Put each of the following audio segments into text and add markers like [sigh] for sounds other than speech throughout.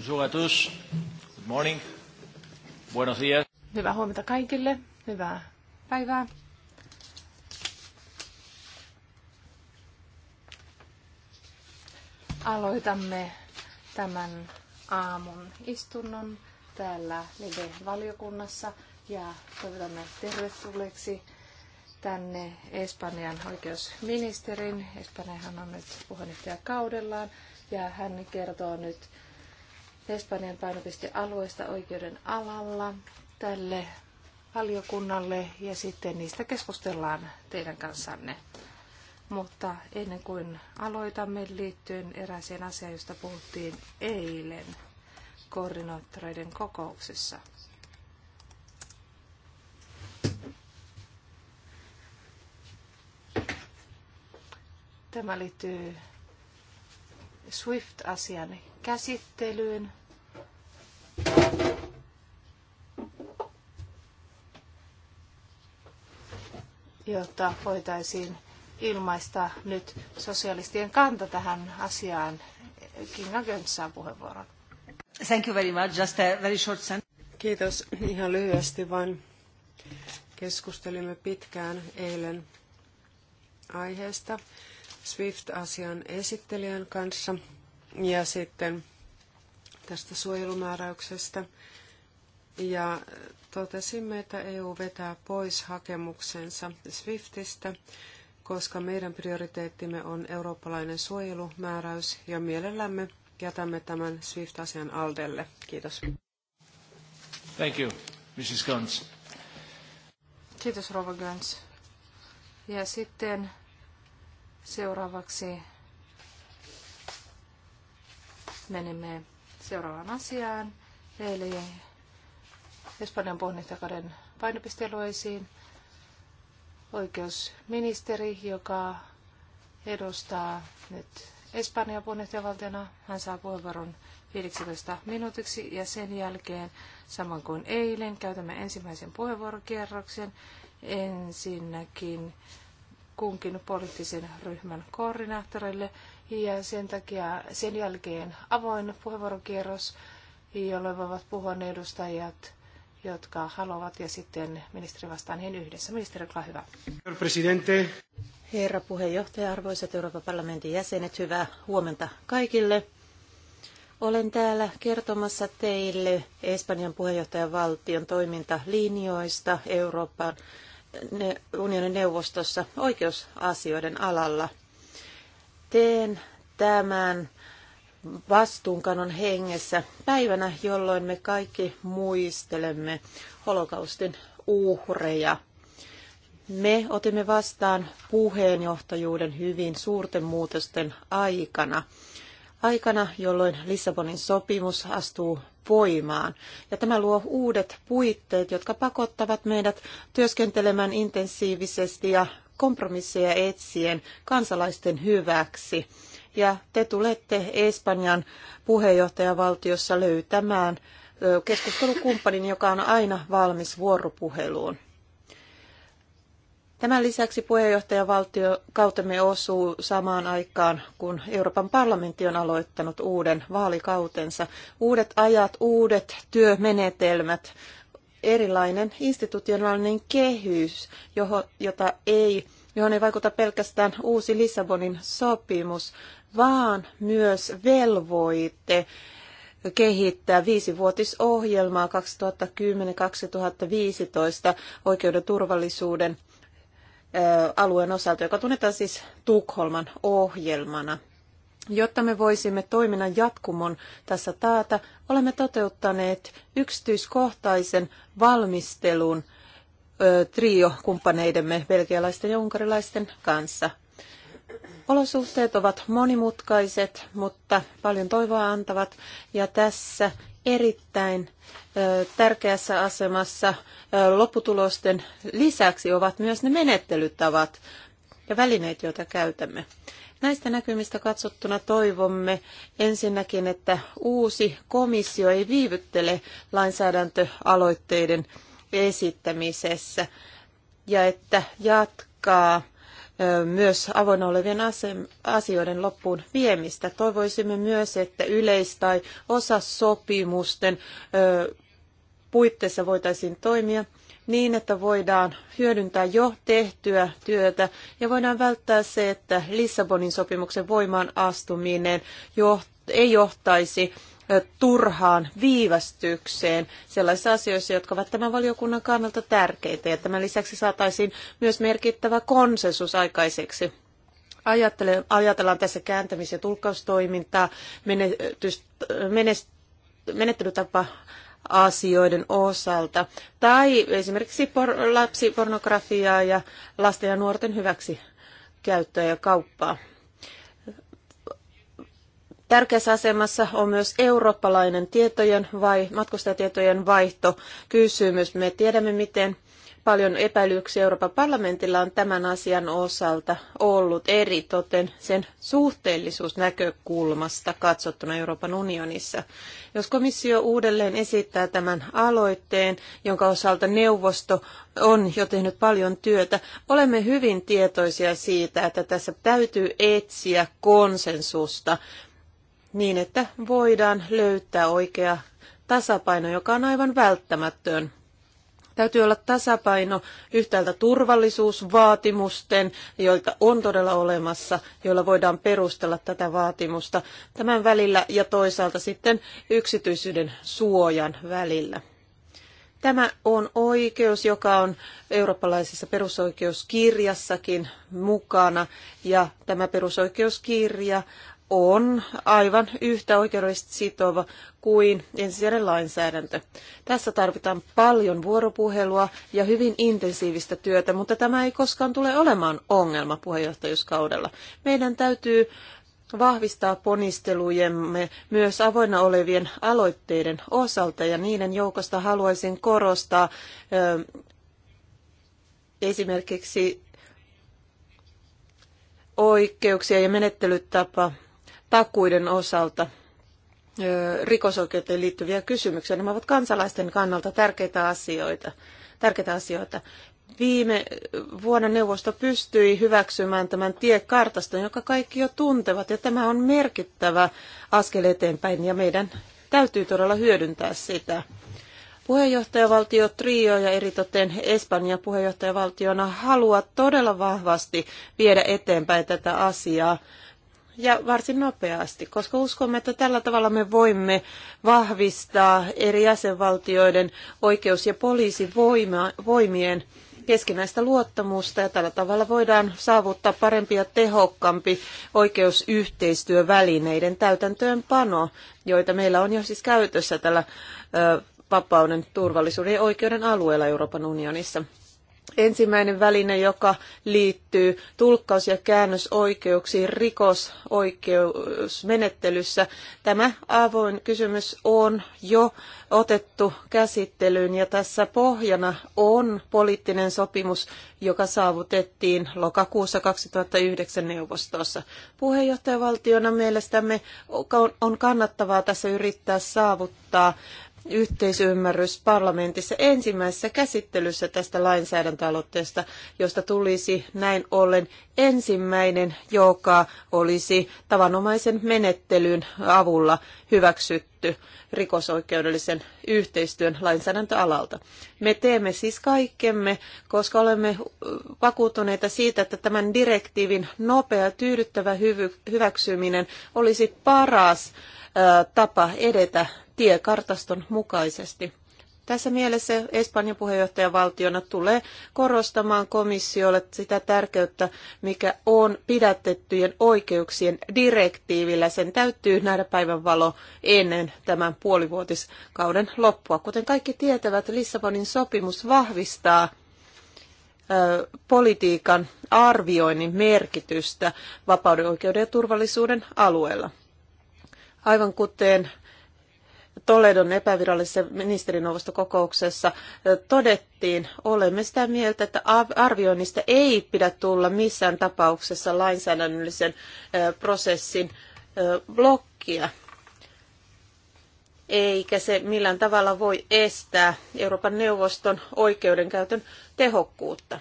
Bonjour à tous. Good morning. Buenos días. Hyvää huomenta kaikille. Hyvää päivää. Aloitamme tämän aamun istunnon täällä Live-valiokunnassa ja toivotamme tervetulleeksi tänne Espanjan oikeusministerin. Espanjahan on nyt puheenjohtajakaudellaan ja hän kertoo nyt Espanjan painopistealueesta oikeuden alalla tälle valiokunnalle ja sitten niistä keskustellaan teidän kanssanne. Mutta ennen kuin aloitamme liittyen eräiseen asiaan, josta puhuttiin eilen koordinaattoreiden kokouksessa. Tämä liittyy SWIFT-asian käsittelyyn jotta voitaisiin ilmaista nyt sosialistien kanta tähän asiaan. Kinga Göns saa puheenvuoron. Thank you very much. Just a very short sentence. Kiitos. Ihan lyhyesti vain keskustelimme pitkään eilen aiheesta SWIFT-asian esittelijän kanssa ja sitten tästä suojelumääräyksestä ja totesimme, että EU vetää pois hakemuksensa SWIFTistä, koska meidän prioriteettimme on eurooppalainen suojelumääräys ja mielellämme jätämme tämän SWIFT-asian Aldelle. Kiitos. Thank you, Mrs. Guns. Kiitos, Rova Guns. Ja sitten seuraavaksi menemme seuraavaan asiaan, eli Espanjan pohdittakauden painopistealueisiin. Oikeusministeri, joka edustaa nyt Espanjan puheenjohtajavaltiona, hän saa puheenvuoron 15 minuutiksi ja sen jälkeen, samoin kuin eilen, käytämme ensimmäisen puheenvuorokierroksen. Ensinnäkin kunkin poliittisen ryhmän koordinaattorille ja sen takia sen jälkeen avoin puheenvuorokierros, jolloin voivat puhua ne edustajat, jotka haluavat, ja sitten ministeri vastaa niihin yhdessä. Ministeri, olkaa hyvä. Presidente. Herra puheenjohtaja, arvoisat Euroopan parlamentin jäsenet, hyvää huomenta kaikille. Olen täällä kertomassa teille Espanjan puheenjohtajavaltion toimintalinjoista Euroopan unionin neuvostossa oikeusasioiden alalla – Teen tämän vastuunkanon hengessä päivänä, jolloin me kaikki muistelemme holokaustin uhreja. Me otimme vastaan puheenjohtajuuden hyvin suurten muutosten aikana. Aikana, jolloin Lissabonin sopimus astuu voimaan. Ja tämä luo uudet puitteet, jotka pakottavat meidät työskentelemään intensiivisesti ja kompromisseja etsien kansalaisten hyväksi. Ja te tulette Espanjan puheenjohtajavaltiossa löytämään keskustelukumppanin, joka on aina valmis vuoropuheluun. Tämän lisäksi puheenjohtajavaltio kautemme osuu samaan aikaan, kun Euroopan parlamentti on aloittanut uuden vaalikautensa. Uudet ajat, uudet työmenetelmät, erilainen institutionaalinen kehys, johon, jota ei, johon ei vaikuta pelkästään uusi Lissabonin sopimus, vaan myös velvoite kehittää viisivuotisohjelmaa 2010-2015 oikeuden turvallisuuden alueen osalta, joka tunnetaan siis Tukholman ohjelmana – Jotta me voisimme toiminnan jatkumon tässä taata, olemme toteuttaneet yksityiskohtaisen valmistelun trio-kumppaneidemme belgialaisten ja unkarilaisten kanssa. Olosuhteet ovat monimutkaiset, mutta paljon toivoa antavat ja tässä erittäin tärkeässä asemassa lopputulosten lisäksi ovat myös ne menettelytavat ja välineet, joita käytämme. Näistä näkymistä katsottuna toivomme ensinnäkin, että uusi komissio ei viivyttele lainsäädäntöaloitteiden esittämisessä ja että jatkaa myös avoin olevien asioiden loppuun viemistä. Toivoisimme myös, että yleis- tai osasopimusten puitteissa voitaisiin toimia niin, että voidaan hyödyntää jo tehtyä työtä ja voidaan välttää se, että Lissabonin sopimuksen voimaan astuminen ei johtaisi turhaan viivästykseen sellaisissa asioissa, jotka ovat tämän valiokunnan kannalta tärkeitä. Ja tämän lisäksi saataisiin myös merkittävä konsensus aikaiseksi. Ajattele, ajatellaan tässä kääntämis- ja tulkkaustoimintaa, menetys, menest, menettelytapa asioiden osalta. Tai esimerkiksi por- lapsipornografiaa ja lasten ja nuorten hyväksi käyttöä ja kauppaa. Tärkeässä asemassa on myös eurooppalainen tietojen vai, matkustajatietojen vaihto kysymys. Me tiedämme, miten paljon epäilyksiä Euroopan parlamentilla on tämän asian osalta ollut eritoten sen suhteellisuusnäkökulmasta katsottuna Euroopan unionissa. Jos komissio uudelleen esittää tämän aloitteen, jonka osalta neuvosto on jo tehnyt paljon työtä, olemme hyvin tietoisia siitä, että tässä täytyy etsiä konsensusta niin, että voidaan löytää oikea tasapaino, joka on aivan välttämätön Täytyy olla tasapaino yhtäältä turvallisuusvaatimusten, joita on todella olemassa, joilla voidaan perustella tätä vaatimusta tämän välillä ja toisaalta sitten yksityisyyden suojan välillä. Tämä on oikeus, joka on eurooppalaisessa perusoikeuskirjassakin mukana, ja tämä perusoikeuskirja on aivan yhtä oikeudellisesti sitova kuin ensisijainen lainsäädäntö. Tässä tarvitaan paljon vuoropuhelua ja hyvin intensiivistä työtä, mutta tämä ei koskaan tule olemaan ongelma puheenjohtajuuskaudella. Meidän täytyy vahvistaa ponistelujemme myös avoinna olevien aloitteiden osalta ja niiden joukosta haluaisin korostaa ö, esimerkiksi oikeuksia ja menettelytapa takuiden osalta rikosoikeuteen liittyviä kysymyksiä. Nämä ovat kansalaisten kannalta tärkeitä asioita. Tärkeitä asioita. Viime vuonna neuvosto pystyi hyväksymään tämän tiekartaston, joka kaikki jo tuntevat, ja tämä on merkittävä askel eteenpäin, ja meidän täytyy todella hyödyntää sitä. Puheenjohtajavaltio Trio ja eritoten Espanja puheenjohtajavaltiona haluaa todella vahvasti viedä eteenpäin tätä asiaa ja varsin nopeasti, koska uskomme, että tällä tavalla me voimme vahvistaa eri jäsenvaltioiden oikeus- ja poliisivoimien keskinäistä luottamusta ja tällä tavalla voidaan saavuttaa parempi ja tehokkaampi oikeusyhteistyövälineiden täytäntöönpano, joita meillä on jo siis käytössä tällä vapauden, turvallisuuden ja oikeuden alueella Euroopan unionissa. Ensimmäinen väline, joka liittyy tulkkaus- ja käännösoikeuksiin rikosoikeusmenettelyssä. Tämä avoin kysymys on jo otettu käsittelyyn ja tässä pohjana on poliittinen sopimus, joka saavutettiin lokakuussa 2009 neuvostossa. Puheenjohtajavaltiona mielestämme on kannattavaa tässä yrittää saavuttaa yhteisymmärrys parlamentissa ensimmäisessä käsittelyssä tästä lainsäädäntöaloitteesta, josta tulisi näin ollen ensimmäinen, joka olisi tavanomaisen menettelyn avulla hyväksytty rikosoikeudellisen yhteistyön lainsäädäntöalalta. Me teemme siis kaikkemme, koska olemme vakuuttuneita siitä, että tämän direktiivin nopea tyydyttävä hyväksyminen olisi paras tapa edetä tiekartaston mukaisesti. Tässä mielessä Espanjan puheenjohtajavaltiona tulee korostamaan komissiolle sitä tärkeyttä, mikä on pidätettyjen oikeuksien direktiivillä. Sen täytyy nähdä päivänvalo ennen tämän puolivuotiskauden loppua. Kuten kaikki tietävät, Lissabonin sopimus vahvistaa politiikan arvioinnin merkitystä vapauden, oikeuden ja turvallisuuden alueella. Aivan kuten Toledon epävirallisessa ministerineuvostokokouksessa todettiin, olemme sitä mieltä, että arvioinnista ei pidä tulla missään tapauksessa lainsäädännöllisen prosessin blokkia, eikä se millään tavalla voi estää Euroopan neuvoston oikeudenkäytön tehokkuutta.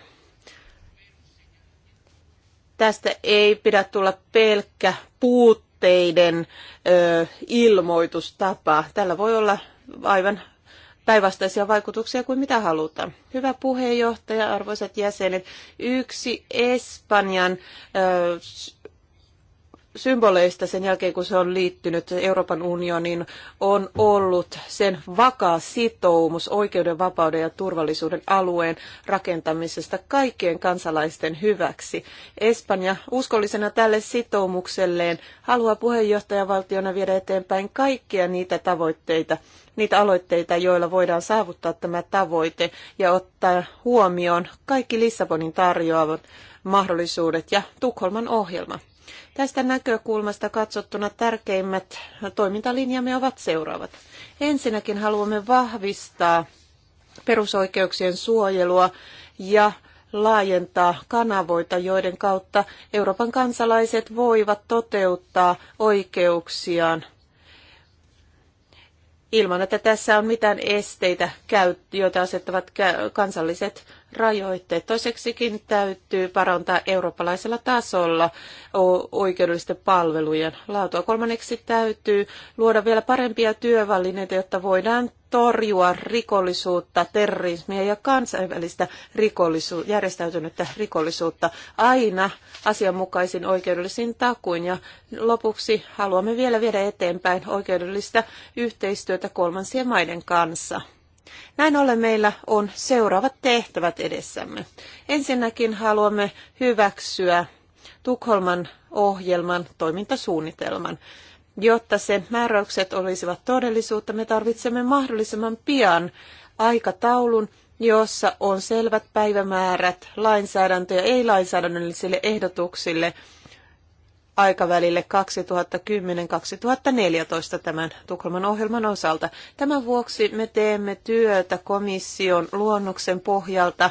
Tästä ei pidä tulla pelkkä puut tuotteiden ö, ilmoitustapa. Tällä voi olla aivan päinvastaisia vaikutuksia kuin mitä halutaan. Hyvä puheenjohtaja, arvoisat jäsenet, yksi Espanjan ö, symboleista sen jälkeen, kun se on liittynyt Euroopan unioniin, on ollut sen vakaa sitoumus oikeuden, vapauden ja turvallisuuden alueen rakentamisesta kaikkien kansalaisten hyväksi. Espanja uskollisena tälle sitoumukselleen haluaa puheenjohtajavaltiona viedä eteenpäin kaikkia niitä tavoitteita, niitä aloitteita, joilla voidaan saavuttaa tämä tavoite ja ottaa huomioon kaikki Lissabonin tarjoavat mahdollisuudet ja Tukholman ohjelma. Tästä näkökulmasta katsottuna tärkeimmät toimintalinjamme ovat seuraavat. Ensinnäkin haluamme vahvistaa perusoikeuksien suojelua ja laajentaa kanavoita, joiden kautta Euroopan kansalaiset voivat toteuttaa oikeuksiaan ilman, että tässä on mitään esteitä, joita asettavat kansalliset rajoitteet. Toiseksikin täytyy parantaa eurooppalaisella tasolla oikeudellisten palvelujen laatua. Kolmanneksi täytyy luoda vielä parempia työvälineitä, jotta voidaan torjua rikollisuutta, terrorismia ja kansainvälistä rikollisuutta, järjestäytynyttä rikollisuutta aina asianmukaisin oikeudellisin takuin. Ja lopuksi haluamme vielä viedä eteenpäin oikeudellista yhteistyötä kolmansien maiden kanssa. Näin ollen meillä on seuraavat tehtävät edessämme. Ensinnäkin haluamme hyväksyä Tukholman ohjelman toimintasuunnitelman. Jotta sen määräykset olisivat todellisuutta, me tarvitsemme mahdollisimman pian aikataulun, jossa on selvät päivämäärät lainsäädäntö- ja ei-lainsäädännöllisille ehdotuksille – aikavälille 2010-2014 tämän Tukholman ohjelman osalta. Tämän vuoksi me teemme työtä komission luonnoksen pohjalta.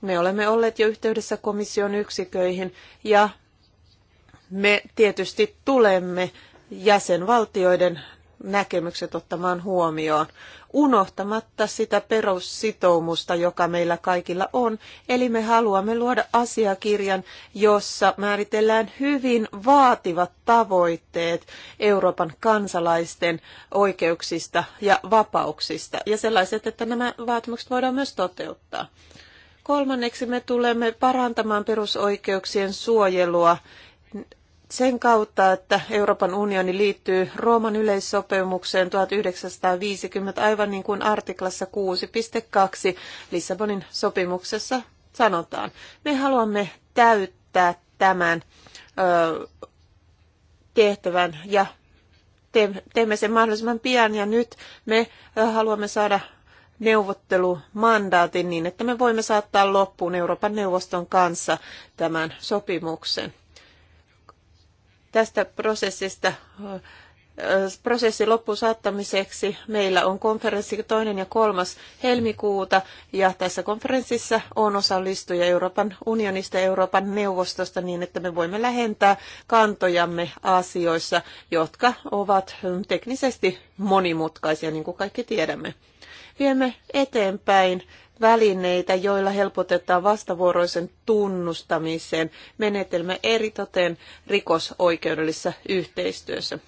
Me olemme olleet jo yhteydessä komission yksiköihin ja me tietysti tulemme jäsenvaltioiden näkemykset ottamaan huomioon unohtamatta sitä perussitoumusta, joka meillä kaikilla on. Eli me haluamme luoda asiakirjan, jossa määritellään hyvin vaativat tavoitteet Euroopan kansalaisten oikeuksista ja vapauksista, ja sellaiset, että nämä vaatimukset voidaan myös toteuttaa. Kolmanneksi me tulemme parantamaan perusoikeuksien suojelua sen kautta, että Euroopan unioni liittyy Rooman yleissopimukseen 1950 aivan niin kuin artiklassa 6.2 Lissabonin sopimuksessa sanotaan. Me haluamme täyttää tämän ö, tehtävän ja teemme sen mahdollisimman pian ja nyt me haluamme saada neuvottelumandaatin niin, että me voimme saattaa loppuun Euroopan neuvoston kanssa tämän sopimuksen tästä prosessista äh, prosessin loppuun saattamiseksi meillä on konferenssi toinen ja kolmas helmikuuta ja tässä konferenssissa on osallistuja Euroopan unionista ja Euroopan neuvostosta niin, että me voimme lähentää kantojamme asioissa, jotka ovat teknisesti monimutkaisia, niin kuin kaikki tiedämme. Viemme eteenpäin välineitä, joilla helpotetaan vastavuoroisen tunnustamisen menetelmä eritoten rikosoikeudellisessa yhteistyössä.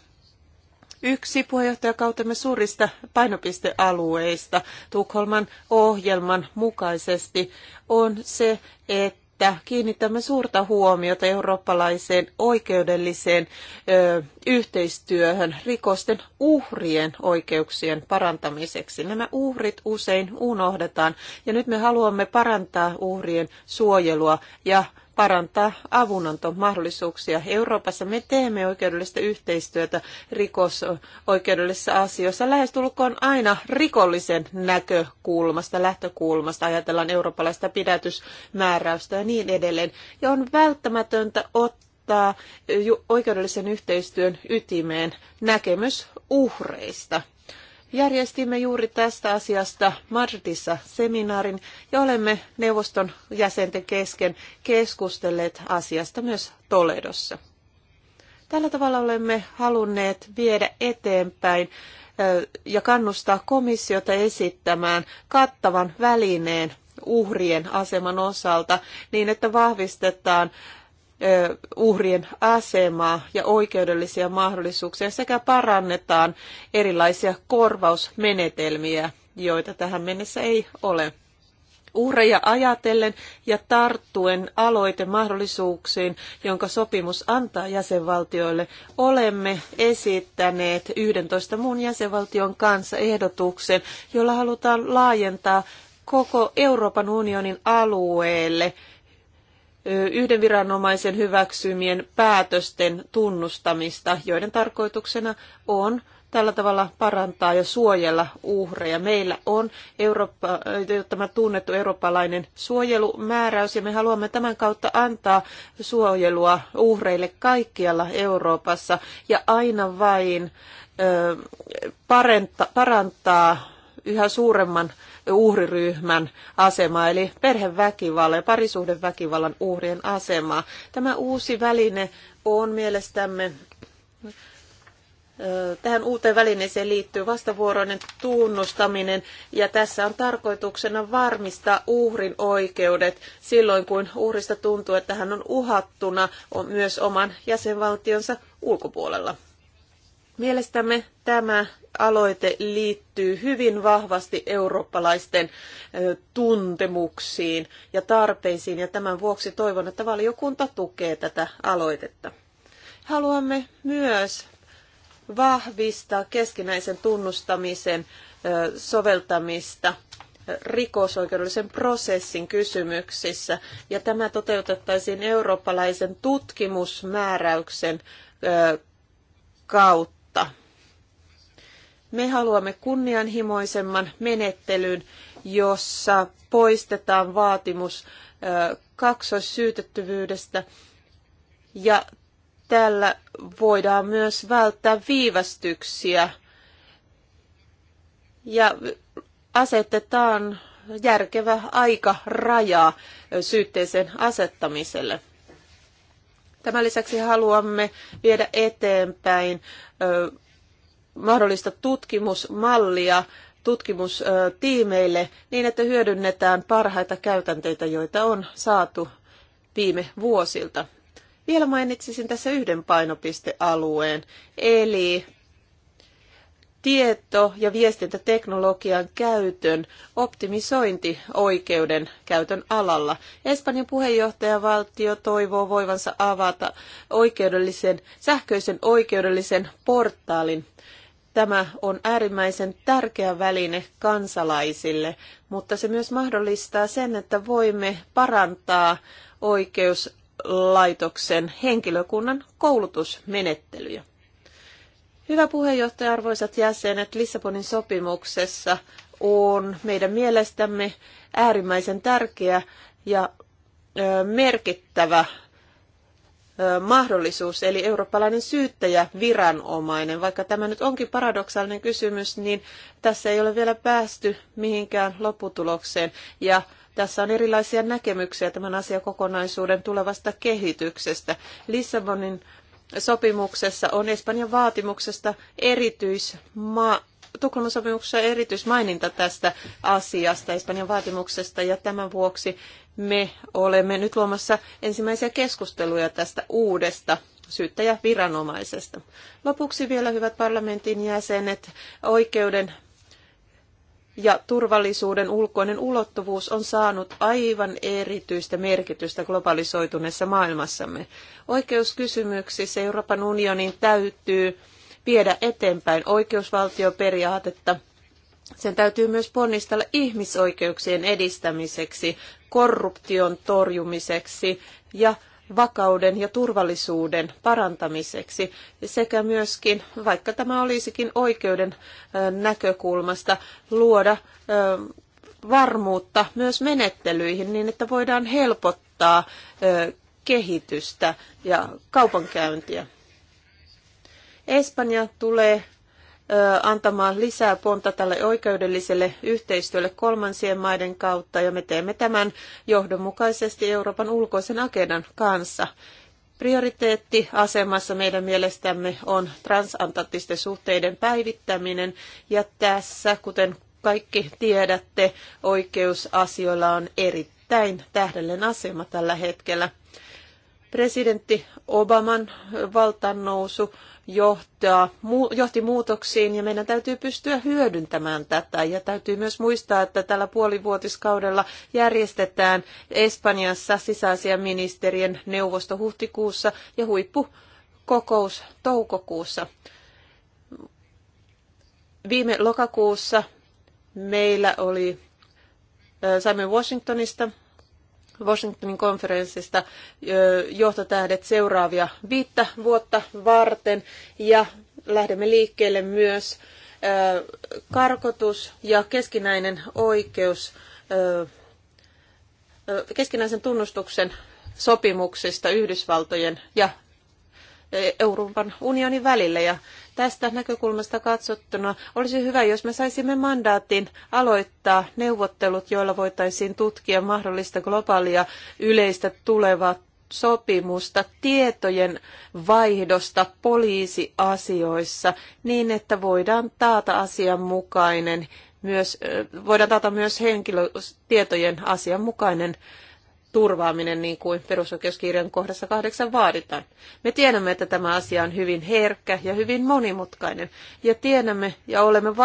Yksi puheenjohtajakautemme suurista painopistealueista Tukholman ohjelman mukaisesti on se, että että kiinnitämme suurta huomiota eurooppalaiseen oikeudelliseen ö, yhteistyöhön rikosten uhrien oikeuksien parantamiseksi. Nämä uhrit usein unohdetaan ja nyt me haluamme parantaa uhrien suojelua ja parantaa avunantomahdollisuuksia. Euroopassa me teemme oikeudellista yhteistyötä rikosoikeudellisissa asioissa lähestulkoon aina rikollisen näkökulmasta, lähtökulmasta. Ajatellaan eurooppalaista pidätysmääräystä ja niin edelleen. Ja on välttämätöntä ottaa oikeudellisen yhteistyön ytimeen näkemys uhreista. Järjestimme juuri tästä asiasta Madridissa seminaarin ja olemme neuvoston jäsenten kesken keskustelleet asiasta myös Toledossa. Tällä tavalla olemme halunneet viedä eteenpäin ja kannustaa komissiota esittämään kattavan välineen uhrien aseman osalta niin, että vahvistetaan uhrien asemaa ja oikeudellisia mahdollisuuksia sekä parannetaan erilaisia korvausmenetelmiä, joita tähän mennessä ei ole. Uhreja ajatellen ja tarttuen aloitemahdollisuuksiin, jonka sopimus antaa jäsenvaltioille, olemme esittäneet 11 muun jäsenvaltion kanssa ehdotuksen, jolla halutaan laajentaa koko Euroopan unionin alueelle – yhden viranomaisen hyväksymien päätösten tunnustamista, joiden tarkoituksena on tällä tavalla parantaa ja suojella uhreja. Meillä on Eurooppa, tämä tunnettu eurooppalainen suojelumääräys ja me haluamme tämän kautta antaa suojelua uhreille kaikkialla Euroopassa ja aina vain ö, parantaa yhä suuremman uhriryhmän asemaa, eli perheväkivallan ja parisuhdeväkivallan uhrien asemaa. Tämä uusi väline on mielestämme Tähän uuteen välineeseen liittyy vastavuoroinen tunnustaminen ja tässä on tarkoituksena varmistaa uhrin oikeudet silloin, kun uhrista tuntuu, että hän on uhattuna myös oman jäsenvaltionsa ulkopuolella. Mielestämme tämä aloite liittyy hyvin vahvasti eurooppalaisten tuntemuksiin ja tarpeisiin, ja tämän vuoksi toivon, että valiokunta tukee tätä aloitetta. Haluamme myös vahvistaa keskinäisen tunnustamisen soveltamista rikosoikeudellisen prosessin kysymyksissä, ja tämä toteutettaisiin eurooppalaisen tutkimusmääräyksen kautta me haluamme kunnianhimoisemman menettelyn, jossa poistetaan vaatimus kaksoissyytettyvyydestä ja tällä voidaan myös välttää viivästyksiä ja asetetaan järkevä aika rajaa syytteeseen asettamiselle. Tämän lisäksi haluamme viedä eteenpäin mahdollista tutkimusmallia tutkimustiimeille niin, että hyödynnetään parhaita käytänteitä, joita on saatu viime vuosilta. Vielä mainitsisin tässä yhden painopistealueen, eli tieto- ja viestintäteknologian käytön optimisointi oikeuden käytön alalla. Espanjan puheenjohtajavaltio toivoo voivansa avata oikeudellisen, sähköisen oikeudellisen portaalin Tämä on äärimmäisen tärkeä väline kansalaisille, mutta se myös mahdollistaa sen, että voimme parantaa oikeuslaitoksen henkilökunnan koulutusmenettelyjä. Hyvä puheenjohtaja, arvoisat jäsenet, Lissabonin sopimuksessa on meidän mielestämme äärimmäisen tärkeä ja merkittävä mahdollisuus, eli eurooppalainen syyttäjä, viranomainen. Vaikka tämä nyt onkin paradoksaalinen kysymys, niin tässä ei ole vielä päästy mihinkään lopputulokseen. Ja tässä on erilaisia näkemyksiä tämän asiakokonaisuuden tulevasta kehityksestä. Lissabonin sopimuksessa on Espanjan vaatimuksesta erityisma Tukholman sopimuksessa erityismaininta tästä asiasta, Espanjan vaatimuksesta, ja tämän vuoksi me olemme nyt luomassa ensimmäisiä keskusteluja tästä uudesta syyttäjäviranomaisesta. Lopuksi vielä, hyvät parlamentin jäsenet, oikeuden ja turvallisuuden ulkoinen ulottuvuus on saanut aivan erityistä merkitystä globalisoituneessa maailmassamme. Oikeuskysymyksissä Euroopan unionin täytyy viedä eteenpäin oikeusvaltioperiaatetta – sen täytyy myös ponnistella ihmisoikeuksien edistämiseksi, korruption torjumiseksi ja vakauden ja turvallisuuden parantamiseksi sekä myöskin, vaikka tämä olisikin oikeuden näkökulmasta, luoda varmuutta myös menettelyihin niin, että voidaan helpottaa kehitystä ja kaupankäyntiä. Espanja tulee antamaan lisää ponta tälle oikeudelliselle yhteistyölle kolmansien maiden kautta ja me teemme tämän johdonmukaisesti Euroopan ulkoisen agendan kanssa. Prioriteettiasemassa meidän mielestämme on transatlanttisten suhteiden päivittäminen ja tässä, kuten kaikki tiedätte, oikeusasioilla on erittäin tähdellinen asema tällä hetkellä. Presidentti Obaman valtannousu nousu johtaa, johti muutoksiin ja meidän täytyy pystyä hyödyntämään tätä. Ja täytyy myös muistaa, että tällä puolivuotiskaudella järjestetään Espanjassa sisäasiaministerien neuvosto huhtikuussa ja huippukokous toukokuussa. Viime lokakuussa meillä oli Saimme Washingtonista Washingtonin konferenssista johtotähdet seuraavia viittä vuotta varten ja lähdemme liikkeelle myös karkotus ja keskinäinen oikeus keskinäisen tunnustuksen sopimuksista Yhdysvaltojen ja Euroopan unionin välillä ja Tästä näkökulmasta katsottuna olisi hyvä, jos me saisimme mandaatin aloittaa neuvottelut, joilla voitaisiin tutkia mahdollista globaalia yleistä tulevaa sopimusta tietojen vaihdosta poliisiasioissa niin, että voidaan taata asianmukainen myös, voidaan taata myös henkilötietojen asianmukainen turvaaminen, niin kuin perusoikeuskirjan kohdassa kahdeksan vaaditaan. Me tiedämme, että tämä asia on hyvin herkkä ja hyvin monimutkainen, ja tiedämme ja olemme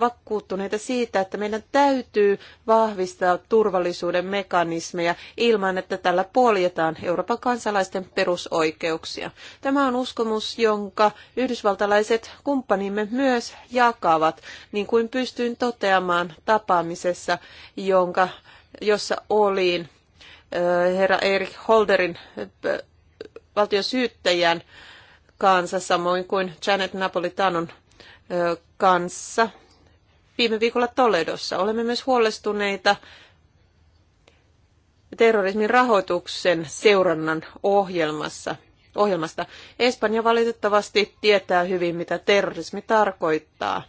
vakuuttuneita siitä, että meidän täytyy vahvistaa turvallisuuden mekanismeja ilman, että tällä puoljetaan Euroopan kansalaisten perusoikeuksia. Tämä on uskomus, jonka yhdysvaltalaiset kumppanimme myös jakavat, niin kuin pystyin toteamaan tapaamisessa, jonka, jossa olin herra Erik Holderin valtiosyyttäjän kanssa, samoin kuin Janet Napolitanon kanssa viime viikolla Toledossa. Olemme myös huolestuneita terrorismin rahoituksen seurannan ohjelmassa. ohjelmasta. Espanja valitettavasti tietää hyvin, mitä terrorismi tarkoittaa.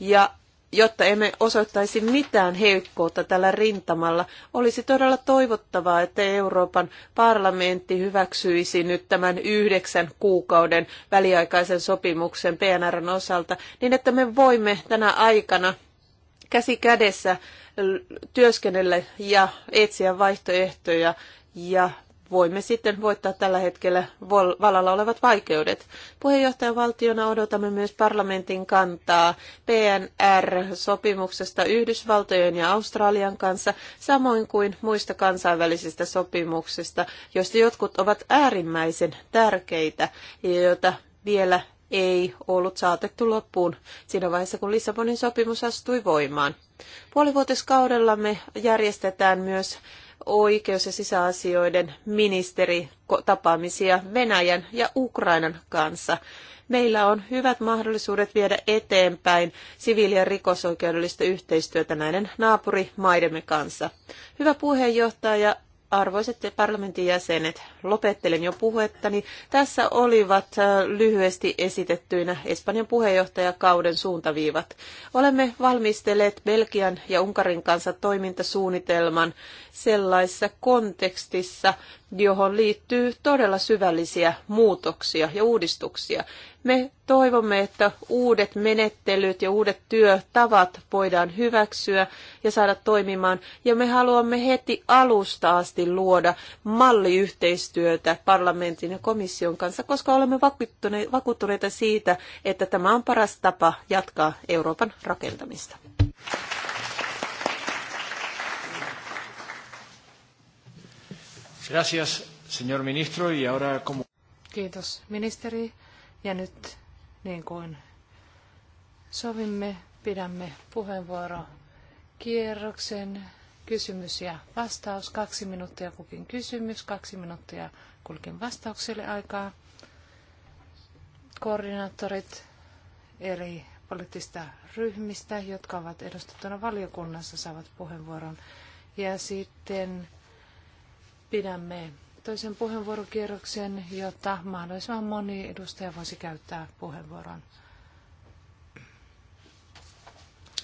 Ja jotta emme osoittaisi mitään heikkoutta tällä rintamalla, olisi todella toivottavaa, että Euroopan parlamentti hyväksyisi nyt tämän yhdeksän kuukauden väliaikaisen sopimuksen PNRn osalta, niin että me voimme tänä aikana käsi kädessä työskennellä ja etsiä vaihtoehtoja ja voimme sitten voittaa tällä hetkellä valalla olevat vaikeudet. Puheenjohtajavaltiona odotamme myös parlamentin kantaa PNR-sopimuksesta Yhdysvaltojen ja Australian kanssa, samoin kuin muista kansainvälisistä sopimuksista, joista jotkut ovat äärimmäisen tärkeitä ja joita vielä ei ollut saatettu loppuun siinä vaiheessa, kun Lissabonin sopimus astui voimaan. Puolivuotiskaudellamme järjestetään myös oikeus- ja sisäasioiden ministeri tapaamisia Venäjän ja Ukrainan kanssa. Meillä on hyvät mahdollisuudet viedä eteenpäin siviili- ja rikosoikeudellista yhteistyötä näiden naapurimaidemme kanssa. Hyvä puheenjohtaja, Arvoiset parlamentin jäsenet, lopettelen jo puhettani. Tässä olivat äh, lyhyesti esitettyinä Espanjan puheenjohtajakauden suuntaviivat. Olemme valmistelleet Belgian ja Unkarin kanssa toimintasuunnitelman sellaisessa kontekstissa, johon liittyy todella syvällisiä muutoksia ja uudistuksia. Me toivomme, että uudet menettelyt ja uudet työtavat voidaan hyväksyä ja saada toimimaan, ja me haluamme heti alusta asti luoda malliyhteistyötä parlamentin ja komission kanssa, koska olemme vakuuttuneita siitä, että tämä on paras tapa jatkaa Euroopan rakentamista. Gracias, señor ministro, y ahora como... Kiitos, ministeri. Ja nyt niin kuin sovimme, pidämme puheenvuoro kierroksen kysymys ja vastaus. Kaksi minuuttia kukin kysymys, kaksi minuuttia kulkin vastaukselle aikaa. Koordinaattorit eri poliittista ryhmistä, jotka ovat edustettuna valiokunnassa, saavat puheenvuoron. Ja sitten pidämme toisen puheenvuorokierroksen, jotta mahdollisimman moni edustaja voisi käyttää puheenvuoron.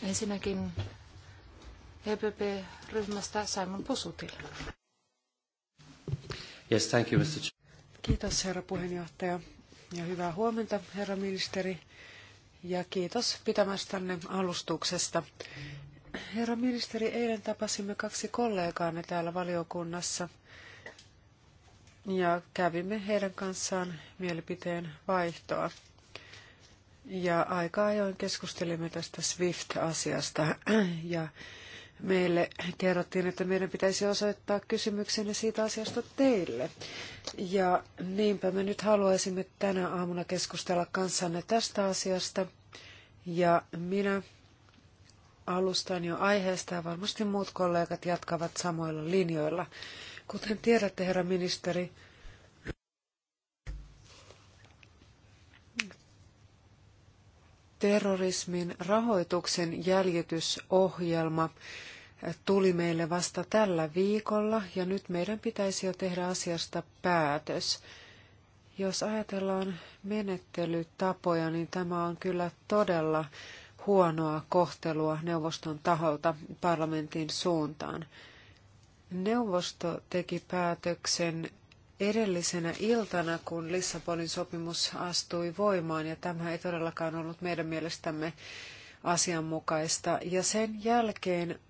Ensinnäkin EPP-ryhmästä Simon Pusutil. Yes, thank you, Mr. Kiitos herra puheenjohtaja ja hyvää huomenta herra ministeri ja kiitos pitämästänne alustuksesta. Herra ministeri, eilen tapasimme kaksi kollegaanne täällä valiokunnassa – ja kävimme heidän kanssaan mielipiteen vaihtoa. Ja aika ajoin keskustelimme tästä SWIFT-asiasta ja meille kerrottiin, että meidän pitäisi osoittaa kysymyksenne siitä asiasta teille. Ja niinpä me nyt haluaisimme tänä aamuna keskustella kanssanne tästä asiasta. Ja minä alustan jo aiheesta ja varmasti muut kollegat jatkavat samoilla linjoilla. Kuten tiedätte, herra ministeri, terrorismin rahoituksen jäljitysohjelma tuli meille vasta tällä viikolla ja nyt meidän pitäisi jo tehdä asiasta päätös. Jos ajatellaan menettelytapoja, niin tämä on kyllä todella huonoa kohtelua neuvoston taholta parlamentin suuntaan. Neuvosto teki päätöksen edellisenä iltana, kun Lissabonin sopimus astui voimaan, ja tämä ei todellakaan ollut meidän mielestämme asianmukaista. Ja sen jälkeen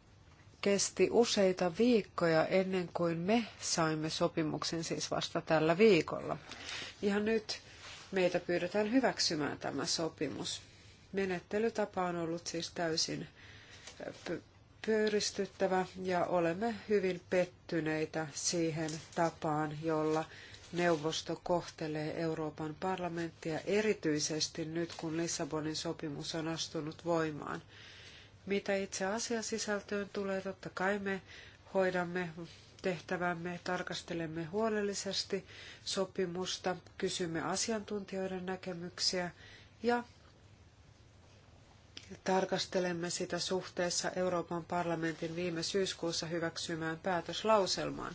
kesti useita viikkoja ennen kuin me saimme sopimuksen siis vasta tällä viikolla. Ja nyt meitä pyydetään hyväksymään tämä sopimus. Menettelytapa on ollut siis täysin pöyristyttävä ja olemme hyvin pettyneitä siihen tapaan, jolla neuvosto kohtelee Euroopan parlamenttia erityisesti nyt, kun Lissabonin sopimus on astunut voimaan. Mitä itse asiasisältöön tulee, totta kai me hoidamme tehtävämme, tarkastelemme huolellisesti sopimusta, kysymme asiantuntijoiden näkemyksiä ja tarkastelemme sitä suhteessa Euroopan parlamentin viime syyskuussa hyväksymään päätöslauselmaan.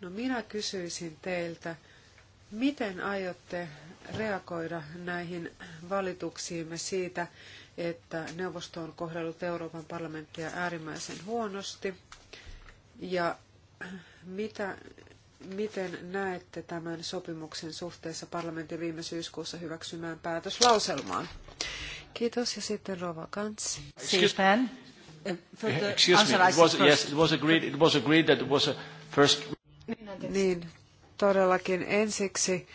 No minä kysyisin teiltä, miten aiotte reagoida näihin valituksiimme siitä, että neuvosto on kohdellut Euroopan parlamenttia äärimmäisen huonosti, ja mitä, miten näette tämän sopimuksen suhteessa parlamentin viime syyskuussa hyväksymään päätöslauselmaan? Kiitos ja sitten Rova Kants. Siipen. Eh, eh, excuse me, it was, yes, it was agreed, it was agreed that it was a first... Niin, niin todellakin ensiksi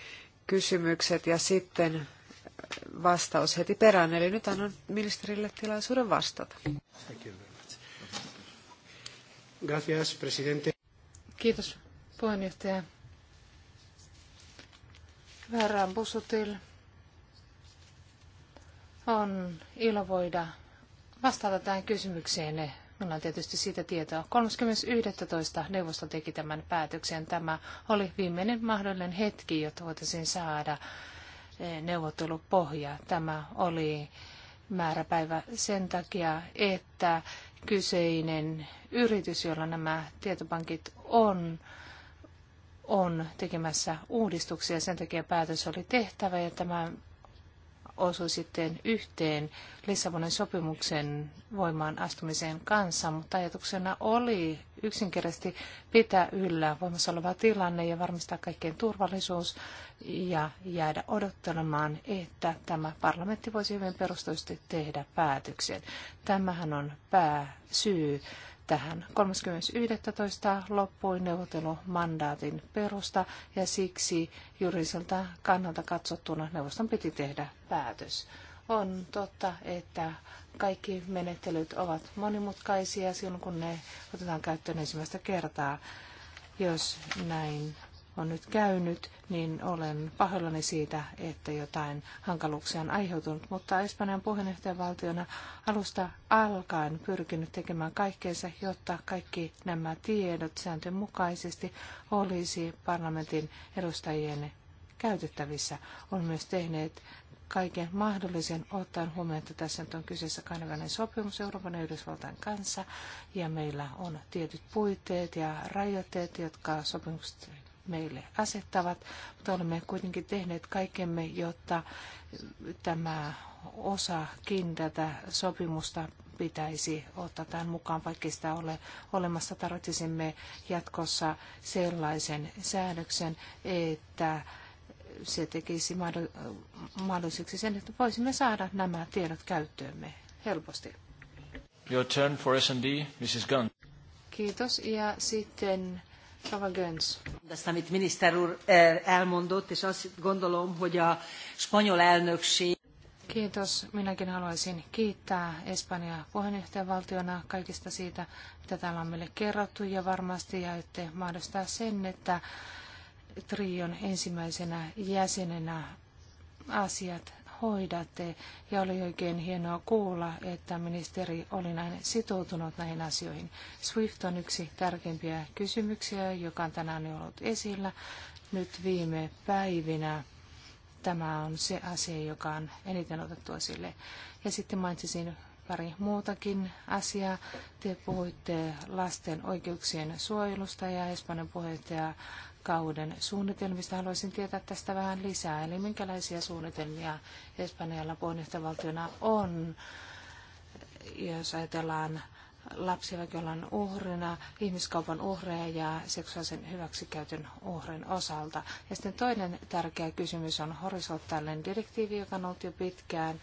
kysymykset ja sitten eh, vastaus heti perään. Eli nyt annan ministerille tilaisuuden vastata. Gracias, presidente. Kiitos, puheenjohtaja. Väärään Busutil. On ilo voida vastata tähän kysymykseen. Minulla on tietysti siitä tietoa. 30.11. neuvosto teki tämän päätöksen. Tämä oli viimeinen mahdollinen hetki, jotta voitaisiin saada eh, neuvottelupohja. Tämä oli määräpäivä sen takia, että kyseinen yritys, jolla nämä tietopankit on, on tekemässä uudistuksia. Sen takia päätös oli tehtävä ja tämä osui sitten yhteen Lissabonin sopimuksen voimaan astumiseen kanssa, mutta ajatuksena oli yksinkertaisesti pitää yllä voimassa oleva tilanne ja varmistaa kaikkien turvallisuus ja jäädä odottelemaan, että tämä parlamentti voisi hyvin perustuisesti tehdä päätöksen. Tämähän on pääsyy tähän. 30.11. loppui neuvottelumandaatin perusta ja siksi juridiselta kannalta katsottuna neuvoston piti tehdä päätös. On totta, että kaikki menettelyt ovat monimutkaisia silloin, kun ne otetaan käyttöön ensimmäistä kertaa. Jos näin on nyt käynyt, niin olen pahoillani siitä, että jotain hankaluuksia on aiheutunut, mutta Espanjan puheenjohtajavaltiona alusta alkaen pyrkinyt tekemään kaikkeensa, jotta kaikki nämä tiedot sääntöjen mukaisesti olisi parlamentin edustajien käytettävissä. On myös tehneet kaiken mahdollisen ottaen huomioon, että tässä nyt on kyseessä kansainvälinen sopimus Euroopan ja Yhdysvaltain kanssa, ja meillä on tietyt puitteet ja rajoitteet, jotka sopimukset meille asettavat, mutta olemme kuitenkin tehneet kaikkemme, jotta tämä osakin tätä sopimusta pitäisi ottaa tämän mukaan, vaikka sitä ole olemassa. Tarvitsisimme jatkossa sellaisen säädöksen, että se tekisi mahdolliseksi sen, että voisimme saada nämä tiedot käyttöömme helposti. Your turn for S&D, Mrs. Gunn. Kiitos. Ja sitten Rova Gönc. Azt, amit miniszter úr eh, elmondott, és azt gondolom, hogy a spanyol elnökség... Kiitos. Minäkin haluaisin kiittää Espanjaa puheenjohtajavaltiona kaikista siitä, mitä täällä on meille kerrottu ja varmasti jäytte mahdollistaa sen, että Trion ensimmäisenä jäsenenä asiat hoidatte. Ja oli oikein hienoa kuulla, että ministeri oli näin sitoutunut näihin asioihin. SWIFT on yksi tärkeimpiä kysymyksiä, joka on tänään ollut esillä. Nyt viime päivinä tämä on se asia, joka on eniten otettu esille. Ja sitten mainitsisin pari muutakin asiaa. Te puhuitte lasten oikeuksien suojelusta ja Espanjan puheenjohtaja kauden suunnitelmista. Haluaisin tietää tästä vähän lisää, eli minkälaisia suunnitelmia Espanjalla puheenjohtajavaltiona on, jos ajatellaan lapsiväkivallan uhrina, ihmiskaupan uhreja ja seksuaalisen hyväksikäytön uhrin osalta. Ja sitten toinen tärkeä kysymys on horisontaalinen direktiivi, joka on ollut jo pitkään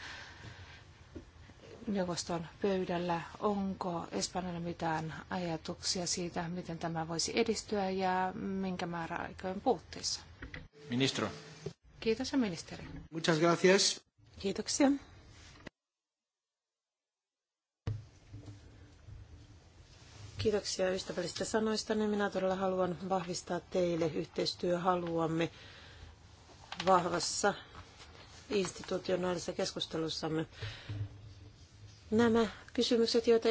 neuvoston pöydällä. Onko Espanjalla mitään ajatuksia siitä, miten tämä voisi edistyä ja minkä määräaikojen puutteissa? Ministro. Kiitos ja ministeri. Muchas gracias. Kiitoksia. Kiitoksia ystävällisistä sanoista. Niin minä todella haluan vahvistaa teille yhteistyöhaluamme vahvassa institutionaalisessa keskustelussamme. Nämä kysymykset, joita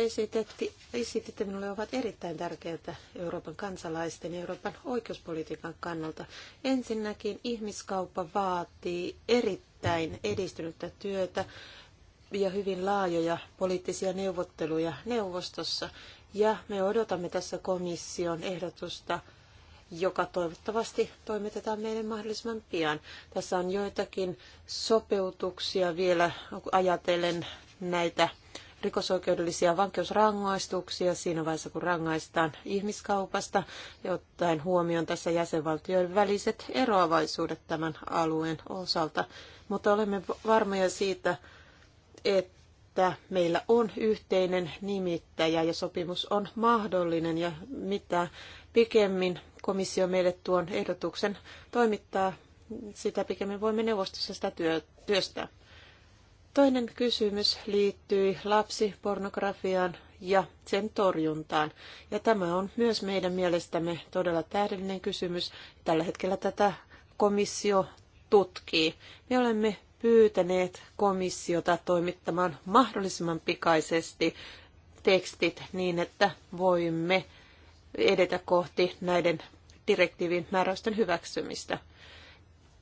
esititte minulle, ovat erittäin tärkeitä Euroopan kansalaisten ja Euroopan oikeuspolitiikan kannalta. Ensinnäkin ihmiskauppa vaatii erittäin edistynyttä työtä ja hyvin laajoja poliittisia neuvotteluja neuvostossa. Ja me odotamme tässä komission ehdotusta, joka toivottavasti toimitetaan meille mahdollisimman pian. Tässä on joitakin sopeutuksia vielä ajatellen näitä rikosoikeudellisia vankeusrangaistuksia siinä vaiheessa, kun rangaistaan ihmiskaupasta, ottaen huomioon tässä jäsenvaltioiden väliset eroavaisuudet tämän alueen osalta. Mutta olemme varmoja siitä, että meillä on yhteinen nimittäjä ja sopimus on mahdollinen ja mitä pikemmin komissio meille tuon ehdotuksen toimittaa, sitä pikemmin voimme neuvostossa sitä työstää. Toinen kysymys liittyy lapsipornografiaan ja sen torjuntaan. Ja tämä on myös meidän mielestämme todella tähdellinen kysymys. Tällä hetkellä tätä komissio tutkii. Me olemme pyytäneet komissiota toimittamaan mahdollisimman pikaisesti tekstit niin, että voimme edetä kohti näiden direktiivin määräysten hyväksymistä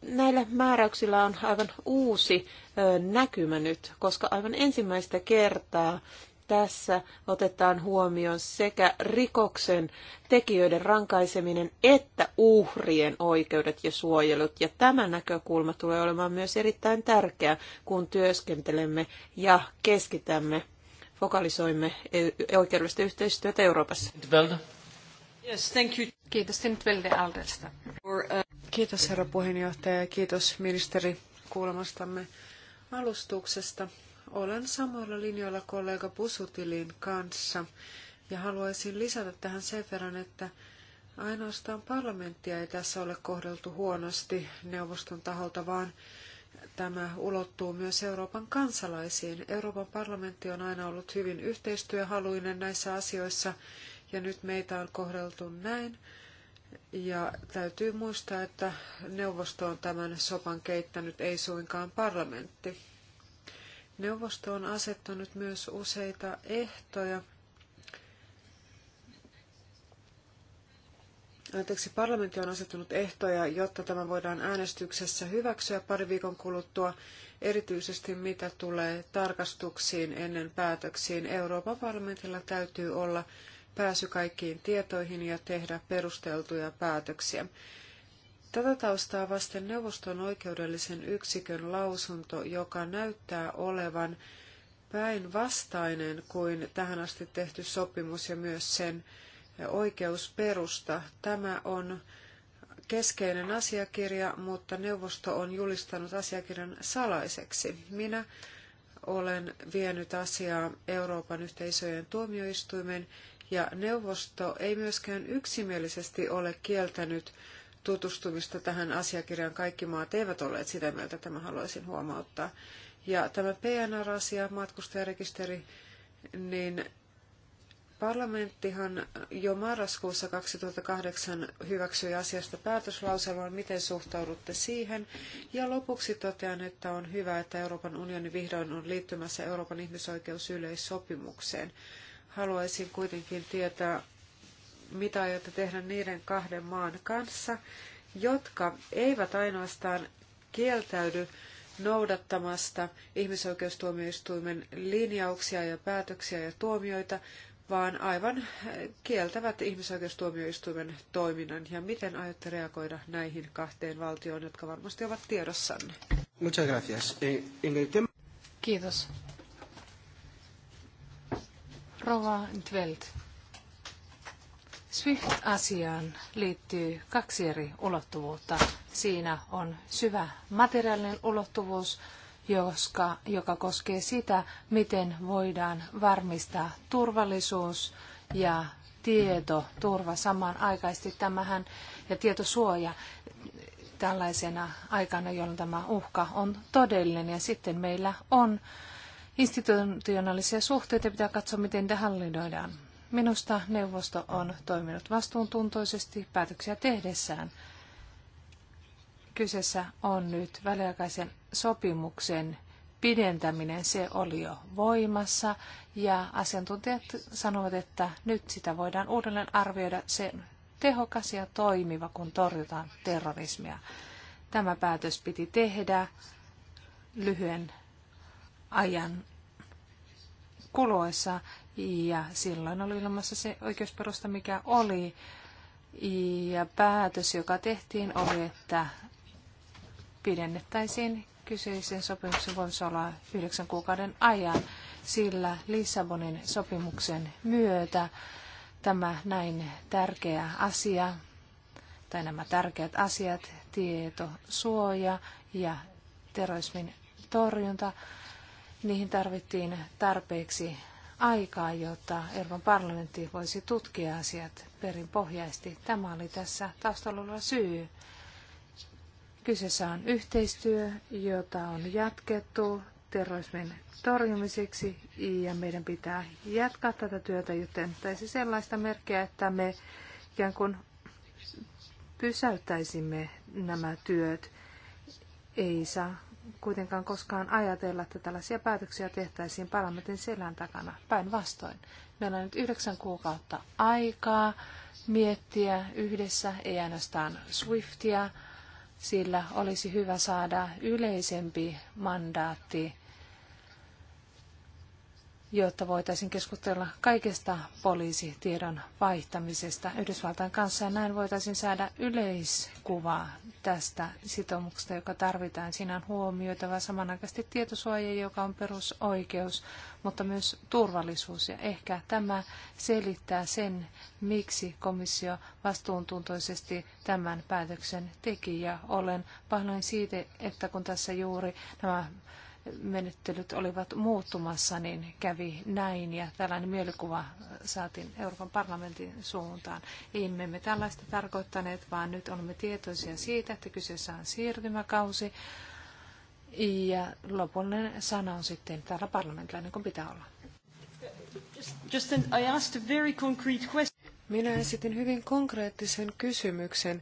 näillä määräyksillä on aivan uusi näkymä nyt, koska aivan ensimmäistä kertaa tässä otetaan huomioon sekä rikoksen tekijöiden rankaiseminen että uhrien oikeudet ja suojelut. Ja tämä näkökulma tulee olemaan myös erittäin tärkeä, kun työskentelemme ja keskitämme, fokalisoimme e- oikeudellista yhteistyötä Euroopassa. Yes, thank you. Kiitos Tintvelde Aldesta. Uh, Kiitos herra puheenjohtaja ja kiitos ministeri kuulemastamme alustuksesta. Olen samoilla linjoilla kollega Pusutilin kanssa ja haluaisin lisätä tähän sen verran, että ainoastaan parlamenttia ei tässä ole kohdeltu huonosti neuvoston taholta, vaan tämä ulottuu myös Euroopan kansalaisiin. Euroopan parlamentti on aina ollut hyvin yhteistyöhaluinen näissä asioissa ja nyt meitä on kohdeltu näin. Ja täytyy muistaa, että neuvosto on tämän sopan keittänyt, ei suinkaan parlamentti. Neuvosto on asettanut myös useita ehtoja. Anteeksi, parlamentti on asettanut ehtoja, jotta tämä voidaan äänestyksessä hyväksyä pari viikon kuluttua, erityisesti mitä tulee tarkastuksiin ennen päätöksiin. Euroopan parlamentilla täytyy olla pääsy kaikkiin tietoihin ja tehdä perusteltuja päätöksiä. Tätä taustaa vasten neuvoston oikeudellisen yksikön lausunto, joka näyttää olevan päinvastainen kuin tähän asti tehty sopimus ja myös sen oikeusperusta. Tämä on keskeinen asiakirja, mutta neuvosto on julistanut asiakirjan salaiseksi. Minä olen vienyt asiaa Euroopan yhteisöjen tuomioistuimen ja neuvosto ei myöskään yksimielisesti ole kieltänyt tutustumista tähän asiakirjaan. Kaikki maat eivät olleet sitä mieltä, tämä haluaisin huomauttaa. Ja tämä PNR-asia, matkustajarekisteri, niin parlamenttihan jo marraskuussa 2008 hyväksyi asiasta päätöslauselman, miten suhtaudutte siihen. Ja lopuksi totean, että on hyvä, että Euroopan unioni vihdoin on liittymässä Euroopan ihmisoikeusyleissopimukseen. Haluaisin kuitenkin tietää, mitä aiotte tehdä niiden kahden maan kanssa, jotka eivät ainoastaan kieltäydy noudattamasta ihmisoikeustuomioistuimen linjauksia ja päätöksiä ja tuomioita, vaan aivan kieltävät ihmisoikeustuomioistuimen toiminnan. Ja miten aiotte reagoida näihin kahteen valtioon, jotka varmasti ovat tiedossanne? Muchas gracias. Eh, Kiitos. Rova Dvelt. SWIFT-asiaan liittyy kaksi eri ulottuvuutta. Siinä on syvä materiaalinen ulottuvuus, joska, joka koskee sitä, miten voidaan varmistaa turvallisuus ja tietoturva samanaikaisesti tämähän ja tietosuoja tällaisena aikana, jolloin tämä uhka on todellinen. Ja sitten meillä on institutionaalisia suhteita ja pitää katsoa, miten ne hallinnoidaan. Minusta neuvosto on toiminut vastuuntuntoisesti päätöksiä tehdessään. Kyseessä on nyt väliaikaisen sopimuksen pidentäminen. Se oli jo voimassa ja asiantuntijat sanovat, että nyt sitä voidaan uudelleen arvioida. Se tehokas ja toimiva, kun torjutaan terrorismia. Tämä päätös piti tehdä lyhyen ajan kuluessa ja silloin oli ilmassa se oikeusperusta, mikä oli. Ja päätös, joka tehtiin, oli, että pidennettäisiin kyseisen sopimuksen olla yhdeksän kuukauden ajan, sillä Lissabonin sopimuksen myötä tämä näin tärkeä asia, tai nämä tärkeät asiat, tieto, suoja ja terrorismin torjunta, Niihin tarvittiin tarpeeksi aikaa, jotta Euroopan parlamentti voisi tutkia asiat perinpohjaisesti. Tämä oli tässä taustalla oleva syy. Kyseessä on yhteistyö, jota on jatkettu terrorismin torjumiseksi ja meidän pitää jatkaa tätä työtä, joten taisi sellaista merkkiä, että me ikään kuin pysäyttäisimme nämä työt. Ei saa kuitenkaan koskaan ajatella, että tällaisia päätöksiä tehtäisiin parlamentin selän takana. Päinvastoin. Meillä on nyt yhdeksän kuukautta aikaa miettiä yhdessä, ei ainoastaan Swiftia, sillä olisi hyvä saada yleisempi mandaatti jotta voitaisiin keskustella kaikesta poliisitiedon vaihtamisesta Yhdysvaltain kanssa. Ja näin voitaisiin saada yleiskuvaa tästä sitoumuksesta, joka tarvitaan. Siinä on huomioitava samanaikaisesti tietosuoja, joka on perusoikeus, mutta myös turvallisuus. Ja ehkä tämä selittää sen, miksi komissio vastuuntuntoisesti tämän päätöksen teki. Ja olen pahoin siitä, että kun tässä juuri nämä menettelyt olivat muuttumassa, niin kävi näin ja tällainen mielikuva saatiin Euroopan parlamentin suuntaan. Emme me tällaista tarkoittaneet, vaan nyt olemme tietoisia siitä, että kyseessä on siirtymäkausi ja lopullinen sana on sitten täällä parlamentilla, niin kuin pitää olla. Minä esitin hyvin konkreettisen kysymyksen.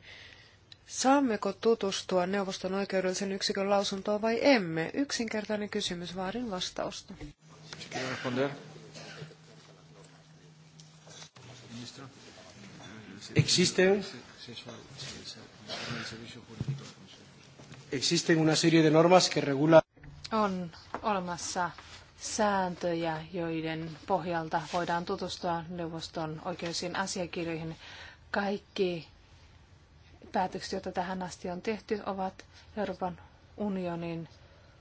Saammeko tutustua neuvoston oikeudellisen yksikön lausuntoon vai emme? Yksinkertainen kysymys, vaadin vastausta. Existe? Existe una serie de normas que regula... On olemassa sääntöjä, joiden pohjalta voidaan tutustua neuvoston oikeisiin asiakirjoihin. Kaikki päätökset, joita tähän asti on tehty, ovat Euroopan unionin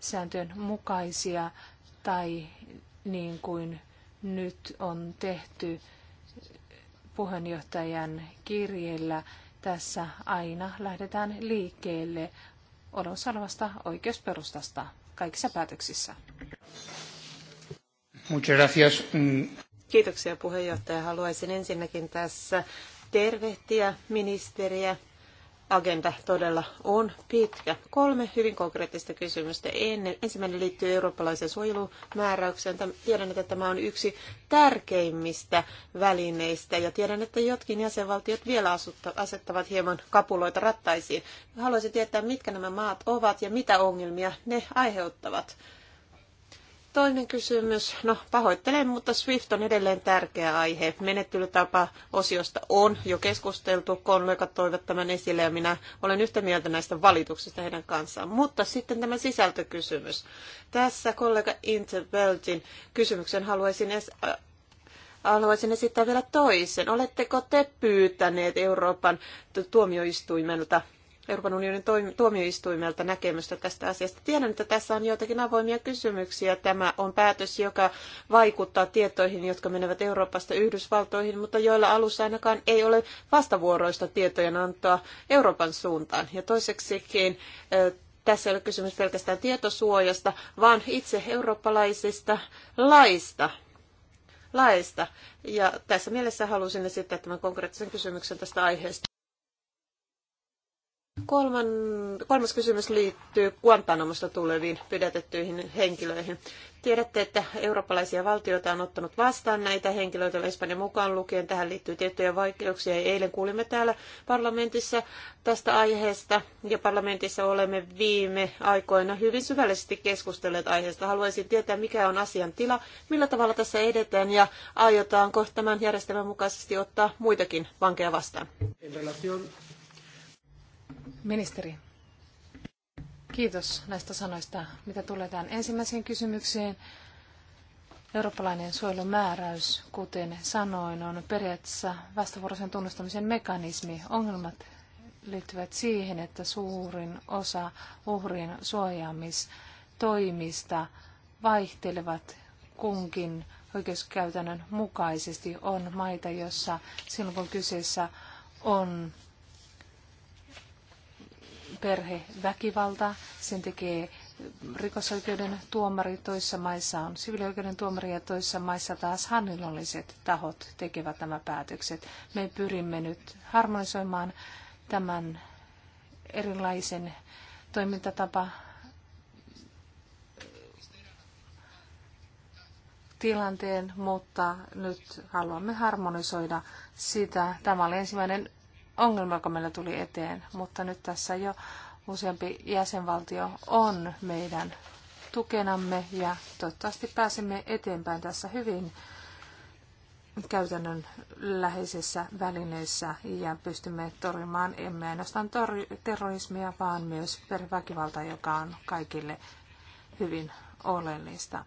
sääntöjen mukaisia tai niin kuin nyt on tehty puheenjohtajan kirjeellä. Tässä aina lähdetään liikkeelle odossa olevasta oikeusperustasta kaikissa päätöksissä. Mm. Kiitoksia puheenjohtaja. Haluaisin ensinnäkin tässä tervehtiä ministeriä agenda todella on pitkä. Kolme hyvin konkreettista kysymystä. Ennen, ensimmäinen liittyy eurooppalaiseen suojelumääräykseen. Tiedän, että tämä on yksi tärkeimmistä välineistä ja tiedän, että jotkin jäsenvaltiot vielä asettavat hieman kapuloita rattaisiin. Haluaisin tietää, mitkä nämä maat ovat ja mitä ongelmia ne aiheuttavat. Toinen kysymys. No, pahoittelen, mutta SWIFT on edelleen tärkeä aihe. Menettelytapa-osiosta on jo keskusteltu. Kollegat toivat tämän esille ja minä olen yhtä mieltä näistä valituksista heidän kanssaan. Mutta sitten tämä sisältökysymys. Tässä kollega Interveltin kysymyksen haluaisin edes äh, haluaisin esittää vielä toisen. Oletteko te pyytäneet Euroopan tuomioistuimelta Euroopan unionin tuomioistuimelta näkemystä tästä asiasta. Tiedän, että tässä on joitakin avoimia kysymyksiä. Tämä on päätös, joka vaikuttaa tietoihin, jotka menevät Euroopasta Yhdysvaltoihin, mutta joilla alussa ainakaan ei ole vastavuoroista tietojen antoa Euroopan suuntaan. Ja toiseksikin tässä ei ole kysymys pelkästään tietosuojasta, vaan itse eurooppalaisista laista, laeista. Ja tässä mielessä halusin esittää tämän konkreettisen kysymyksen tästä aiheesta. Kolman, kolmas kysymys liittyy Guantanamosta tuleviin pidätettyihin henkilöihin. Tiedätte, että eurooppalaisia valtioita on ottanut vastaan näitä henkilöitä Espanjan mukaan lukien. Tähän liittyy tiettyjä vaikeuksia. Eilen kuulimme täällä parlamentissa tästä aiheesta ja parlamentissa olemme viime aikoina hyvin syvällisesti keskustelleet aiheesta. Haluaisin tietää, mikä on asian tila, millä tavalla tässä edetään ja aiotaanko tämän järjestelmän mukaisesti ottaa muitakin vankeja vastaan. En Ministeri, kiitos näistä sanoista. Mitä tulee tähän ensimmäiseen kysymykseen, eurooppalainen suojelumääräys, kuten sanoin, on periaatteessa vastavuoroisen tunnustamisen mekanismi. Ongelmat liittyvät siihen, että suurin osa uhrien suojaamistoimista vaihtelevat kunkin oikeuskäytännön mukaisesti. On maita, jossa silloin kun kyseessä on perheväkivalta, sen tekee rikosoikeuden tuomari, toissa maissa on siviilioikeuden tuomari ja toissa maissa taas hallinnolliset tahot tekevät nämä päätökset. Me pyrimme nyt harmonisoimaan tämän erilaisen toimintatapa tilanteen, mutta nyt haluamme harmonisoida sitä. Tämä oli ensimmäinen ongelma, joka meillä tuli eteen, mutta nyt tässä jo useampi jäsenvaltio on meidän tukenamme ja toivottavasti pääsemme eteenpäin tässä hyvin käytännön läheisessä välineissä ja pystymme torjumaan emme ainoastaan tor- terrorismia, vaan myös perheväkivaltaa, joka on kaikille hyvin oleellista.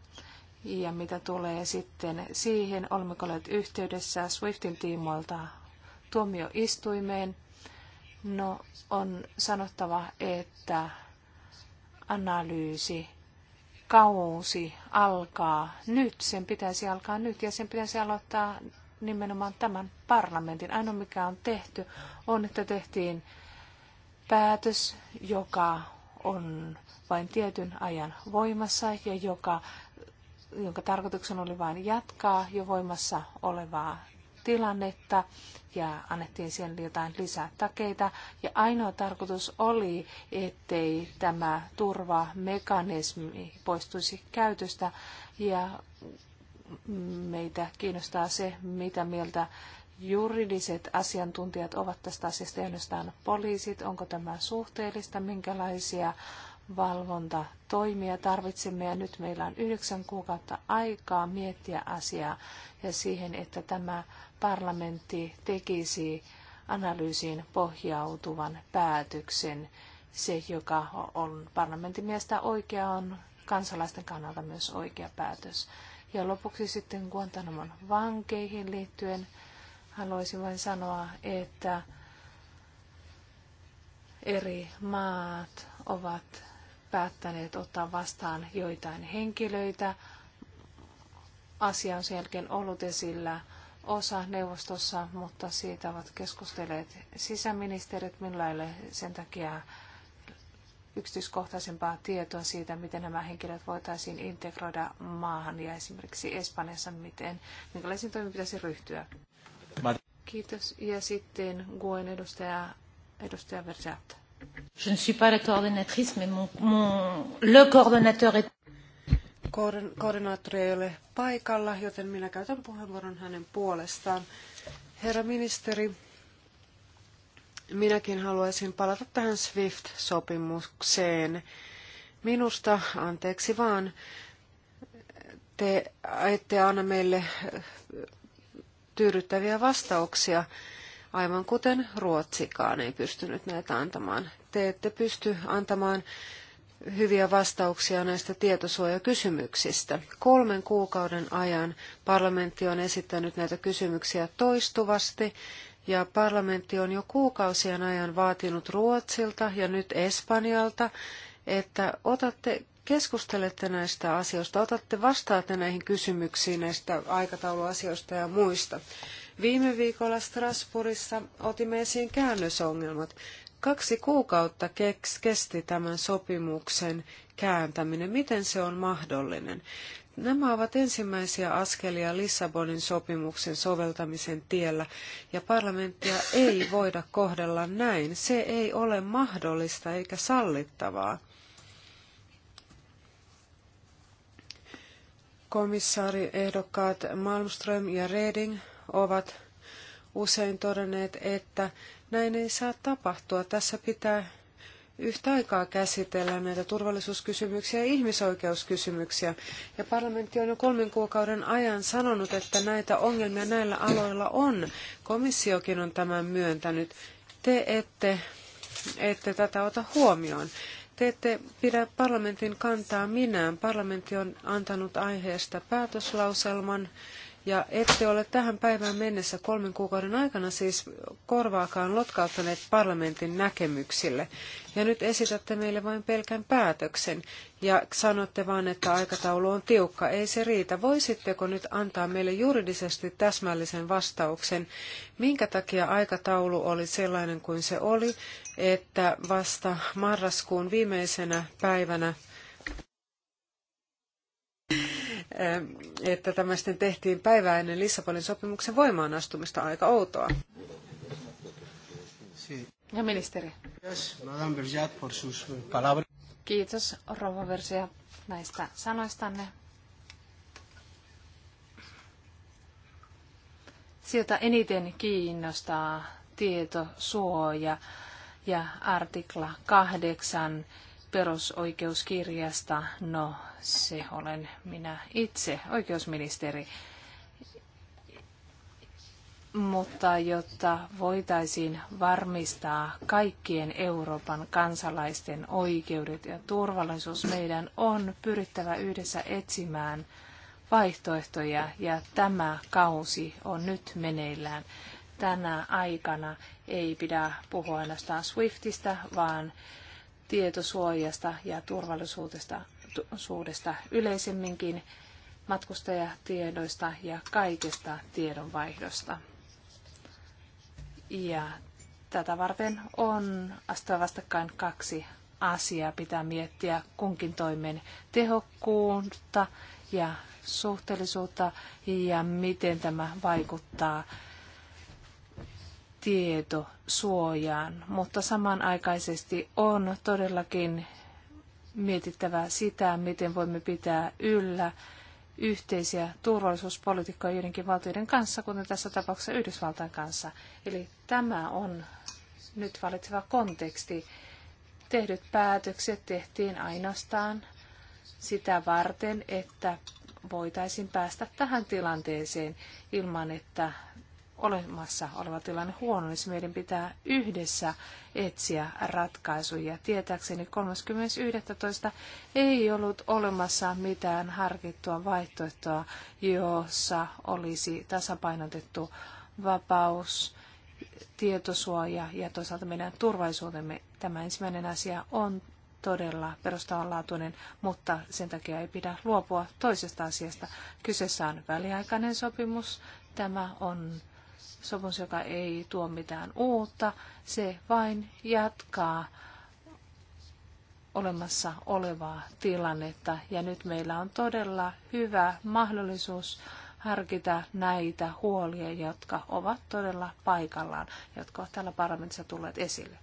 Ja mitä tulee sitten siihen, olemmeko olleet yhteydessä Swiftin tiimoilta tuomioistuimeen, no on sanottava, että analyysi kausi alkaa nyt, sen pitäisi alkaa nyt ja sen pitäisi aloittaa nimenomaan tämän parlamentin. Ainoa mikä on tehty on, että tehtiin päätös, joka on vain tietyn ajan voimassa ja joka, jonka tarkoituksena oli vain jatkaa jo voimassa olevaa tilannetta ja annettiin siellä jotain lisää takeita. Ja ainoa tarkoitus oli, ettei tämä turvamekanismi poistuisi käytöstä ja meitä kiinnostaa se, mitä mieltä juridiset asiantuntijat ovat tästä asiasta, ainoastaan poliisit, onko tämä suhteellista, minkälaisia valvontatoimia tarvitsemme ja nyt meillä on yhdeksän kuukautta aikaa miettiä asiaa ja siihen, että tämä parlamentti tekisi analyysiin pohjautuvan päätöksen. Se, joka on parlamentin mielestä oikea, on kansalaisten kannalta myös oikea päätös. Ja lopuksi sitten Guantanamon vankeihin liittyen haluaisin vain sanoa, että eri maat ovat päättäneet ottaa vastaan joitain henkilöitä. Asia on sen jälkeen ollut esillä osa neuvostossa, mutta siitä ovat keskustelleet sisäministerit, millä ei ole sen takia yksityiskohtaisempaa tietoa siitä, miten nämä henkilöt voitaisiin integroida maahan ja esimerkiksi Espanjassa, miten, minkälaisiin toimiin pitäisi ryhtyä. Kiitos. Ja sitten Guen edustaja, edustaja Verzatta. Je ne suis pas la coordinatrice, mais mon, mon, le coordinateur est... Koordinaattori ei ole paikalla, joten minä käytän puheenvuoron hänen puolestaan. Herra ministeri, minäkin haluaisin palata tähän SWIFT-sopimukseen. Minusta, anteeksi vaan, te ette anna meille tyydyttäviä vastauksia aivan kuten Ruotsikaan ei pystynyt näitä antamaan. Te ette pysty antamaan hyviä vastauksia näistä tietosuojakysymyksistä. Kolmen kuukauden ajan parlamentti on esittänyt näitä kysymyksiä toistuvasti ja parlamentti on jo kuukausien ajan vaatinut Ruotsilta ja nyt Espanjalta, että otatte keskustelette näistä asioista, otatte vastaatte näihin kysymyksiin näistä aikatauluasioista ja muista. Viime viikolla Strasbourgissa otimme esiin käännösongelmat. Kaksi kuukautta keks, kesti tämän sopimuksen kääntäminen. Miten se on mahdollinen? Nämä ovat ensimmäisiä askelia Lissabonin sopimuksen soveltamisen tiellä, ja parlamenttia ei voida kohdella näin. Se ei ole mahdollista eikä sallittavaa. Komissaari ehdokkaat Malmström ja Reding ovat usein todenneet, että näin ei saa tapahtua. Tässä pitää yhtä aikaa käsitellä näitä turvallisuuskysymyksiä ja ihmisoikeuskysymyksiä. Ja parlamentti on jo kolmen kuukauden ajan sanonut, että näitä ongelmia näillä aloilla on. Komissiokin on tämän myöntänyt. Te ette, ette tätä ota huomioon. Te ette pidä parlamentin kantaa minään. Parlamentti on antanut aiheesta päätöslauselman ja ette ole tähän päivään mennessä kolmen kuukauden aikana siis korvaakaan lotkauttaneet parlamentin näkemyksille. Ja nyt esitätte meille vain pelkän päätöksen ja sanotte vain, että aikataulu on tiukka. Ei se riitä. Voisitteko nyt antaa meille juridisesti täsmällisen vastauksen, minkä takia aikataulu oli sellainen kuin se oli, että vasta marraskuun viimeisenä päivänä että tämä sitten tehtiin päivää ennen Lissabonin sopimuksen voimaan astumista aika outoa. Ja ministeri. Kiitos Rova Versia näistä sanoistanne. Sieltä eniten kiinnostaa tietosuoja ja artikla kahdeksan perusoikeuskirjasta. No, se olen minä itse, oikeusministeri. Mutta jotta voitaisiin varmistaa kaikkien Euroopan kansalaisten oikeudet ja turvallisuus, meidän on pyrittävä yhdessä etsimään vaihtoehtoja ja tämä kausi on nyt meneillään. Tänä aikana ei pidä puhua ainoastaan Swiftistä, vaan tietosuojasta ja turvallisuudesta suudesta yleisemminkin, matkustajatiedoista ja kaikesta tiedonvaihdosta. Ja tätä varten on astua vastakkain kaksi asiaa. Pitää miettiä kunkin toimen tehokkuutta ja suhteellisuutta ja miten tämä vaikuttaa tieto suojaan, mutta samanaikaisesti on todellakin mietittävä sitä, miten voimme pitää yllä yhteisiä turvallisuuspolitiikkoja joidenkin valtioiden kanssa, kuten tässä tapauksessa Yhdysvaltain kanssa. Eli tämä on nyt valitseva konteksti. Tehdyt päätökset tehtiin ainoastaan sitä varten, että voitaisiin päästä tähän tilanteeseen ilman, että olemassa oleva tilanne huonoisi, niin meidän pitää yhdessä etsiä ratkaisuja. Tietääkseni 30.11. ei ollut olemassa mitään harkittua vaihtoehtoa, jossa olisi tasapainotettu vapaus, tietosuoja ja toisaalta meidän turvallisuutemme. Tämä ensimmäinen asia on todella perustavanlaatuinen, mutta sen takia ei pidä luopua toisesta asiasta. Kyseessä on väliaikainen sopimus. Tämä on sopimus, joka ei tuo mitään uutta. Se vain jatkaa olemassa olevaa tilannetta. Ja nyt meillä on todella hyvä mahdollisuus harkita näitä huolia, jotka ovat todella paikallaan, jotka ovat täällä parlamentissa tulleet esille.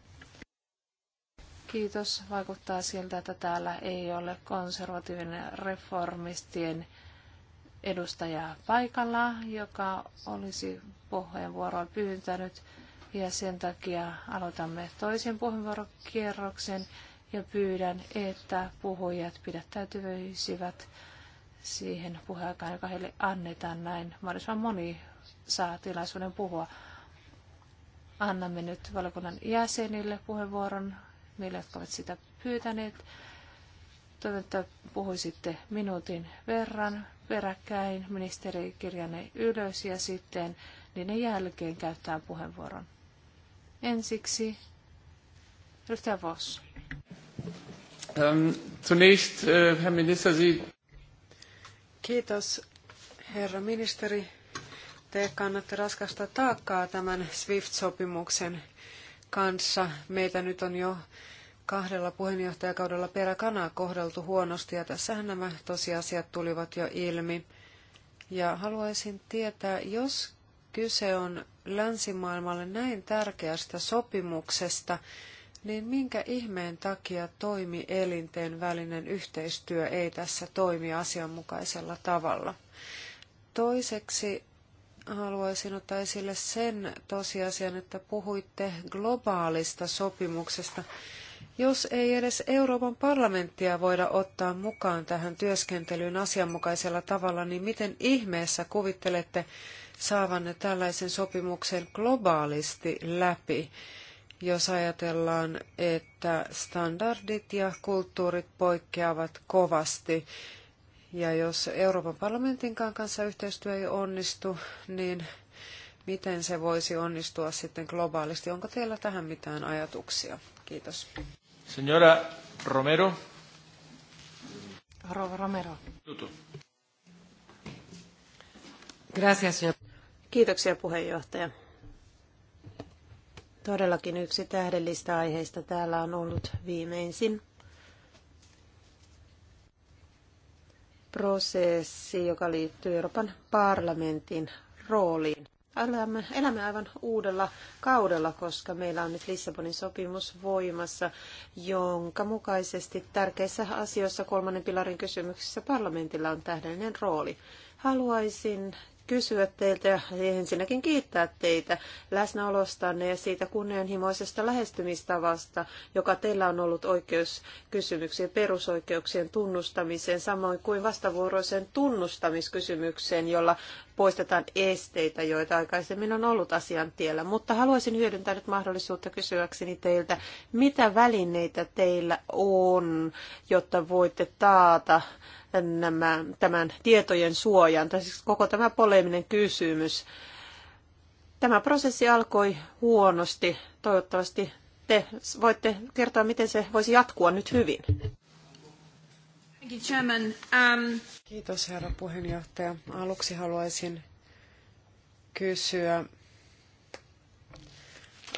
Kiitos. Vaikuttaa siltä, että täällä ei ole konservatiivinen reformistien edustajaa paikalla, joka olisi puheenvuoroa pyytänyt, Ja sen takia aloitamme toisen puheenvuorokierroksen ja pyydän, että puhujat pidättäytyisivät siihen puheaikaan, joka heille annetaan näin. Mahdollisimman moni saa tilaisuuden puhua. Annamme nyt valiokunnan jäsenille puheenvuoron, niille, jotka ovat sitä pyytäneet. Toivon, että puhuisitte minuutin verran peräkkäin. Ministeri kirjanne ylös ja sitten niiden jälkeen käyttää puheenvuoron. Ensiksi edustaja Voss. Ähm, zunächst, äh, Herr Minister, Sie... Kiitos, herra ministeri. Te kannatte raskasta taakkaa tämän SWIFT-sopimuksen kanssa. Meitä nyt on jo kahdella puheenjohtajakaudella peräkanaa kohdeltu huonosti ja tässähän nämä tosiasiat tulivat jo ilmi. Ja haluaisin tietää, jos kyse on länsimaailmalle näin tärkeästä sopimuksesta, niin minkä ihmeen takia toimielinten välinen yhteistyö ei tässä toimi asianmukaisella tavalla? Toiseksi haluaisin ottaa esille sen tosiasian, että puhuitte globaalista sopimuksesta jos ei edes Euroopan parlamenttia voida ottaa mukaan tähän työskentelyyn asianmukaisella tavalla, niin miten ihmeessä kuvittelette saavanne tällaisen sopimuksen globaalisti läpi, jos ajatellaan, että standardit ja kulttuurit poikkeavat kovasti? Ja jos Euroopan parlamentin kanssa yhteistyö ei onnistu, niin miten se voisi onnistua sitten globaalisti? Onko teillä tähän mitään ajatuksia? Kiitos. Señora Romero. Ro Romero. Gracias, señor. Kiitoksia puheenjohtaja. Todellakin yksi tähdellistä aiheista täällä on ollut viimeisin prosessi, joka liittyy Euroopan parlamentin rooliin elämme, elämme aivan uudella kaudella, koska meillä on nyt Lissabonin sopimus voimassa, jonka mukaisesti tärkeissä asioissa kolmannen pilarin kysymyksissä parlamentilla on tähdellinen rooli. Haluaisin kysyä teiltä ja ensinnäkin kiittää teitä läsnäolostanne ja siitä kunnianhimoisesta lähestymistavasta, joka teillä on ollut oikeus kysymyksiin perusoikeuksien tunnustamiseen, samoin kuin vastavuoroisen tunnustamiskysymykseen, jolla poistetaan esteitä, joita aikaisemmin on ollut asian tiellä. Mutta haluaisin hyödyntää nyt mahdollisuutta kysyäkseni teiltä, mitä välineitä teillä on, jotta voitte taata nämä, tämän tietojen suojan, tai siis koko tämä poleminen kysymys. Tämä prosessi alkoi huonosti. Toivottavasti te voitte kertoa, miten se voisi jatkua nyt hyvin. Um, Kiitos herra puheenjohtaja. Aluksi haluaisin kysyä,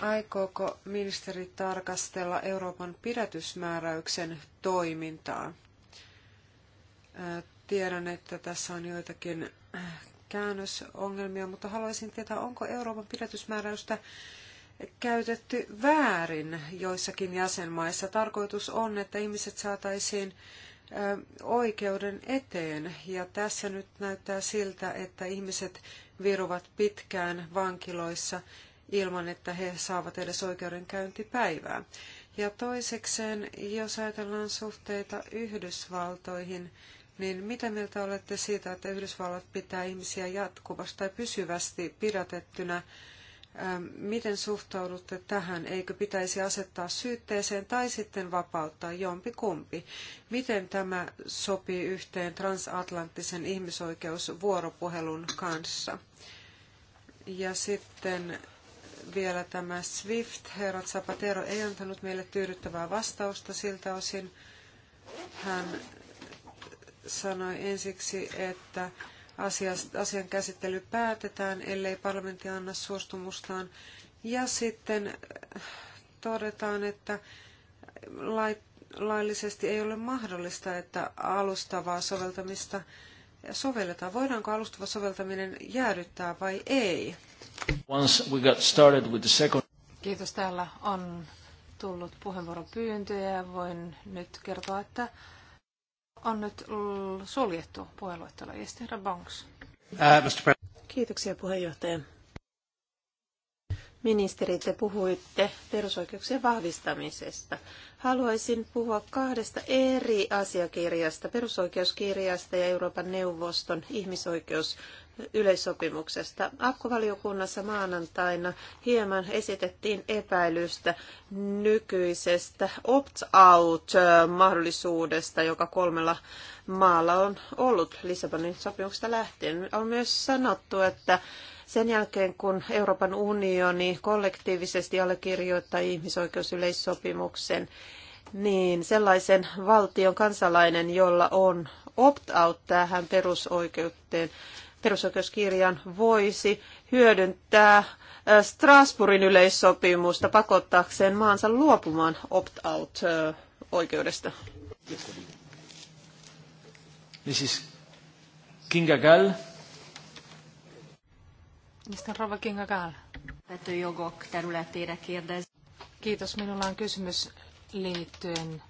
aikooko ministeri tarkastella Euroopan pidätysmääräyksen toimintaa? Äh, tiedän, että tässä on joitakin äh, käännösongelmia, mutta haluaisin tietää, onko Euroopan pidätysmääräystä käytetty väärin joissakin jäsenmaissa. Tarkoitus on, että ihmiset saataisiin äh, oikeuden eteen. Ja tässä nyt näyttää siltä, että ihmiset viruvat pitkään vankiloissa ilman, että he saavat edes oikeudenkäyntipäivää. Ja toisekseen, jos ajatellaan suhteita Yhdysvaltoihin, niin mitä mieltä olette siitä, että Yhdysvallat pitää ihmisiä jatkuvasti tai pysyvästi pidätettynä? Ähm, miten suhtaudutte tähän? Eikö pitäisi asettaa syytteeseen tai sitten vapauttaa jompi kumpi? Miten tämä sopii yhteen transatlanttisen ihmisoikeusvuoropuhelun kanssa? Ja sitten vielä tämä SWIFT. Herra Zapatero ei antanut meille tyydyttävää vastausta siltä osin. Hän sanoi ensiksi, että asian käsittely päätetään, ellei parlamentti anna suostumustaan. Ja sitten äh, todetaan, että laillisesti ei ole mahdollista, että alustavaa soveltamista sovelletaan. Voidaanko alustava soveltaminen jäädyttää vai ei? Kiitos. Täällä on tullut puheenvuoropyyntöjä ja voin nyt kertoa, että on nyt suljettu puheenluettelo. Banks. Uh, Kiitoksia puheenjohtaja. Ministeri, te puhuitte perusoikeuksien vahvistamisesta. Haluaisin puhua kahdesta eri asiakirjasta, perusoikeuskirjasta ja Euroopan neuvoston ihmisoikeus yleissopimuksesta. Akkuvaliokunnassa maanantaina hieman esitettiin epäilystä nykyisestä opt-out-mahdollisuudesta, joka kolmella maalla on ollut Lissabonin sopimuksesta lähtien. On myös sanottu, että sen jälkeen, kun Euroopan unioni kollektiivisesti allekirjoittaa ihmisoikeusyleissopimuksen, niin sellaisen valtion kansalainen, jolla on opt-out tähän perusoikeuteen, perusoikeuskirjan voisi hyödyntää äh, Strasbourgin yleissopimusta pakottaakseen maansa luopumaan opt-out-oikeudesta. Äh, is Kinga Gall. Mr. Rova Kinga Gall. Kiitos. Minulla on kysymys liittyen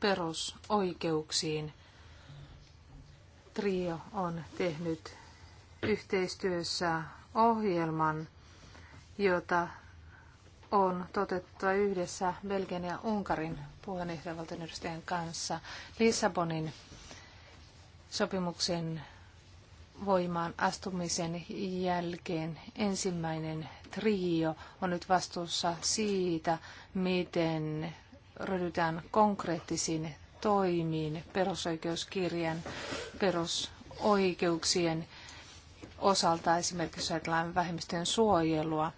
perusoikeuksiin. Trio on tehnyt yhteistyössä ohjelman, jota on toteutettu yhdessä Belgian ja Unkarin puheenjohtajavaltion edustajan kanssa Lissabonin sopimuksen voimaan astumisen jälkeen ensimmäinen trio on nyt vastuussa siitä, miten ryhdytään konkreettisiin toimiin perusoikeuskirjan, perusoikeuksien osalta, esimerkiksi ajatellaan vähemmistöjen suojelua.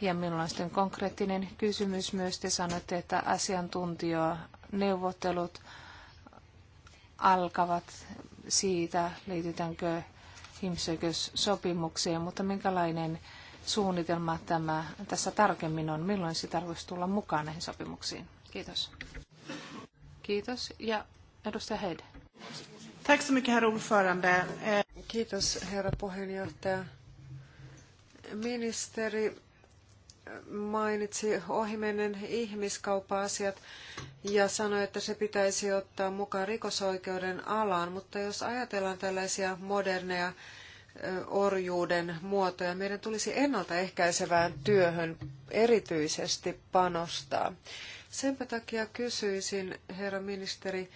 Ja minulla on sitten konkreettinen kysymys myös. Te sanoitte, että asiantuntijaneuvottelut alkavat siitä, liitytäänkö ihmisoikeussopimukseen, mutta minkälainen suunnitelma tämä tässä tarkemmin on? Milloin se tarvitsisi tulla mukaan näihin sopimuksiin? Kiitos. Kiitos. Ja edustaja Heide. Tack så mycket, herr ordförande. Kiitos, herra puheenjohtaja. Ministeri mainitsi ohimennen ihmiskauppa-asiat ja sanoi, että se pitäisi ottaa mukaan rikosoikeuden alaan, mutta jos ajatellaan tällaisia moderneja orjuuden muotoja, meidän tulisi ennaltaehkäisevään työhön erityisesti panostaa. Senpä takia kysyisin, herra ministeri,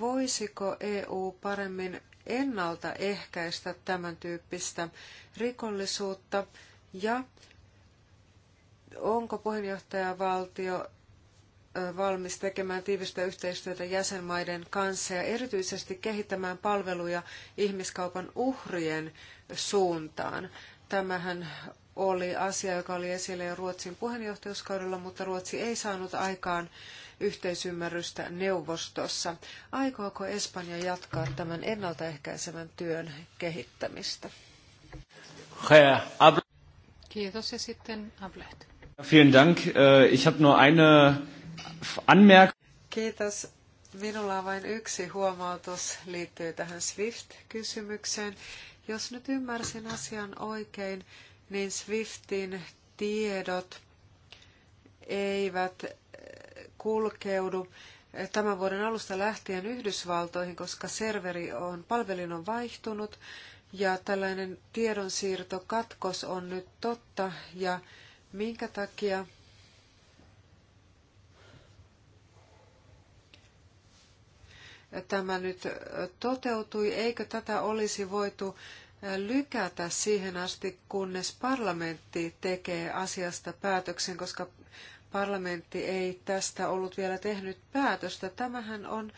Voisiko EU paremmin ennaltaehkäistä tämän tyyppistä rikollisuutta ja onko puheenjohtajavaltio valmis tekemään tiivistä yhteistyötä jäsenmaiden kanssa ja erityisesti kehittämään palveluja ihmiskaupan uhrien suuntaan. Tämähän oli asia, joka oli esillä jo Ruotsin puheenjohtajuuskaudella, mutta Ruotsi ei saanut aikaan yhteisymmärrystä neuvostossa. Aikooko Espanja jatkaa tämän ennaltaehkäisevän työn kehittämistä? Kiitos ja sitten Ablet. Vielen Dank. Äh, ich habe nur eine Anmerkung. Kiitos. Minulla on vain yksi huomautus liittyy tähän SWIFT-kysymykseen. Jos nyt ymmärsin asian oikein, niin SWIFTin tiedot eivät kulkeudu tämän vuoden alusta lähtien Yhdysvaltoihin, koska serveri on, palvelin on vaihtunut ja tällainen tiedonsiirtokatkos on nyt totta ja minkä takia tämä nyt toteutui, eikö tätä olisi voitu lykätä siihen asti, kunnes parlamentti tekee asiasta päätöksen, koska parlamentti ei tästä ollut vielä tehnyt päätöstä. Tämähän on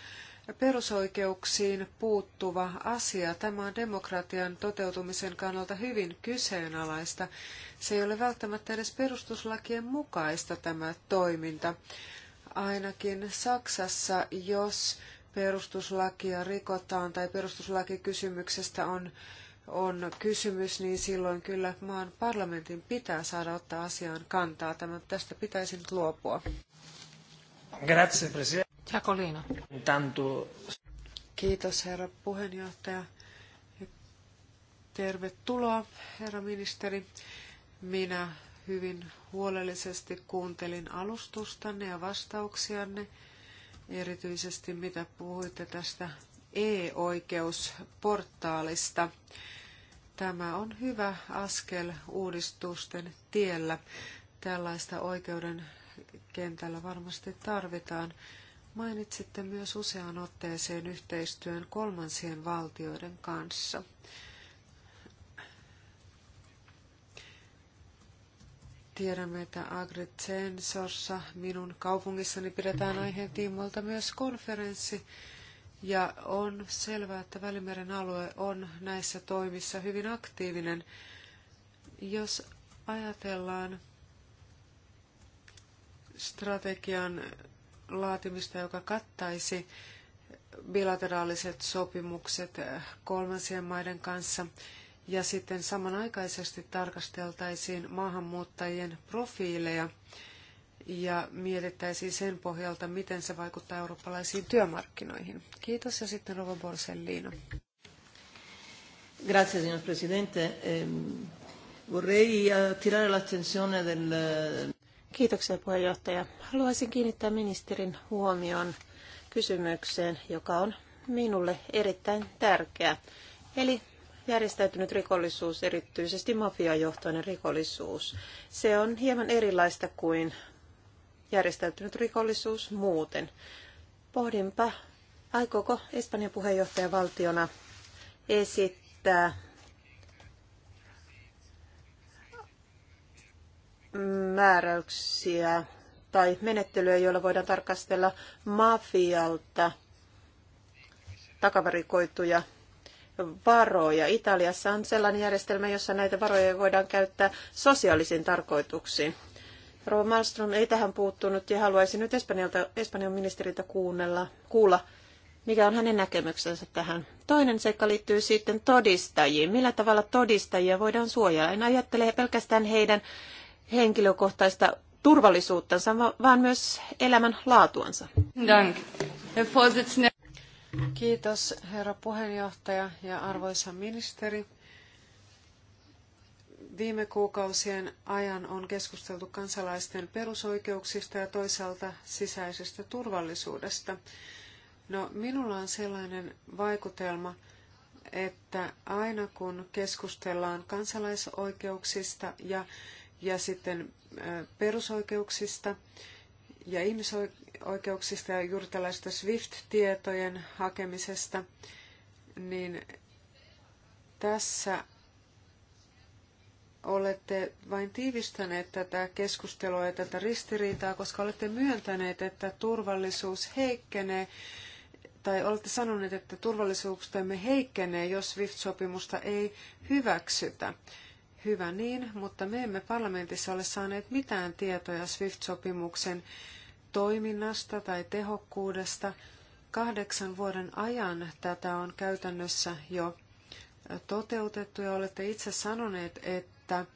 perusoikeuksiin puuttuva asia. Tämä on demokratian toteutumisen kannalta hyvin kyseenalaista. Se ei ole välttämättä edes perustuslakien mukaista tämä toiminta. Ainakin Saksassa, jos perustuslakia rikotaan tai perustuslakikysymyksestä on on kysymys, niin silloin kyllä maan parlamentin pitää saada ottaa asiaan kantaa. Tämä, tästä pitäisi nyt luopua. Grazie, presidente. Kiitos, herra puheenjohtaja. Tervetuloa, herra ministeri. Minä hyvin huolellisesti kuuntelin alustustanne ja vastauksianne, erityisesti mitä puhuitte tästä e-oikeusportaalista. Tämä on hyvä askel uudistusten tiellä. Tällaista oikeuden kentällä varmasti tarvitaan. Mainitsitte myös useaan otteeseen yhteistyön kolmansien valtioiden kanssa. Tiedämme, että Agritsensorsa minun kaupungissani pidetään aiheen tiimoilta myös konferenssi, ja on selvää, että Välimeren alue on näissä toimissa hyvin aktiivinen. Jos ajatellaan strategian laatimista, joka kattaisi bilateraaliset sopimukset kolmansien maiden kanssa, ja sitten samanaikaisesti tarkasteltaisiin maahanmuuttajien profiileja, ja mietittäisiin sen pohjalta, miten se vaikuttaa eurooppalaisiin työmarkkinoihin. Kiitos ja sitten Rova Borsellino. Grazie signor Presidente. Ehm, vorrei eh, attirare l'attenzione del... Kiitoksia puheenjohtaja. Haluaisin kiinnittää ministerin huomioon kysymykseen, joka on minulle erittäin tärkeä. Eli järjestäytynyt rikollisuus, erityisesti mafiajohtoinen rikollisuus. Se on hieman erilaista kuin järjestäytynyt rikollisuus muuten. Pohdinpa, aikooko Espanjan puheenjohtajavaltiona esittää määräyksiä tai menettelyjä, joilla voidaan tarkastella mafialta takavarikoituja varoja. Italiassa on sellainen järjestelmä, jossa näitä varoja voidaan käyttää sosiaalisiin tarkoituksiin. Rova Malmström ei tähän puuttunut ja haluaisin nyt Espanjan ministeriltä kuunnella, kuulla, mikä on hänen näkemyksensä tähän. Toinen seikka liittyy sitten todistajiin. Millä tavalla todistajia voidaan suojella? En ajattele pelkästään heidän henkilökohtaista turvallisuuttansa, vaan myös elämän laatuansa. Dank. Kiitos herra puheenjohtaja ja arvoisa ministeri. Viime kuukausien ajan on keskusteltu kansalaisten perusoikeuksista ja toisaalta sisäisestä turvallisuudesta. No, minulla on sellainen vaikutelma, että aina kun keskustellaan kansalaisoikeuksista ja, ja sitten perusoikeuksista ja ihmisoikeuksista ja juuri tällaista SWIFT-tietojen hakemisesta, niin tässä olette vain tiivistäneet tätä keskustelua ja tätä ristiriitaa, koska olette myöntäneet, että turvallisuus heikkenee, tai olette sanoneet, että turvallisuustemme heikkenee, jos SWIFT-sopimusta ei hyväksytä. Hyvä niin, mutta me emme parlamentissa ole saaneet mitään tietoja SWIFT-sopimuksen toiminnasta tai tehokkuudesta. Kahdeksan vuoden ajan tätä on käytännössä jo toteutettu ja olette itse sanoneet, että että,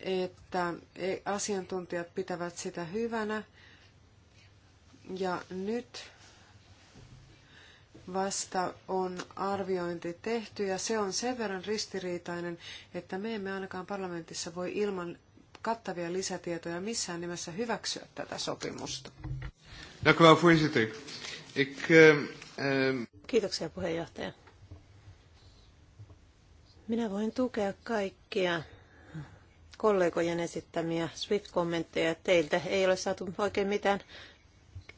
että e, asiantuntijat pitävät sitä hyvänä. Ja nyt vasta on arviointi tehty ja se on sen verran ristiriitainen, että me emme ainakaan parlamentissa voi ilman kattavia lisätietoja missään nimessä hyväksyä tätä sopimusta. Ehm, ehm, Kiitoksia puheenjohtaja. Minä voin tukea kaikkia kollegojen esittämiä SWIFT-kommentteja. Teiltä ei ole saatu oikein mitään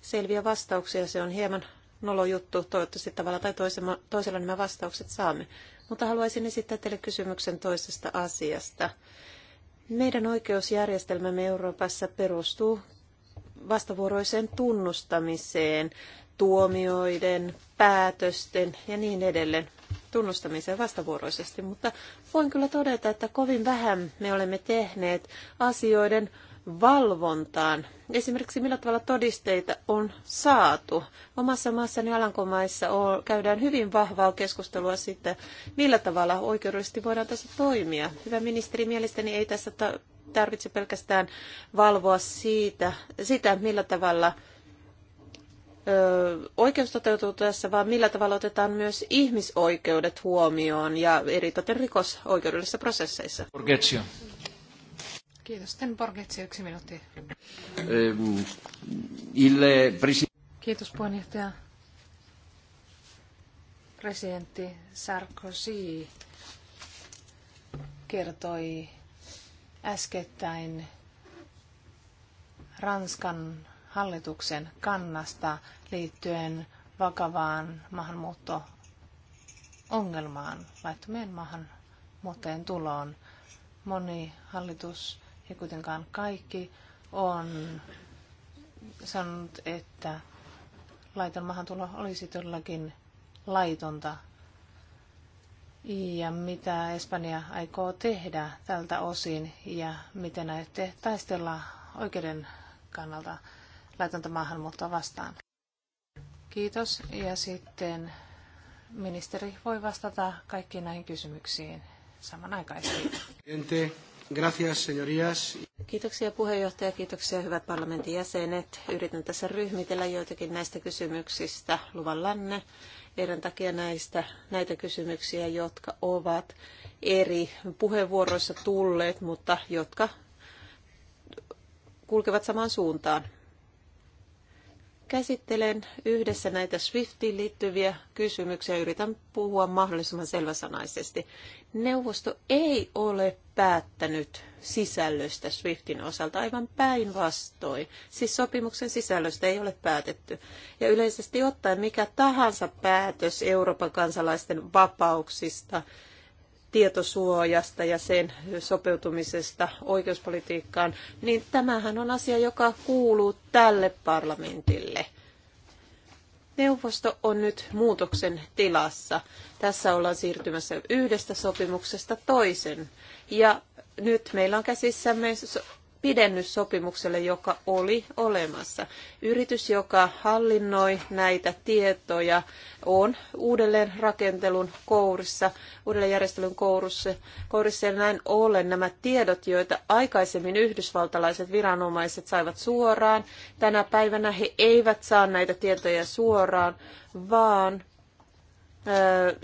selviä vastauksia. Se on hieman nolo juttu. Toivottavasti tavalla tai toisella, toisella nämä vastaukset saamme. Mutta haluaisin esittää teille kysymyksen toisesta asiasta. Meidän oikeusjärjestelmämme Euroopassa perustuu vastavuoroiseen tunnustamiseen, tuomioiden, päätösten ja niin edelleen tunnustamiseen vastavuoroisesti, mutta voin kyllä todeta, että kovin vähän me olemme tehneet asioiden valvontaan. Esimerkiksi millä tavalla todisteita on saatu. Omassa maassani Alankomaissa käydään hyvin vahvaa keskustelua siitä, millä tavalla oikeudellisesti voidaan tässä toimia. Hyvä ministeri, mielestäni ei tässä tarvitse pelkästään valvoa siitä, sitä, millä tavalla oikeus toteutuu tässä, vaan millä tavalla otetaan myös ihmisoikeudet huomioon ja eritoten rikosoikeudellisissa prosesseissa. Borgetsio. Kiitos. Ten Borgetsio, yksi minuutti. Ehm, Kiitos puheenjohtaja. Presidentti Sarkozy kertoi äskettäin Ranskan hallituksen kannasta liittyen vakavaan maahanmuutto-ongelmaan, laittomien maahanmuuttajien tuloon. Moni hallitus ja kuitenkaan kaikki on sanonut, että laiton maahantulo olisi todellakin laitonta. Ja mitä Espanja aikoo tehdä tältä osin ja miten näette taistella oikeuden kannalta laitonta maahanmuuttoa vastaan. Kiitos. Ja sitten ministeri voi vastata kaikkiin näihin kysymyksiin samanaikaisesti. Gracias, señorías. Kiitoksia puheenjohtaja, kiitoksia hyvät parlamentin jäsenet. Yritän tässä ryhmitellä joitakin näistä kysymyksistä luvallanne. Erän takia näistä, näitä kysymyksiä, jotka ovat eri puheenvuoroissa tulleet, mutta jotka kulkevat samaan suuntaan. Käsittelen yhdessä näitä Swiftiin liittyviä kysymyksiä. Yritän puhua mahdollisimman selväsanaisesti. Neuvosto ei ole päättänyt sisällöstä Swiftin osalta, aivan päinvastoin. Siis sopimuksen sisällöstä ei ole päätetty. Ja yleisesti ottaen mikä tahansa päätös Euroopan kansalaisten vapauksista – tietosuojasta ja sen sopeutumisesta oikeuspolitiikkaan, niin tämähän on asia, joka kuuluu tälle parlamentille. Neuvosto on nyt muutoksen tilassa. Tässä ollaan siirtymässä yhdestä sopimuksesta toisen. Ja nyt meillä on käsissämme pidennys sopimukselle, joka oli olemassa. Yritys, joka hallinnoi näitä tietoja, on uudelleen rakentelun kourissa, uudelleenjärjestelyn kourissa, kourissa ja näin ollen nämä tiedot, joita aikaisemmin yhdysvaltalaiset viranomaiset saivat suoraan, tänä päivänä he eivät saa näitä tietoja suoraan, vaan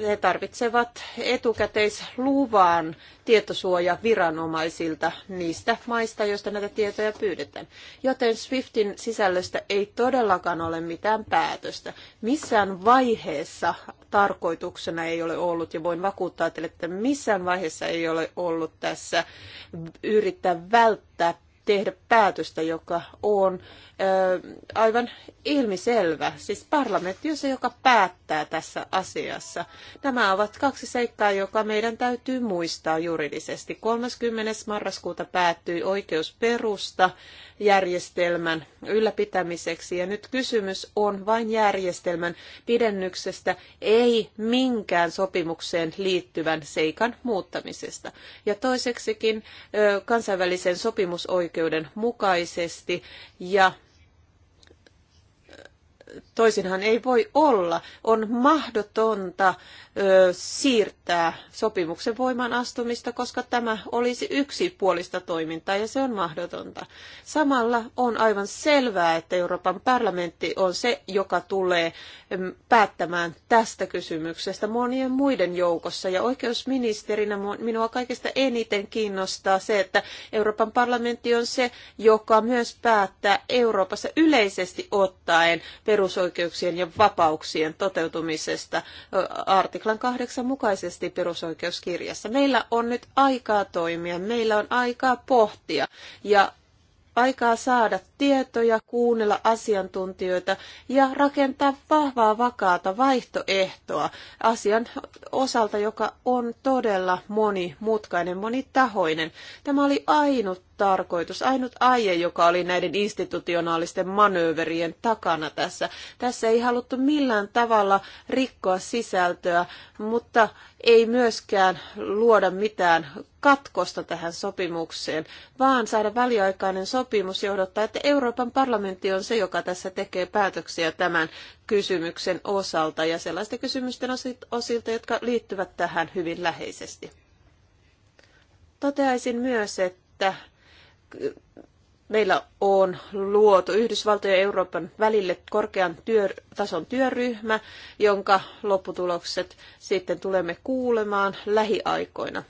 he tarvitsevat etukäteisluvan tietosuojaviranomaisilta niistä maista, joista näitä tietoja pyydetään. Joten SWIFTin sisällöstä ei todellakaan ole mitään päätöstä. Missään vaiheessa tarkoituksena ei ole ollut, ja voin vakuuttaa teille, että missään vaiheessa ei ole ollut tässä yrittää välttää tehdä päätöstä, joka on ö, aivan ilmiselvä. Siis parlamentti on se, joka päättää tässä asiassa. Nämä ovat kaksi seikkaa, joka meidän täytyy muistaa juridisesti. 30. marraskuuta päättyi oikeusperusta järjestelmän ylläpitämiseksi ja nyt kysymys on vain järjestelmän pidennyksestä, ei minkään sopimukseen liittyvän seikan muuttamisesta. Ja toiseksikin ö, kansainvälisen sopimusoikeuden ihmisoikeuden mukaisesti ja toisinhan ei voi olla. On mahdotonta ö, siirtää sopimuksen voimaan astumista, koska tämä olisi yksipuolista toimintaa ja se on mahdotonta. Samalla on aivan selvää, että Euroopan parlamentti on se, joka tulee mm, päättämään tästä kysymyksestä monien muiden joukossa. Ja oikeusministerinä minua kaikista eniten kiinnostaa se, että Euroopan parlamentti on se, joka myös päättää Euroopassa yleisesti ottaen perus perusoikeuksien ja vapauksien toteutumisesta artiklan kahdeksan mukaisesti perusoikeuskirjassa. Meillä on nyt aikaa toimia, meillä on aikaa pohtia ja aikaa saada tietoja, kuunnella asiantuntijoita ja rakentaa vahvaa vakaata vaihtoehtoa asian osalta, joka on todella monimutkainen, monitahoinen. Tämä oli ainut tarkoitus, ainut aie, joka oli näiden institutionaalisten manööverien takana tässä. Tässä ei haluttu millään tavalla rikkoa sisältöä, mutta ei myöskään luoda mitään katkosta tähän sopimukseen, vaan saada väliaikainen sopimus johdottaa, että Euroopan parlamentti on se, joka tässä tekee päätöksiä tämän kysymyksen osalta ja sellaisten kysymysten osilta, jotka liittyvät tähän hyvin läheisesti. Toteaisin myös, että Meillä on luotu Yhdysvaltojen ja Euroopan välille korkean tason työryhmä, jonka lopputulokset sitten tulemme kuulemaan lähiaikoina.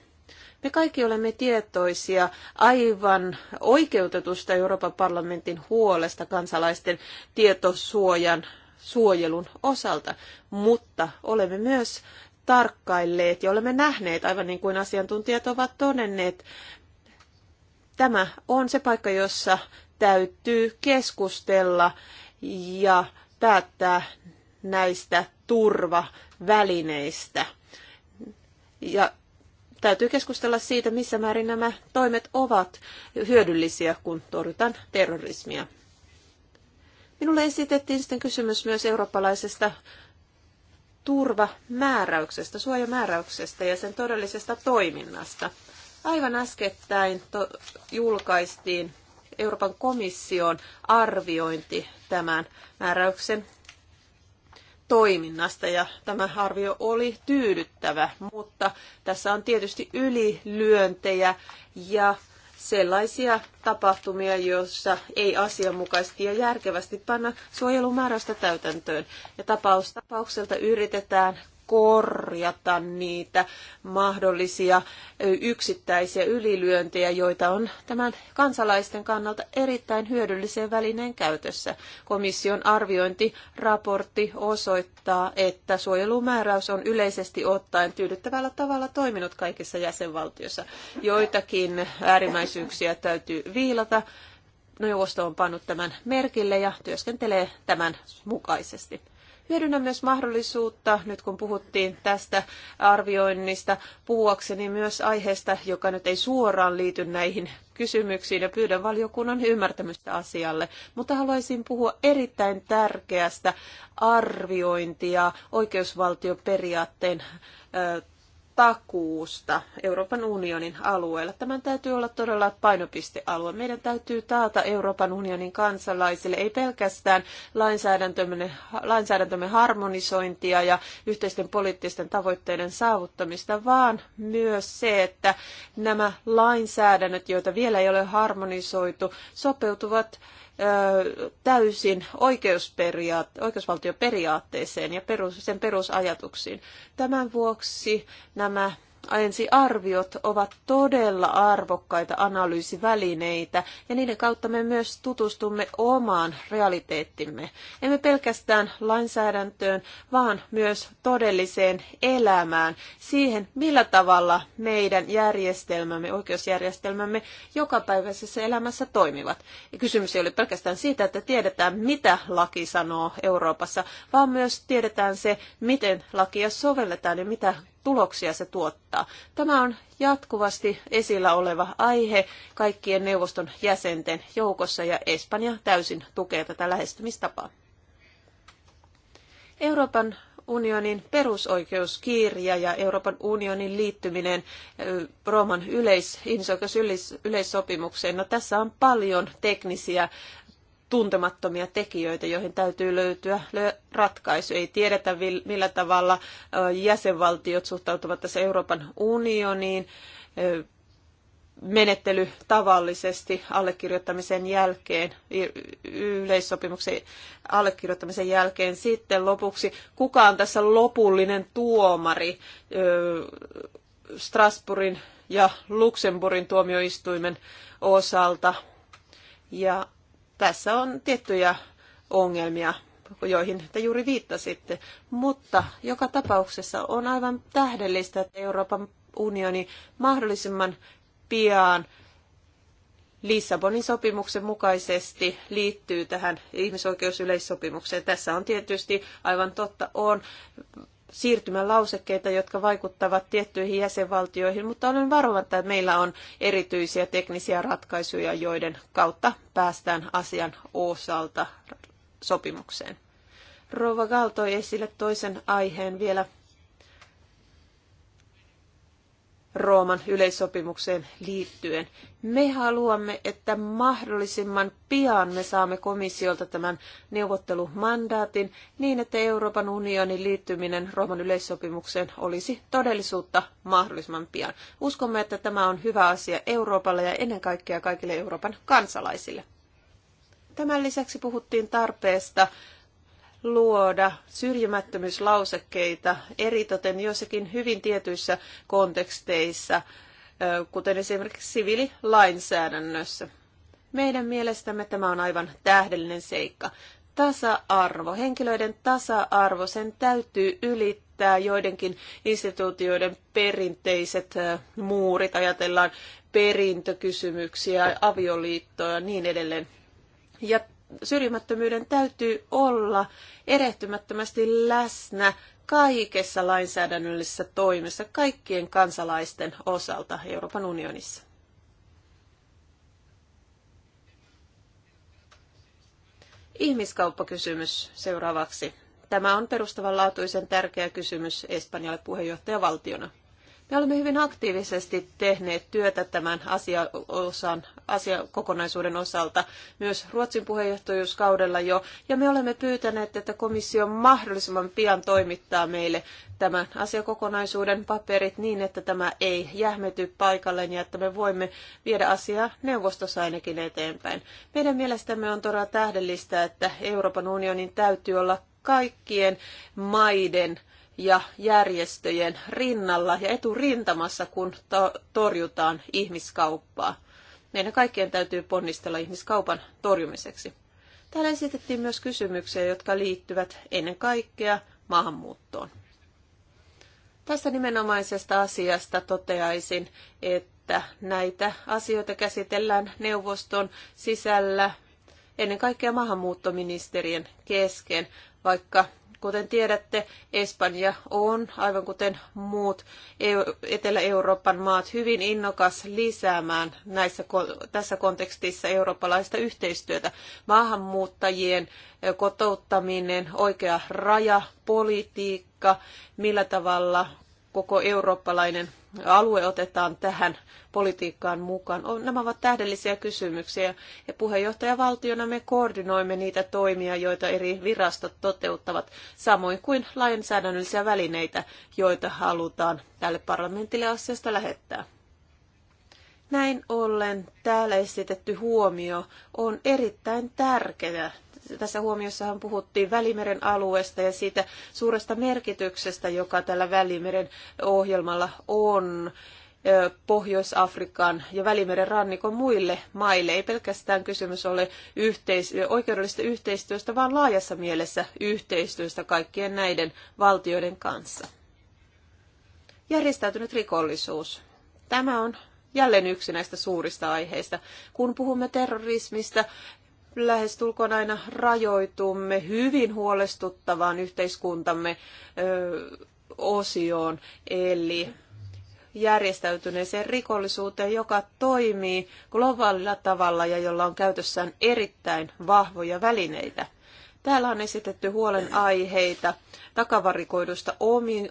Me kaikki olemme tietoisia aivan oikeutetusta Euroopan parlamentin huolesta kansalaisten tietosuojan suojelun osalta, mutta olemme myös tarkkailleet ja olemme nähneet, aivan niin kuin asiantuntijat ovat todenneet, Tämä on se paikka, jossa täytyy keskustella ja päättää näistä turvavälineistä. Ja täytyy keskustella siitä, missä määrin nämä toimet ovat hyödyllisiä, kun torjutaan terrorismia. Minulle esitettiin sitten kysymys myös eurooppalaisesta turvamääräyksestä, suojamääräyksestä ja sen todellisesta toiminnasta. Aivan äskettäin to- julkaistiin Euroopan komission arviointi tämän määräyksen toiminnasta ja tämä arvio oli tyydyttävä, mutta tässä on tietysti ylilyöntejä ja sellaisia tapahtumia, joissa ei asianmukaisesti ja järkevästi panna suojelumääräystä täytäntöön. Ja tapaus tapaukselta yritetään korjata niitä mahdollisia yksittäisiä ylilyöntejä, joita on tämän kansalaisten kannalta erittäin hyödyllisen välineen käytössä. Komission arviointiraportti osoittaa, että suojelumääräys on yleisesti ottaen tyydyttävällä tavalla toiminut kaikissa jäsenvaltioissa. Joitakin äärimmäisyyksiä täytyy viilata. Neuvosto on pannut tämän merkille ja työskentelee tämän mukaisesti. Hyödynnän myös mahdollisuutta, nyt kun puhuttiin tästä arvioinnista, puhuakseni myös aiheesta, joka nyt ei suoraan liity näihin kysymyksiin ja pyydän valiokunnan ymmärtämystä asialle, mutta haluaisin puhua erittäin tärkeästä arviointia oikeusvaltioperiaatteen takuusta Euroopan unionin alueella. Tämän täytyy olla todella painopistealue. Meidän täytyy taata Euroopan unionin kansalaisille ei pelkästään lainsäädäntömme, lainsäädäntömme harmonisointia ja yhteisten poliittisten tavoitteiden saavuttamista, vaan myös se, että nämä lainsäädännöt, joita vielä ei ole harmonisoitu, sopeutuvat täysin oikeusperiaat- oikeusvaltioperiaatteeseen ja perus, sen perusajatuksiin. Tämän vuoksi nämä ensiarviot ovat todella arvokkaita analyysivälineitä ja niiden kautta me myös tutustumme omaan realiteettimme. Emme pelkästään lainsäädäntöön, vaan myös todelliseen elämään, siihen millä tavalla meidän järjestelmämme, oikeusjärjestelmämme jokapäiväisessä elämässä toimivat. Ja kysymys ei ole pelkästään siitä, että tiedetään mitä laki sanoo Euroopassa, vaan myös tiedetään se, miten lakia sovelletaan ja mitä tuloksia se tuottaa. Tämä on jatkuvasti esillä oleva aihe kaikkien neuvoston jäsenten joukossa ja Espanja täysin tukee tätä lähestymistapaa. Euroopan unionin perusoikeuskirja ja Euroopan unionin liittyminen Rooman yleis, ihmisoikeusyleissopimukseen. No, tässä on paljon teknisiä tuntemattomia tekijöitä, joihin täytyy löytyä ratkaisu. Ei tiedetä, millä tavalla jäsenvaltiot suhtautuvat tässä Euroopan unioniin menettely tavallisesti allekirjoittamisen jälkeen, yleissopimuksen allekirjoittamisen jälkeen. Sitten lopuksi, kuka on tässä lopullinen tuomari Strasbourgin ja Luxemburgin tuomioistuimen osalta. Ja tässä on tiettyjä ongelmia, joihin te juuri viittasitte. Mutta joka tapauksessa on aivan tähdellistä, että Euroopan unioni mahdollisimman pian Lissabonin sopimuksen mukaisesti liittyy tähän ihmisoikeusyleissopimukseen. Tässä on tietysti aivan totta on siirtymälausekkeita, jotka vaikuttavat tiettyihin jäsenvaltioihin, mutta olen varma, että meillä on erityisiä teknisiä ratkaisuja, joiden kautta päästään asian osalta sopimukseen. Rouva Gal toi esille toisen aiheen vielä Rooman yleissopimukseen liittyen. Me haluamme, että mahdollisimman pian me saamme komissiolta tämän neuvottelumandaatin niin, että Euroopan unionin liittyminen Rooman yleissopimukseen olisi todellisuutta mahdollisimman pian. Uskomme, että tämä on hyvä asia Euroopalle ja ennen kaikkea kaikille Euroopan kansalaisille. Tämän lisäksi puhuttiin tarpeesta luoda syrjimättömyyslausekkeita eritoten joissakin hyvin tietyissä konteksteissa, kuten esimerkiksi siviililainsäädännössä. Meidän mielestämme tämä on aivan tähdellinen seikka. Tasa-arvo, henkilöiden tasa-arvo, sen täytyy ylittää joidenkin instituutioiden perinteiset muurit, ajatellaan perintökysymyksiä, avioliittoja ja niin edelleen. Ja syrjimättömyyden täytyy olla erehtymättömästi läsnä kaikessa lainsäädännöllisessä toimessa kaikkien kansalaisten osalta Euroopan unionissa. Ihmiskauppakysymys seuraavaksi. Tämä on perustavanlaatuisen tärkeä kysymys Espanjalle puheenjohtajavaltiona. Me olemme hyvin aktiivisesti tehneet työtä tämän asiaosan, asiakokonaisuuden osalta myös Ruotsin puheenjohtajuuskaudella jo, ja me olemme pyytäneet, että komissio mahdollisimman pian toimittaa meille tämän asiakokonaisuuden paperit niin, että tämä ei jähmety paikalleen ja että me voimme viedä asiaa neuvostossa ainakin eteenpäin. Meidän mielestämme on todella tähdellistä, että Euroopan unionin täytyy olla kaikkien maiden ja järjestöjen rinnalla ja eturintamassa, kun to- torjutaan ihmiskauppaa. Meidän kaikkien täytyy ponnistella ihmiskaupan torjumiseksi. Täällä esitettiin myös kysymyksiä, jotka liittyvät ennen kaikkea maahanmuuttoon. Tästä nimenomaisesta asiasta toteaisin, että näitä asioita käsitellään neuvoston sisällä ennen kaikkea maahanmuuttoministerien kesken, vaikka Kuten tiedätte, Espanja on, aivan kuten muut Etelä-Euroopan maat, hyvin innokas lisäämään näissä, tässä kontekstissa eurooppalaista yhteistyötä. Maahanmuuttajien kotouttaminen, oikea rajapolitiikka, millä tavalla koko eurooppalainen alue otetaan tähän politiikkaan mukaan? Nämä ovat tähdellisiä kysymyksiä ja puheenjohtajavaltiona me koordinoimme niitä toimia, joita eri virastot toteuttavat, samoin kuin lainsäädännöllisiä välineitä, joita halutaan tälle parlamentille asiasta lähettää. Näin ollen täällä esitetty huomio on erittäin tärkeä tässä huomiossahan puhuttiin Välimeren alueesta ja siitä suuresta merkityksestä, joka tällä Välimeren ohjelmalla on Pohjois-Afrikan ja Välimeren rannikon muille maille. Ei pelkästään kysymys ole yhteis- oikeudellisesta yhteistyöstä, vaan laajassa mielessä yhteistyöstä kaikkien näiden valtioiden kanssa. Järjestäytynyt rikollisuus. Tämä on jälleen yksi näistä suurista aiheista. Kun puhumme terrorismista, lähestulkoon aina rajoitumme hyvin huolestuttavaan yhteiskuntamme ö, osioon, eli järjestäytyneeseen rikollisuuteen, joka toimii globaalilla tavalla ja jolla on käytössään erittäin vahvoja välineitä – Täällä on esitetty huolenaiheita takavarikoidusta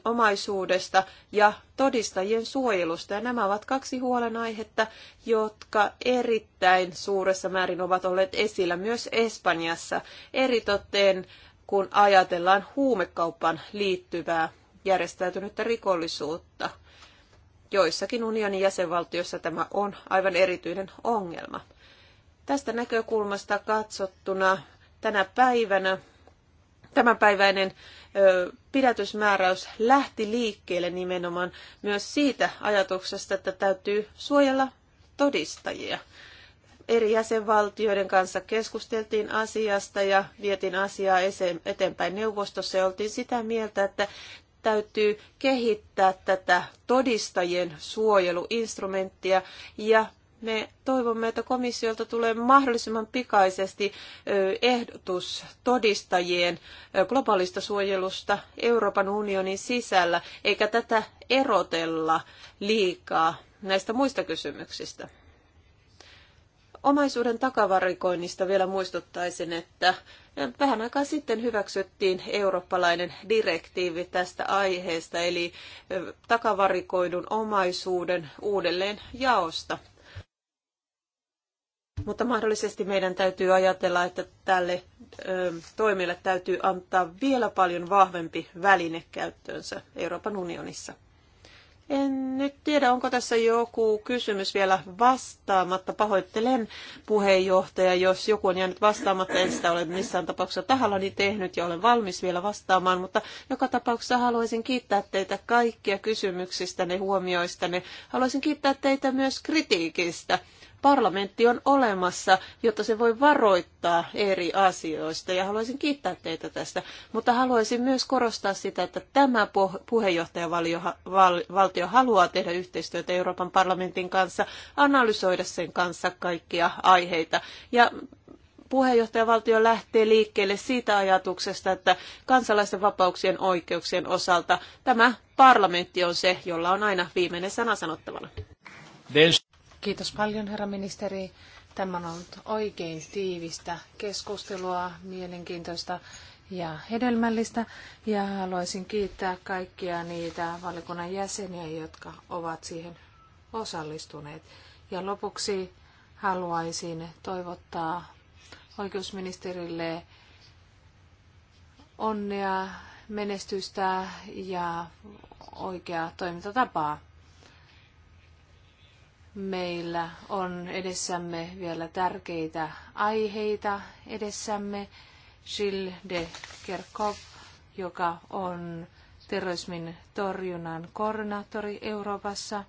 omaisuudesta ja todistajien suojelusta. Ja nämä ovat kaksi huolenaihetta, jotka erittäin suuressa määrin ovat olleet esillä myös Espanjassa, eritoten kun ajatellaan huumekauppaan liittyvää järjestäytynyttä rikollisuutta. Joissakin unionin jäsenvaltioissa tämä on aivan erityinen ongelma. Tästä näkökulmasta katsottuna tänä päivänä tämänpäiväinen pidätysmääräys lähti liikkeelle nimenomaan myös siitä ajatuksesta, että täytyy suojella todistajia. Eri jäsenvaltioiden kanssa keskusteltiin asiasta ja vietin asiaa eteenpäin neuvostossa ja oltiin sitä mieltä, että täytyy kehittää tätä todistajien suojeluinstrumenttia ja me toivomme, että komissiolta tulee mahdollisimman pikaisesti ehdotus todistajien globaalista suojelusta Euroopan unionin sisällä, eikä tätä erotella liikaa näistä muista kysymyksistä. Omaisuuden takavarikoinnista vielä muistuttaisin, että vähän aikaa sitten hyväksyttiin eurooppalainen direktiivi tästä aiheesta, eli takavarikoidun omaisuuden uudelleen jaosta. Mutta mahdollisesti meidän täytyy ajatella, että tälle ö, toimille täytyy antaa vielä paljon vahvempi väline käyttöönsä Euroopan unionissa. En nyt tiedä, onko tässä joku kysymys vielä vastaamatta. Pahoittelen puheenjohtaja, jos joku on jäänyt vastaamatta, en sitä ole missään tapauksessa tahallani tehnyt ja olen valmis vielä vastaamaan, mutta joka tapauksessa haluaisin kiittää teitä kaikkia kysymyksistä, ne huomioista. Haluaisin kiittää teitä myös kritiikistä parlamentti on olemassa, jotta se voi varoittaa eri asioista ja haluaisin kiittää teitä tästä. Mutta haluaisin myös korostaa sitä, että tämä puheenjohtajavaltio haluaa tehdä yhteistyötä Euroopan parlamentin kanssa, analysoida sen kanssa kaikkia aiheita ja puheenjohtajavaltio lähtee liikkeelle siitä ajatuksesta, että kansalaisten vapauksien oikeuksien osalta tämä parlamentti on se, jolla on aina viimeinen sana sanottavana. Kiitos paljon, herra ministeri. Tämä on ollut oikein tiivistä keskustelua, mielenkiintoista ja hedelmällistä. Ja haluaisin kiittää kaikkia niitä valikunnan jäseniä, jotka ovat siihen osallistuneet. Ja lopuksi haluaisin toivottaa oikeusministerille onnea, menestystä ja oikeaa toimintatapaa. Meillä on edessämme vielä tärkeitä aiheita edessämme. Gilles de Kerkhoff, joka on terrorismin torjunnan koordinaattori Euroopassa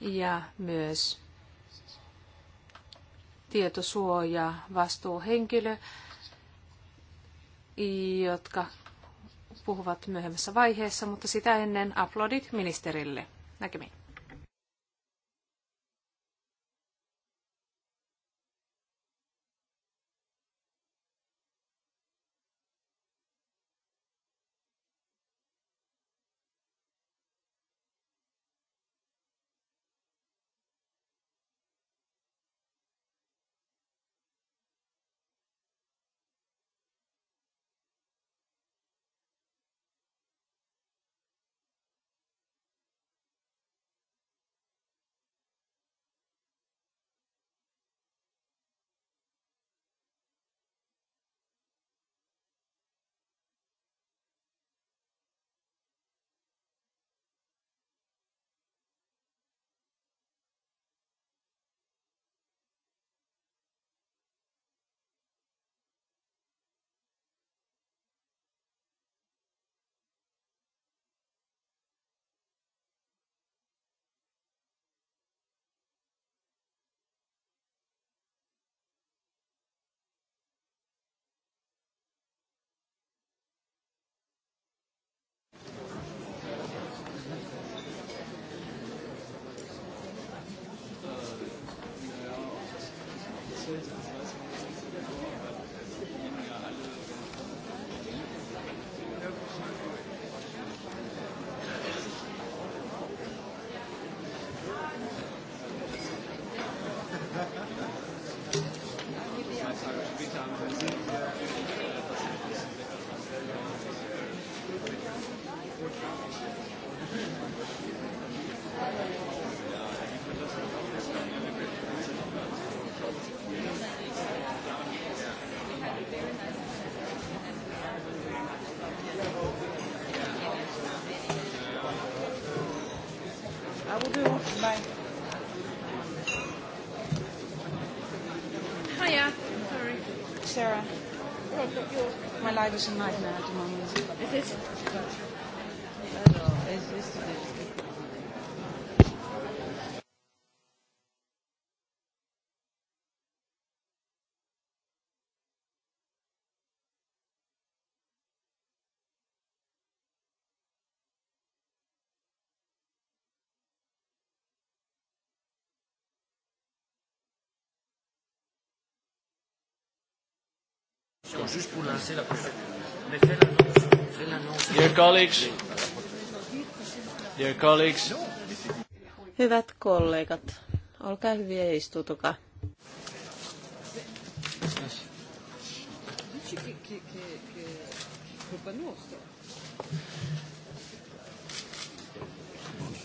ja myös tietosuoja vastuuhenkilö, jotka puhuvat myöhemmässä vaiheessa, mutta sitä ennen aplodit ministerille. Näkemiin. service a nightmare at the moment. is. juste pour lancer la prochaine. Dear colleagues, dear colleagues. Hyvät kollegat, olkaa hyviä ja istutukaa.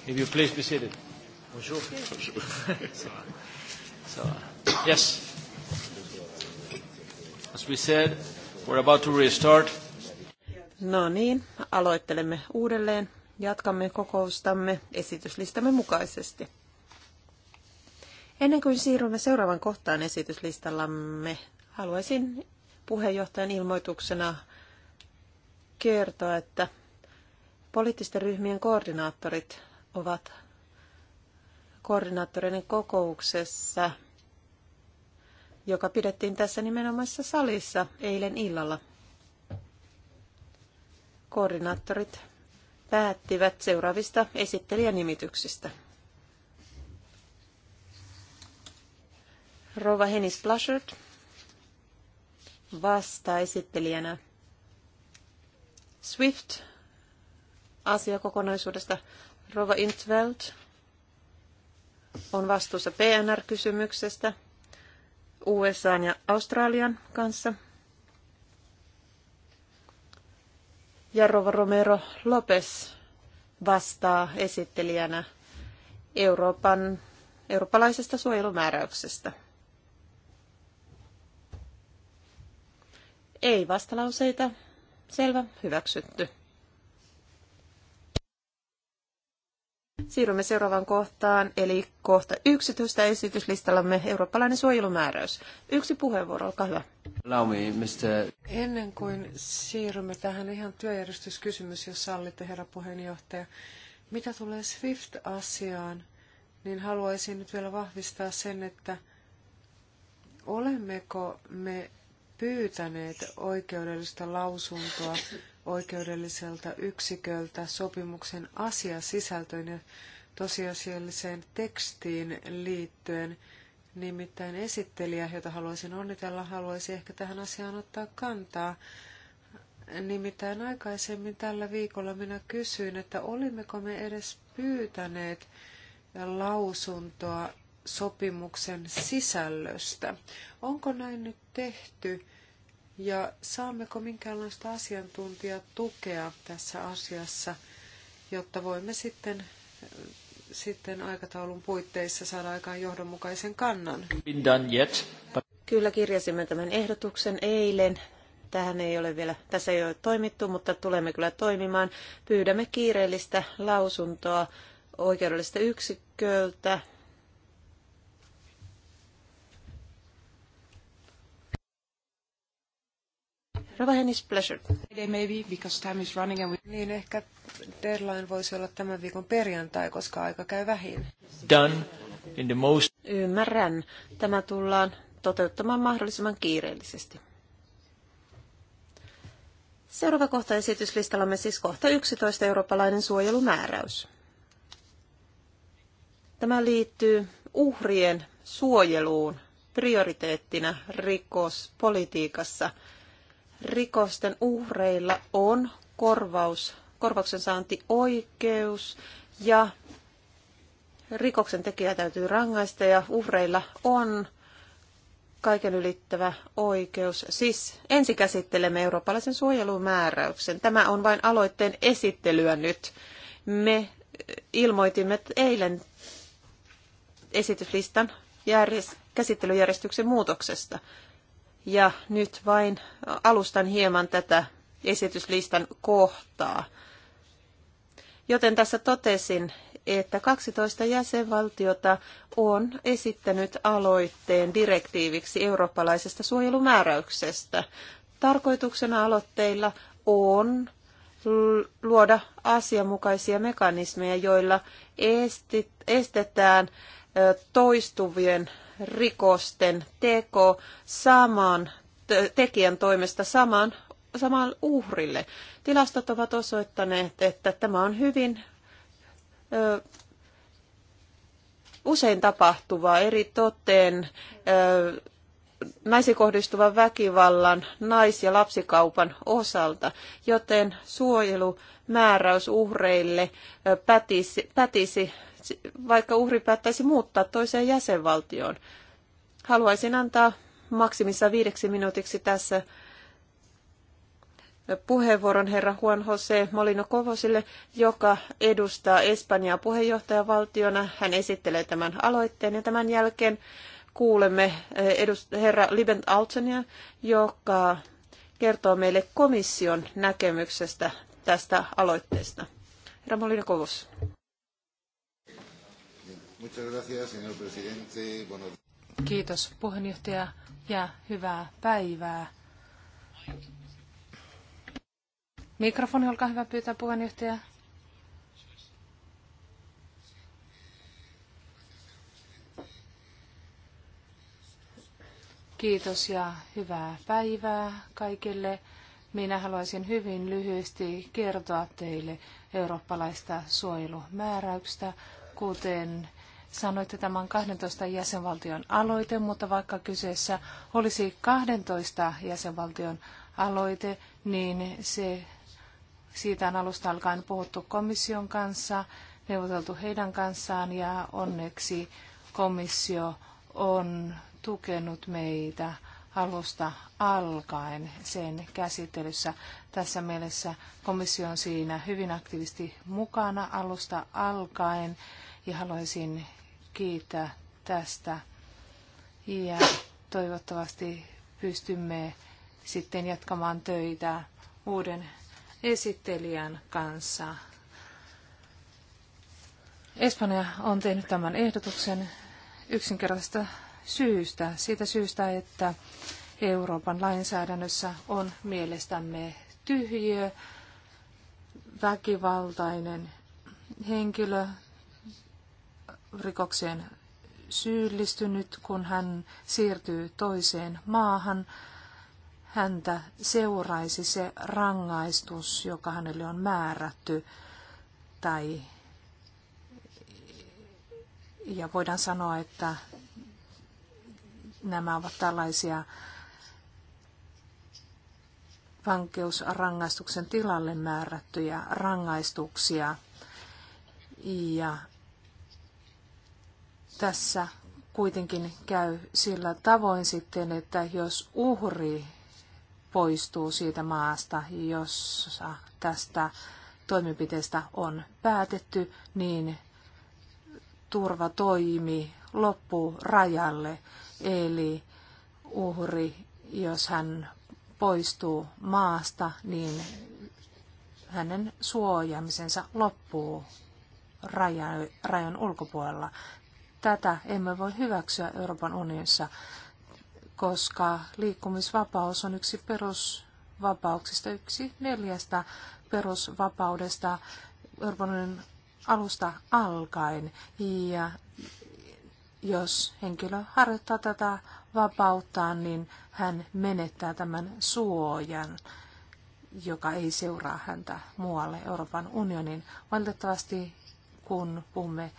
If you please be seated. Bonjour. [laughs] yes. As we said, we're about to restart. No niin, aloittelemme uudelleen. Jatkamme kokoustamme esityslistamme mukaisesti. Ennen kuin siirrymme seuraavan kohtaan esityslistallamme, haluaisin puheenjohtajan ilmoituksena kertoa, että poliittisten ryhmien koordinaattorit ovat koordinaattoreiden kokouksessa, joka pidettiin tässä nimenomaisessa salissa eilen illalla Koordinaattorit päättivät seuraavista esittelijänimityksistä. Rova Henis Flashard vasta esittelijänä Swift asiakokonaisuudesta. Rova Intveld on vastuussa PNR-kysymyksestä USA ja Australian kanssa – Jarrova Romero Lopes vastaa esittelijänä Euroopan, eurooppalaisesta suojelumääräyksestä. Ei vastalauseita. Selvä, hyväksytty. Siirrymme seuraavaan kohtaan, eli kohta 11 esityslistallamme eurooppalainen suojelumääräys. Yksi puheenvuoro, olkaa hyvä. Ennen kuin siirrymme tähän ihan työjärjestyskysymys, jos sallitte, herra puheenjohtaja. Mitä tulee SWIFT-asiaan, niin haluaisin nyt vielä vahvistaa sen, että olemmeko me pyytäneet oikeudellista lausuntoa oikeudelliselta yksiköltä sopimuksen asiasisältöön ja tosiasialliseen tekstiin liittyen. Nimittäin esittelijä, jota haluaisin onnitella, haluaisi ehkä tähän asiaan ottaa kantaa. Nimittäin aikaisemmin tällä viikolla minä kysyin, että olimmeko me edes pyytäneet lausuntoa sopimuksen sisällöstä. Onko näin nyt tehty? Ja saammeko minkäänlaista asiantuntijatukea tässä asiassa, jotta voimme sitten, sitten aikataulun puitteissa saada aikaan johdonmukaisen kannan? Kyllä kirjasimme tämän ehdotuksen eilen. Tähän ei ole vielä, tässä ei ole toimittu, mutta tulemme kyllä toimimaan. Pyydämme kiireellistä lausuntoa oikeudellisesta yksiköltä Rova Hennis, pleasure. Maybe, because time is running and we... Niin ehkä deadline voisi olla tämän viikon perjantai, koska aika käy vähin. Done in the most... Ymmärrän. Tämä tullaan toteuttamaan mahdollisimman kiireellisesti. Seuraava kohta esityslistallamme siis kohta 11 eurooppalainen suojelumääräys. Tämä liittyy uhrien suojeluun prioriteettina rikospolitiikassa – rikosten uhreilla on korvaus, korvauksen saanti oikeus ja rikoksen tekijä täytyy rangaista ja uhreilla on kaiken ylittävä oikeus. Siis ensi käsittelemme eurooppalaisen suojelumääräyksen. Tämä on vain aloitteen esittelyä nyt. Me eh, ilmoitimme eilen esityslistan käsittelyjärjestyksen muutoksesta. Ja nyt vain alustan hieman tätä esityslistan kohtaa. Joten tässä totesin, että 12 jäsenvaltiota on esittänyt aloitteen direktiiviksi eurooppalaisesta suojelumääräyksestä. Tarkoituksena aloitteilla on luoda asianmukaisia mekanismeja, joilla estetään toistuvien rikosten teko saman tekijän toimesta saman, saman uhrille. Tilastot ovat osoittaneet, että tämä on hyvin ö, usein tapahtuvaa eri toteen ö, naisiin kohdistuvan väkivallan, nais- ja lapsikaupan osalta, joten suojelumääräys uhreille pätisi, pätisi vaikka uhri päättäisi muuttaa toiseen jäsenvaltioon. Haluaisin antaa maksimissa viideksi minuutiksi tässä puheenvuoron herra Juan José Molino Kovosille, joka edustaa Espanjaa puheenjohtajavaltiona. Hän esittelee tämän aloitteen ja tämän jälkeen kuulemme eh, herra Libent Altonia, joka kertoo meille komission näkemyksestä tästä aloitteesta. Herra Molino Kovos. Kiitos puheenjohtaja ja hyvää päivää. Mikrofoni, olkaa hyvä, pyytää puheenjohtaja. Kiitos ja hyvää päivää kaikille. Minä haluaisin hyvin lyhyesti kertoa teille eurooppalaista suojelumääräyksestä, kuten Sanoitte tämän 12 jäsenvaltion aloite, mutta vaikka kyseessä olisi 12 jäsenvaltion aloite, niin se, siitä on alusta alkaen puhuttu komission kanssa, neuvoteltu heidän kanssaan ja onneksi komissio on tukenut meitä alusta alkaen sen käsittelyssä. Tässä mielessä komissio on siinä hyvin aktiivisesti mukana alusta alkaen ja haluaisin kiitä tästä. Ja toivottavasti pystymme sitten jatkamaan töitä uuden esittelijän kanssa. Espanja on tehnyt tämän ehdotuksen yksinkertaisesta syystä, siitä syystä, että Euroopan lainsäädännössä on mielestämme tyhjiö, väkivaltainen henkilö rikokseen syyllistynyt, kun hän siirtyy toiseen maahan, häntä seuraisi se rangaistus, joka hänelle on määrätty, tai ja voidaan sanoa, että nämä ovat tällaisia vankeusrangaistuksen tilalle määrättyjä rangaistuksia. Ja tässä kuitenkin käy sillä tavoin sitten, että jos uhri poistuu siitä maasta, jossa tästä toimenpiteestä on päätetty, niin turvatoimi loppuu rajalle. Eli uhri, jos hän poistuu maasta, niin hänen suojaamisensa loppuu rajan ulkopuolella. Tätä emme voi hyväksyä Euroopan unionissa, koska liikkumisvapaus on yksi perusvapauksista, yksi neljästä perusvapaudesta Euroopan unionin alusta alkaen. Ja jos henkilö harjoittaa tätä vapauttaan, niin hän menettää tämän suojan, joka ei seuraa häntä muualle Euroopan unionin. Valitettavasti kun puhumme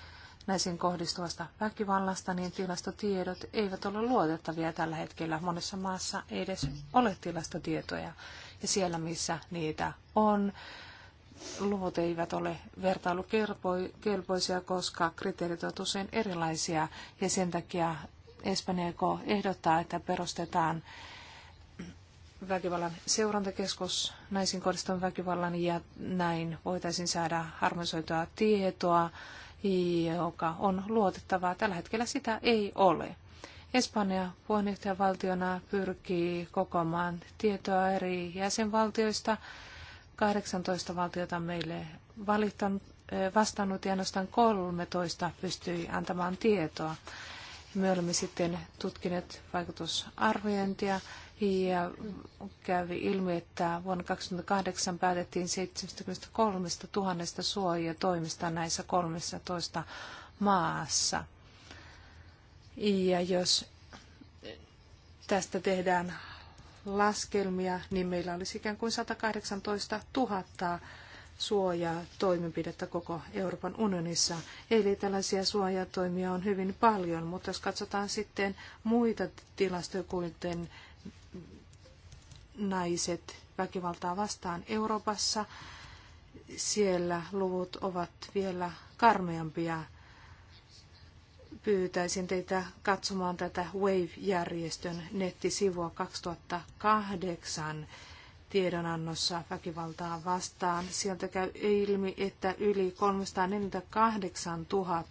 naisiin kohdistuvasta väkivallasta, niin tilastotiedot eivät ole luotettavia tällä hetkellä. Monessa maassa ei edes ole tilastotietoja. Ja siellä, missä niitä on, luvut eivät ole vertailukelpoisia, koska kriteerit ovat usein erilaisia. Ja sen takia Espanjako ehdottaa, että perustetaan väkivallan seurantakeskus naisiin kohdistuvan väkivallan ja näin voitaisiin saada harmonisoitua tietoa joka on luotettavaa. Tällä hetkellä sitä ei ole. Espanja puheenjohtajavaltiona pyrkii kokoamaan tietoa eri jäsenvaltioista. 18 valtiota meille eh, vastannut ja ainoastaan 13 pystyi antamaan tietoa. Me olemme sitten tutkineet vaikutusarviointia ja kävi ilmi, että vuonna 2008 päätettiin 73 000 toimista näissä 13 maassa. Ja jos tästä tehdään laskelmia, niin meillä olisi ikään kuin 118 000 suojaa toimenpidettä koko Euroopan unionissa. Eli tällaisia suojatoimia on hyvin paljon, mutta jos katsotaan sitten muita tilastoja, kuten naiset väkivaltaa vastaan Euroopassa. Siellä luvut ovat vielä karmeampia. Pyytäisin teitä katsomaan tätä Wave-järjestön nettisivua 2008 tiedonannossa väkivaltaa vastaan. Sieltä käy ilmi, että yli 348 000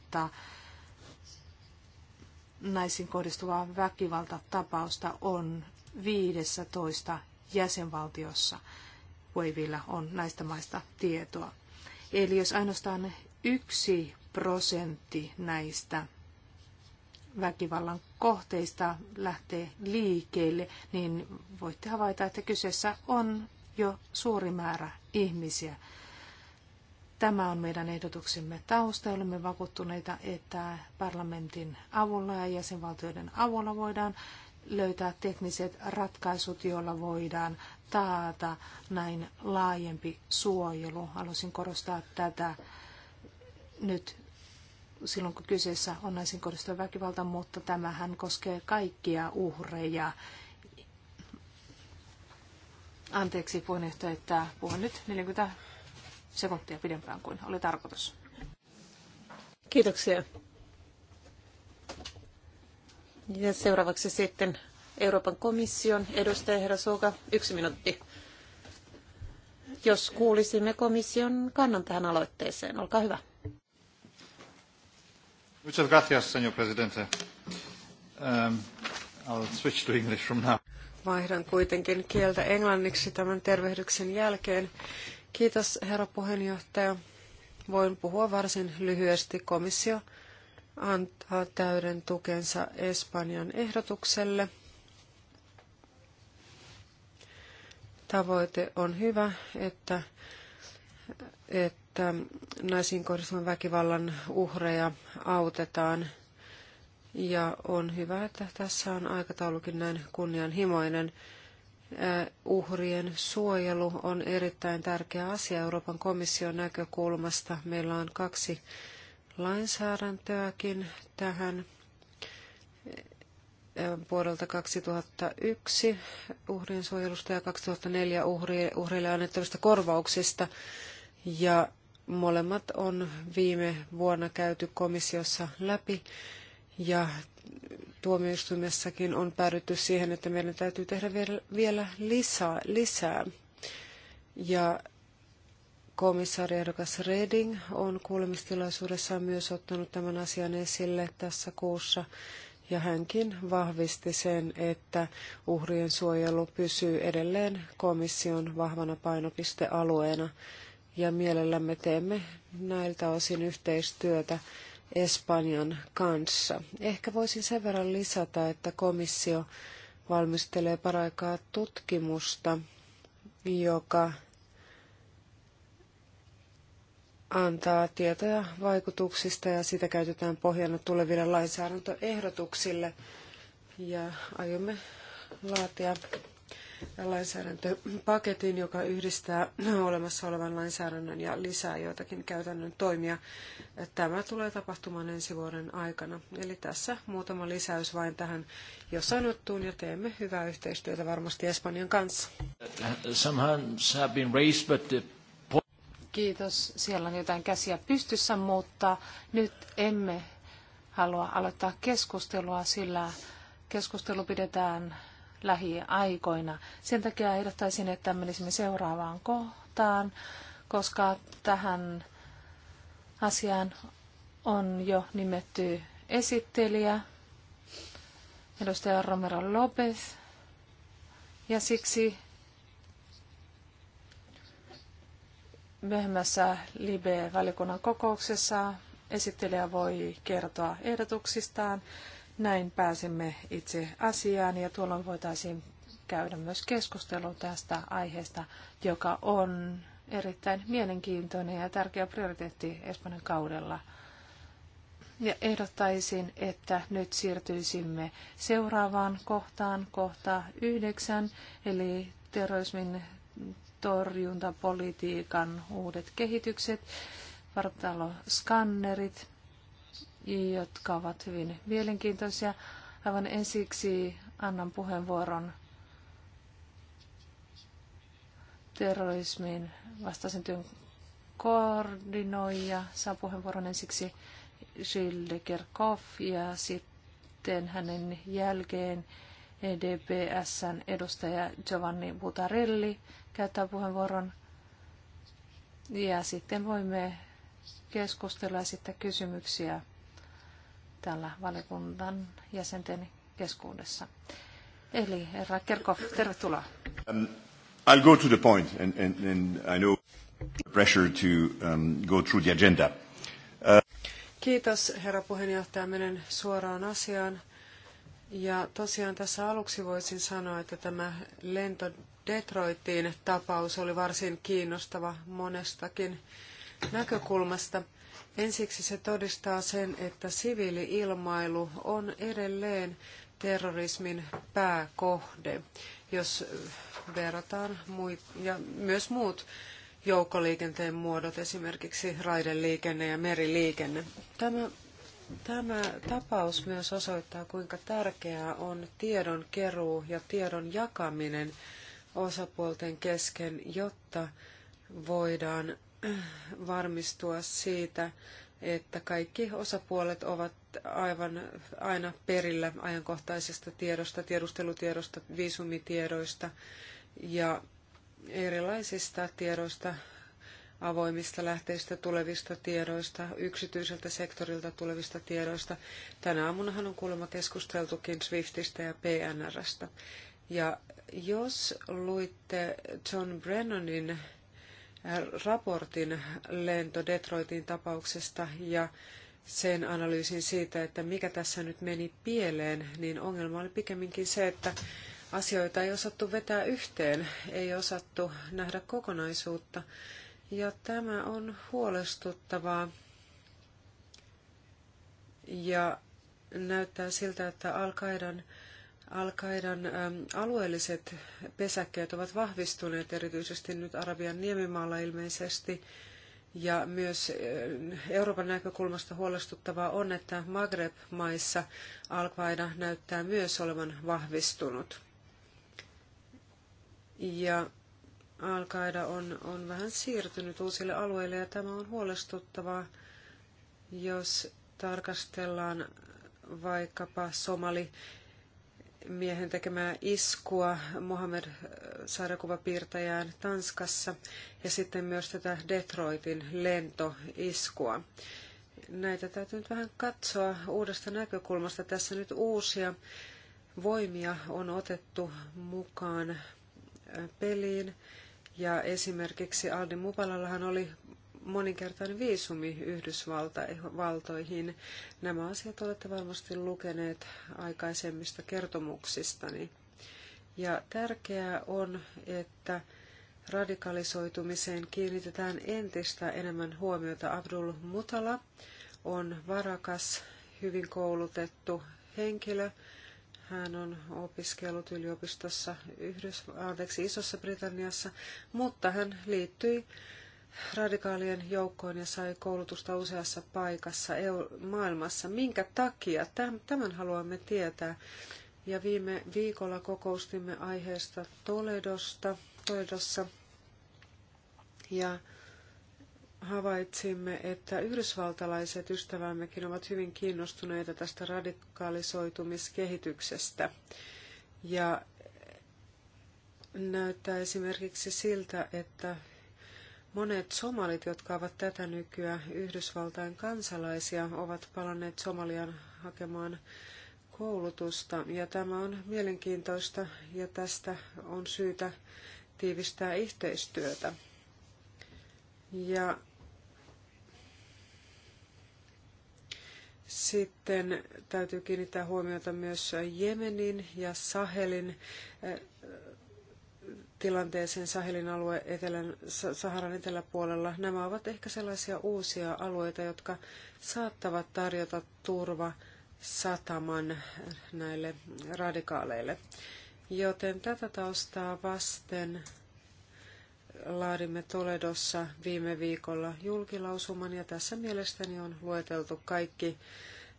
naisiin kohdistuvaa väkivaltatapausta on 15 jäsenvaltiossa Wavilla on näistä maista tietoa. Eli jos ainoastaan yksi prosentti näistä väkivallan kohteista lähtee liikkeelle, niin voitte havaita, että kyseessä on jo suuri määrä ihmisiä. Tämä on meidän ehdotuksemme tausta. Olemme vakuuttuneita, että parlamentin avulla ja jäsenvaltioiden avulla voidaan löytää tekniset ratkaisut, joilla voidaan taata näin laajempi suojelu. Haluaisin korostaa tätä nyt silloin, kun kyseessä on naisen kohdistuva väkivalta, mutta tämähän koskee kaikkia uhreja. Anteeksi puheenjohtaja, että puhun nyt 40 sekuntia pidempään kuin oli tarkoitus. Kiitoksia. Ja seuraavaksi sitten Euroopan komission edustaja herra Suuka, yksi minuutti. Jos kuulisimme komission kannan tähän aloitteeseen, olkaa hyvä. Muchas gracias, señor presidente. Um, I'll switch to English from now. Vaihdan kuitenkin kieltä englanniksi tämän tervehdyksen jälkeen. Kiitos, herra puheenjohtaja. Voin puhua varsin lyhyesti. Komissio antaa täyden tukensa Espanjan ehdotukselle. Tavoite on hyvä, että, että naisiin kohdistuvan väkivallan uhreja autetaan ja on hyvä, että tässä on aikataulukin näin kunnianhimoinen. Äh, uhrien suojelu on erittäin tärkeä asia Euroopan komission näkökulmasta. Meillä on kaksi lainsäädäntöäkin tähän vuodelta 2001 uhrien suojelusta ja 2004 uhrille annettavista korvauksista. Ja molemmat on viime vuonna käyty komissiossa läpi ja tuomioistuimessakin on päädytty siihen, että meidän täytyy tehdä vielä lisää. lisää. Ja komissaariehdokas Reding on kuulemistilaisuudessaan myös ottanut tämän asian esille tässä kuussa ja hänkin vahvisti sen, että uhrien suojelu pysyy edelleen komission vahvana painopistealueena ja mielellämme teemme näiltä osin yhteistyötä Espanjan kanssa. Ehkä voisin sen verran lisätä, että komissio valmistelee paraikaa tutkimusta, joka antaa tietoja vaikutuksista ja sitä käytetään pohjana tuleville lainsäädäntöehdotuksille. Ja aiomme laatia lainsäädäntöpaketin, joka yhdistää olemassa olevan lainsäädännön ja lisää joitakin käytännön toimia. Tämä tulee tapahtumaan ensi vuoden aikana. Eli tässä muutama lisäys vain tähän jo sanottuun ja teemme hyvää yhteistyötä varmasti Espanjan kanssa. Somehow have been raised, but Kiitos. Siellä on jotain käsiä pystyssä, mutta nyt emme halua aloittaa keskustelua, sillä keskustelu pidetään lähiaikoina. Sen takia ehdottaisin, että menisimme seuraavaan kohtaan, koska tähän asiaan on jo nimetty esittelijä, edustaja Romero Lopez, ja siksi myöhemmässä LIBE-valikunnan kokouksessa esittelijä voi kertoa ehdotuksistaan. Näin pääsemme itse asiaan ja tuolloin voitaisiin käydä myös keskustelua tästä aiheesta, joka on erittäin mielenkiintoinen ja tärkeä prioriteetti Espanjan kaudella. Ja ehdottaisin, että nyt siirtyisimme seuraavaan kohtaan, kohta yhdeksän, eli terrorismin torjuntapolitiikan uudet kehitykset, vartaloskannerit, jotka ovat hyvin mielenkiintoisia. Aivan ensiksi annan puheenvuoron terrorismin vastaisen työn koordinoija saa puheenvuoron ensiksi Gilles Kerkhoff ja sitten hänen jälkeen EDPSn edustaja Giovanni Butarelli käyttää puheenvuoron. Ja sitten voimme keskustella ja sitten kysymyksiä tällä valiokunnan jäsenten keskuudessa. Eli herra Kerkov, tervetuloa. Um, I'll go to the point, and, and, and I know pressure to um, go through the agenda. Uh... Kiitos, herra puheenjohtaja. Menen suoraan asiaan. Ja tosiaan tässä aluksi voisin sanoa, että tämä lento Detroitin tapaus oli varsin kiinnostava monestakin näkökulmasta. Ensiksi se todistaa sen, että siviiliilmailu on edelleen terrorismin pääkohde, jos verrataan muit, ja myös muut joukkoliikenteen muodot, esimerkiksi raideliikenne ja meriliikenne. Tämä, tämä tapaus myös osoittaa, kuinka tärkeää on tiedon keruu ja tiedon jakaminen osapuolten kesken, jotta voidaan varmistua siitä, että kaikki osapuolet ovat aivan aina perillä ajankohtaisesta tiedosta, tiedustelutiedosta, viisumitiedoista ja erilaisista tiedoista, avoimista lähteistä tulevista tiedoista, yksityiseltä sektorilta tulevista tiedoista. Tänä aamunahan on kuulemma keskusteltukin Swiftistä ja PNRstä. Ja jos luitte John Brennanin äh, raportin lento Detroitin tapauksesta ja sen analyysin siitä, että mikä tässä nyt meni pieleen, niin ongelma oli pikemminkin se, että asioita ei osattu vetää yhteen, ei osattu nähdä kokonaisuutta. Ja tämä on huolestuttavaa. Ja näyttää siltä, että Al-Qaidan Al-Qaidan alueelliset pesäkkeet ovat vahvistuneet erityisesti nyt Arabian niemimaalla ilmeisesti. Ja myös Euroopan näkökulmasta huolestuttavaa on, että Maghreb-maissa Al-Qaida näyttää myös olevan vahvistunut. Ja Al-Qaida on, on vähän siirtynyt uusille alueille ja tämä on huolestuttavaa, jos tarkastellaan vaikkapa Somali miehen tekemää iskua Mohamed sarjakuvapiirtäjään Tanskassa ja sitten myös tätä Detroitin lentoiskua. Näitä täytyy nyt vähän katsoa uudesta näkökulmasta. Tässä nyt uusia voimia on otettu mukaan peliin. Ja esimerkiksi Aldi Mupalallahan oli moninkertainen viisumi Yhdysvaltoihin. Nämä asiat olette varmasti lukeneet aikaisemmista kertomuksistani. Ja tärkeää on, että radikalisoitumiseen kiinnitetään entistä enemmän huomiota. Abdul Mutala on varakas, hyvin koulutettu henkilö. Hän on opiskellut yliopistossa Yhdys, anteeksi, Isossa Britanniassa, mutta hän liittyi radikaalien joukkoon ja sai koulutusta useassa paikassa maailmassa. Minkä takia? Tämän haluamme tietää. Ja viime viikolla kokoustimme aiheesta Toledosta, Toledossa ja havaitsimme, että yhdysvaltalaiset ystävämmekin ovat hyvin kiinnostuneita tästä radikaalisoitumiskehityksestä. Ja näyttää esimerkiksi siltä, että Monet somalit, jotka ovat tätä nykyä Yhdysvaltain kansalaisia, ovat palanneet Somalian hakemaan koulutusta. Ja tämä on mielenkiintoista ja tästä on syytä tiivistää yhteistyötä. Ja Sitten täytyy kiinnittää huomiota myös Jemenin ja Sahelin eh, tilanteeseen Sahelin alue etelän, Saharan eteläpuolella. Nämä ovat ehkä sellaisia uusia alueita, jotka saattavat tarjota turva sataman näille radikaaleille. Joten tätä taustaa vasten laadimme Toledossa viime viikolla julkilausuman ja tässä mielestäni on lueteltu kaikki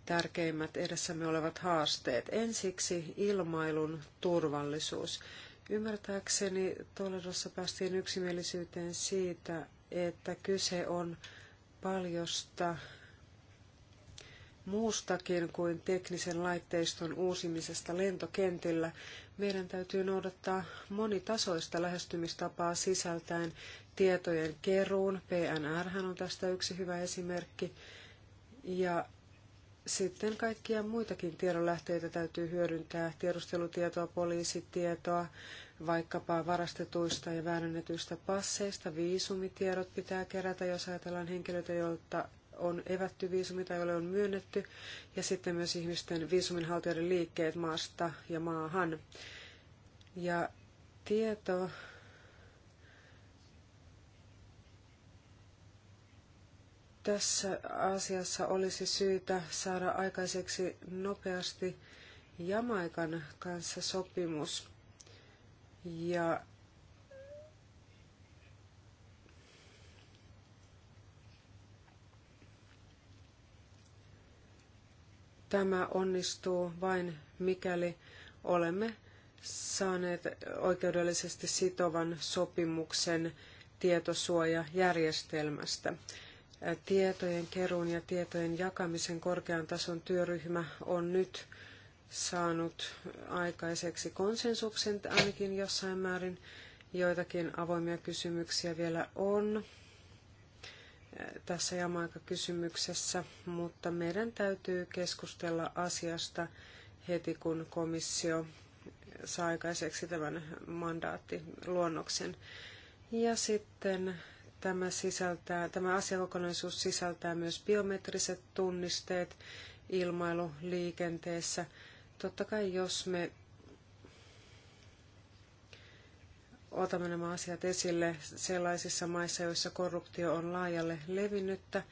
tärkeimmät edessämme olevat haasteet. Ensiksi ilmailun turvallisuus. Ymmärtääkseni Toledossa päästiin yksimielisyyteen siitä, että kyse on paljosta muustakin kuin teknisen laitteiston uusimisesta lentokentillä. Meidän täytyy noudattaa monitasoista lähestymistapaa sisältäen tietojen keruun. PNR on tästä yksi hyvä esimerkki. Ja sitten kaikkia muitakin tiedonlähteitä täytyy hyödyntää, tiedustelutietoa, poliisitietoa, vaikkapa varastetuista ja väärännetyistä passeista, viisumitiedot pitää kerätä, jos ajatellaan henkilöitä, joilta on evätty viisumi tai jolle on myönnetty, ja sitten myös ihmisten viisuminhaltijoiden liikkeet maasta ja maahan. Ja tieto tässä asiassa olisi syytä saada aikaiseksi nopeasti Jamaikan kanssa sopimus. Ja tämä onnistuu vain mikäli olemme saaneet oikeudellisesti sitovan sopimuksen tietosuojajärjestelmästä tietojen keruun ja tietojen jakamisen korkean tason työryhmä on nyt saanut aikaiseksi konsensuksen ainakin jossain määrin. Joitakin avoimia kysymyksiä vielä on eh, tässä Jamaika-kysymyksessä, mutta meidän täytyy keskustella asiasta heti, kun komissio saa aikaiseksi tämän mandaattiluonnoksen. Ja sitten Tämä, sisältää, tämä asiakokonaisuus sisältää myös biometriset tunnisteet ilmailuliikenteessä. Totta kai jos me otamme nämä asiat esille sellaisissa maissa, joissa korruptio on laajalle levinnyttä,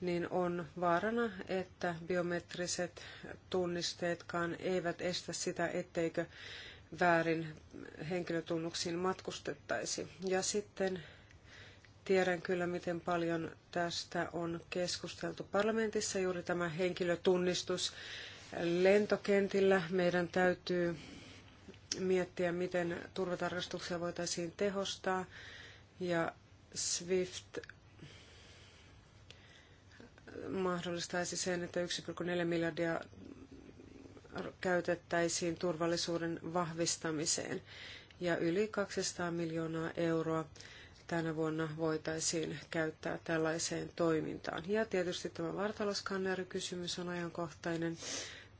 niin on vaarana, että biometriset tunnisteetkaan eivät estä sitä, etteikö väärin henkilötunnuksiin matkustettaisi. Ja sitten Tiedän kyllä, miten paljon tästä on keskusteltu parlamentissa, juuri tämä henkilötunnistus lentokentillä. Meidän täytyy miettiä, miten turvatarkastuksia voitaisiin tehostaa. Ja SWIFT mahdollistaisi sen, että 1,4 miljardia käytettäisiin turvallisuuden vahvistamiseen ja yli 200 miljoonaa euroa tänä vuonna voitaisiin käyttää tällaiseen toimintaan. Ja tietysti tämä vartaloskannerikysymys on ajankohtainen.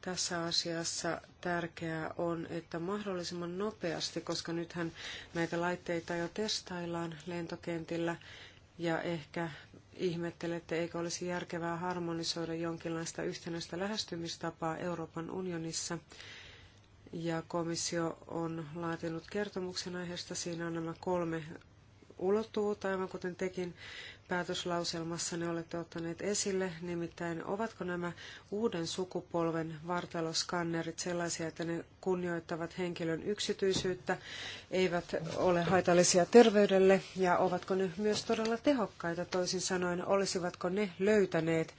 Tässä asiassa tärkeää on, että mahdollisimman nopeasti, koska nythän näitä laitteita jo testaillaan lentokentillä, ja ehkä ihmettelette, eikö olisi järkevää harmonisoida jonkinlaista yhtenäistä lähestymistapaa Euroopan unionissa. Ja komissio on laatinut kertomuksen aiheesta. Siinä on nämä kolme ulottuvuutta, aivan kuten tekin päätöslauselmassa ne olette ottaneet esille, nimittäin ovatko nämä uuden sukupolven vartaloskannerit sellaisia, että ne kunnioittavat henkilön yksityisyyttä, eivät ole haitallisia terveydelle ja ovatko ne myös todella tehokkaita, toisin sanoen olisivatko ne löytäneet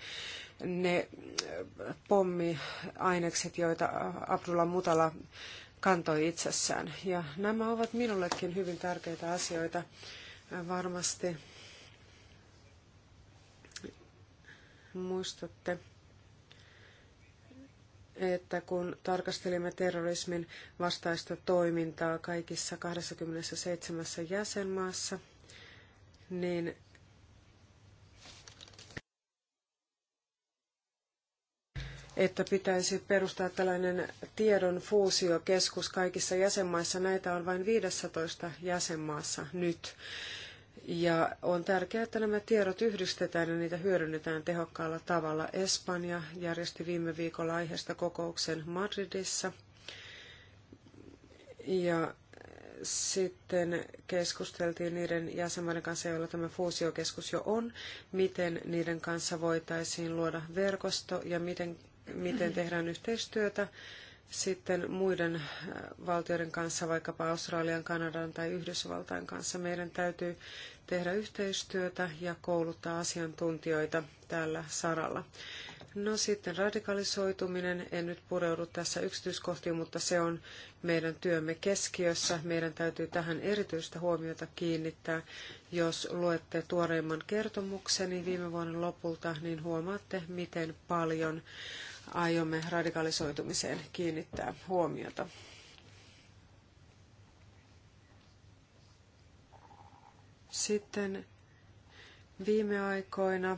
ne äh, pommiainekset, joita Abdullah Mutala kantoi itsessään. Ja nämä ovat minullekin hyvin tärkeitä asioita varmasti muistatte, että kun tarkastelimme terrorismin vastaista toimintaa kaikissa 27 jäsenmaassa, niin että pitäisi perustaa tällainen tiedon fuusiokeskus kaikissa jäsenmaissa. Näitä on vain 15 jäsenmaassa nyt. Ja on tärkeää, että nämä tiedot yhdistetään ja niitä hyödynnetään tehokkaalla tavalla. Espanja järjesti viime viikolla aiheesta kokouksen Madridissa. Ja sitten keskusteltiin niiden jäsenmaiden kanssa, joilla tämä fuusiokeskus jo on, miten niiden kanssa voitaisiin luoda verkosto ja miten, miten tehdään yhteistyötä sitten muiden äh, valtioiden kanssa, vaikkapa Australian, Kanadan tai Yhdysvaltain kanssa. Meidän täytyy tehdä yhteistyötä ja kouluttaa asiantuntijoita tällä saralla. No sitten radikalisoituminen, en nyt pureudu tässä yksityiskohtiin, mutta se on meidän työmme keskiössä. Meidän täytyy tähän erityistä huomiota kiinnittää. Jos luette tuoreimman kertomukseni viime vuoden lopulta, niin huomaatte, miten paljon aiomme radikalisoitumiseen kiinnittää huomiota. Sitten viime aikoina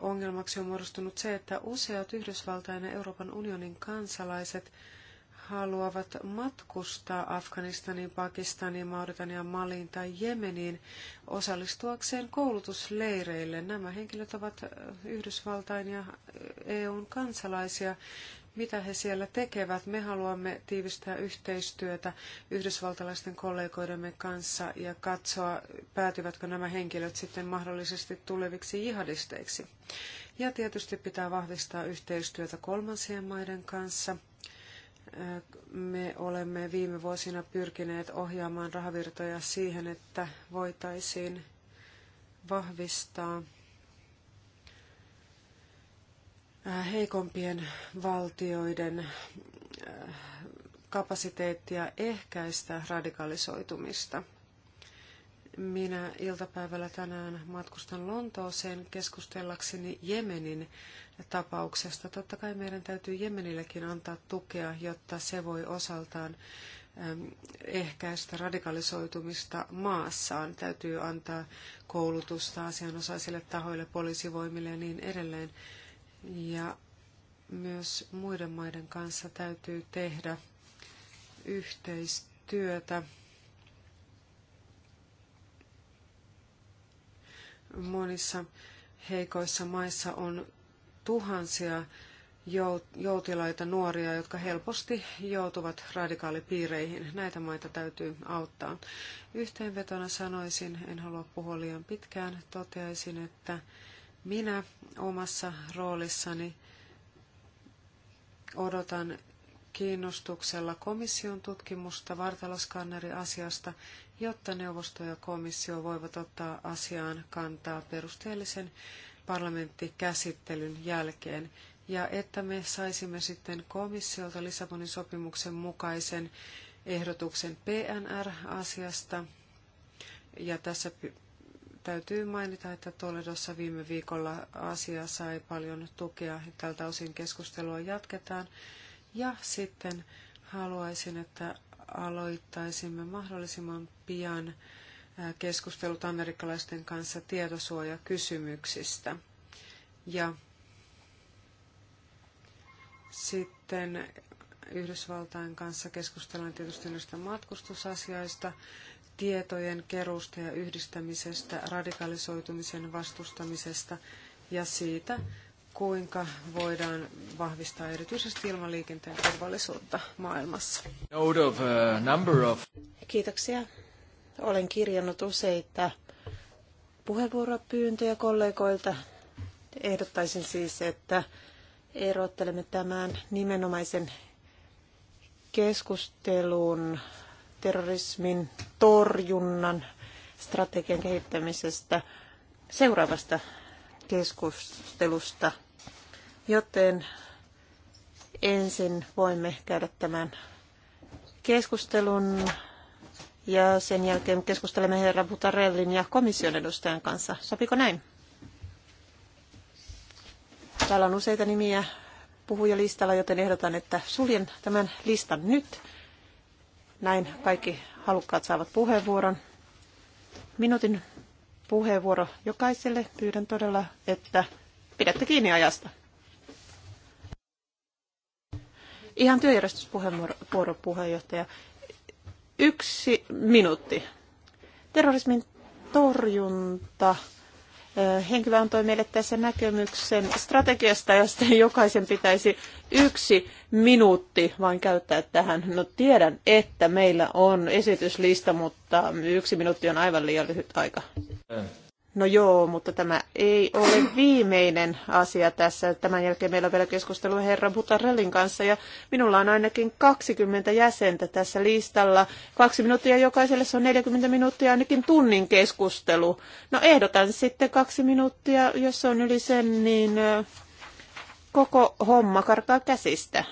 ongelmaksi on muodostunut se, että useat Yhdysvaltain ja Euroopan unionin kansalaiset – haluavat matkustaa Afganistaniin, Pakistaniin, Mauritaniaan, Maliin tai Jemeniin osallistuakseen koulutusleireille. Nämä henkilöt ovat Yhdysvaltain ja EUn kansalaisia. Mitä he siellä tekevät? Me haluamme tiivistää yhteistyötä yhdysvaltalaisten kollegoidemme kanssa ja katsoa, päätyvätkö nämä henkilöt sitten mahdollisesti tuleviksi jihadisteiksi. Ja tietysti pitää vahvistaa yhteistyötä kolmansien maiden kanssa – me olemme viime vuosina pyrkineet ohjaamaan rahavirtoja siihen, että voitaisiin vahvistaa äh, heikompien valtioiden äh, kapasiteettia ehkäistä radikalisoitumista. Minä iltapäivällä tänään matkustan Lontooseen keskustellakseni Jemenin tapauksesta. Totta kai meidän täytyy Jemenillekin antaa tukea, jotta se voi osaltaan ehkäistä radikalisoitumista maassaan. Täytyy antaa koulutusta asianosaisille tahoille, poliisivoimille ja niin edelleen. Ja myös muiden maiden kanssa täytyy tehdä yhteistyötä Monissa heikoissa maissa on tuhansia joutilaita nuoria, jotka helposti joutuvat radikaalipiireihin. Näitä maita täytyy auttaa. Yhteenvetona sanoisin, en halua puhua liian pitkään, toteaisin, että minä omassa roolissani odotan kiinnostuksella komission tutkimusta vartaloskanneri asiasta jotta neuvosto ja komissio voivat ottaa asiaan kantaa perusteellisen parlamenttikäsittelyn jälkeen ja että me saisimme sitten komissiolta Lissabonin sopimuksen mukaisen ehdotuksen PNR-asiasta. Ja tässä täytyy mainita, että Toledossa viime viikolla asia sai paljon tukea. Tältä osin keskustelua jatketaan. Ja sitten haluaisin, että aloittaisimme mahdollisimman pian keskustelut amerikkalaisten kanssa tietosuojakysymyksistä. Ja sitten Yhdysvaltain kanssa keskustellaan tietysti näistä matkustusasioista, tietojen keruusta ja yhdistämisestä, radikalisoitumisen vastustamisesta ja siitä, kuinka voidaan vahvistaa erityisesti ilmaliikenteen turvallisuutta maailmassa. Uh, Kiitoksia. Olen kirjannut useita puheenvuoropyyntöjä kollegoilta. Ehdottaisin siis, että erottelemme tämän nimenomaisen keskustelun terrorismin torjunnan strategian kehittämisestä seuraavasta keskustelusta, joten ensin voimme käydä tämän keskustelun ja sen jälkeen keskustelemme herra Butarellin ja komission edustajan kanssa. Sopiko näin? Täällä on useita nimiä puhujalistalla, joten ehdotan, että suljen tämän listan nyt. Näin kaikki halukkaat saavat puheenvuoron. Minuutin puheenvuoro jokaiselle. Pyydän todella, että pidätte kiinni ajasta. Ihan työjärjestyspuheenvuoro puheenjohtaja. Yksi minuutti. Terrorismin torjunta henkilö antoi meille tässä näkemyksen strategiasta, josta jokaisen pitäisi yksi minuutti vain käyttää tähän. No tiedän, että meillä on esityslista, mutta yksi minuutti on aivan liian lyhyt aika. No joo, mutta tämä ei ole viimeinen asia tässä. Tämän jälkeen meillä on vielä keskustelu herra Butarellin kanssa ja minulla on ainakin 20 jäsentä tässä listalla. Kaksi minuuttia jokaiselle, se on 40 minuuttia ainakin tunnin keskustelu. No ehdotan sitten kaksi minuuttia, jos on yli sen, niin koko homma karkaa käsistä.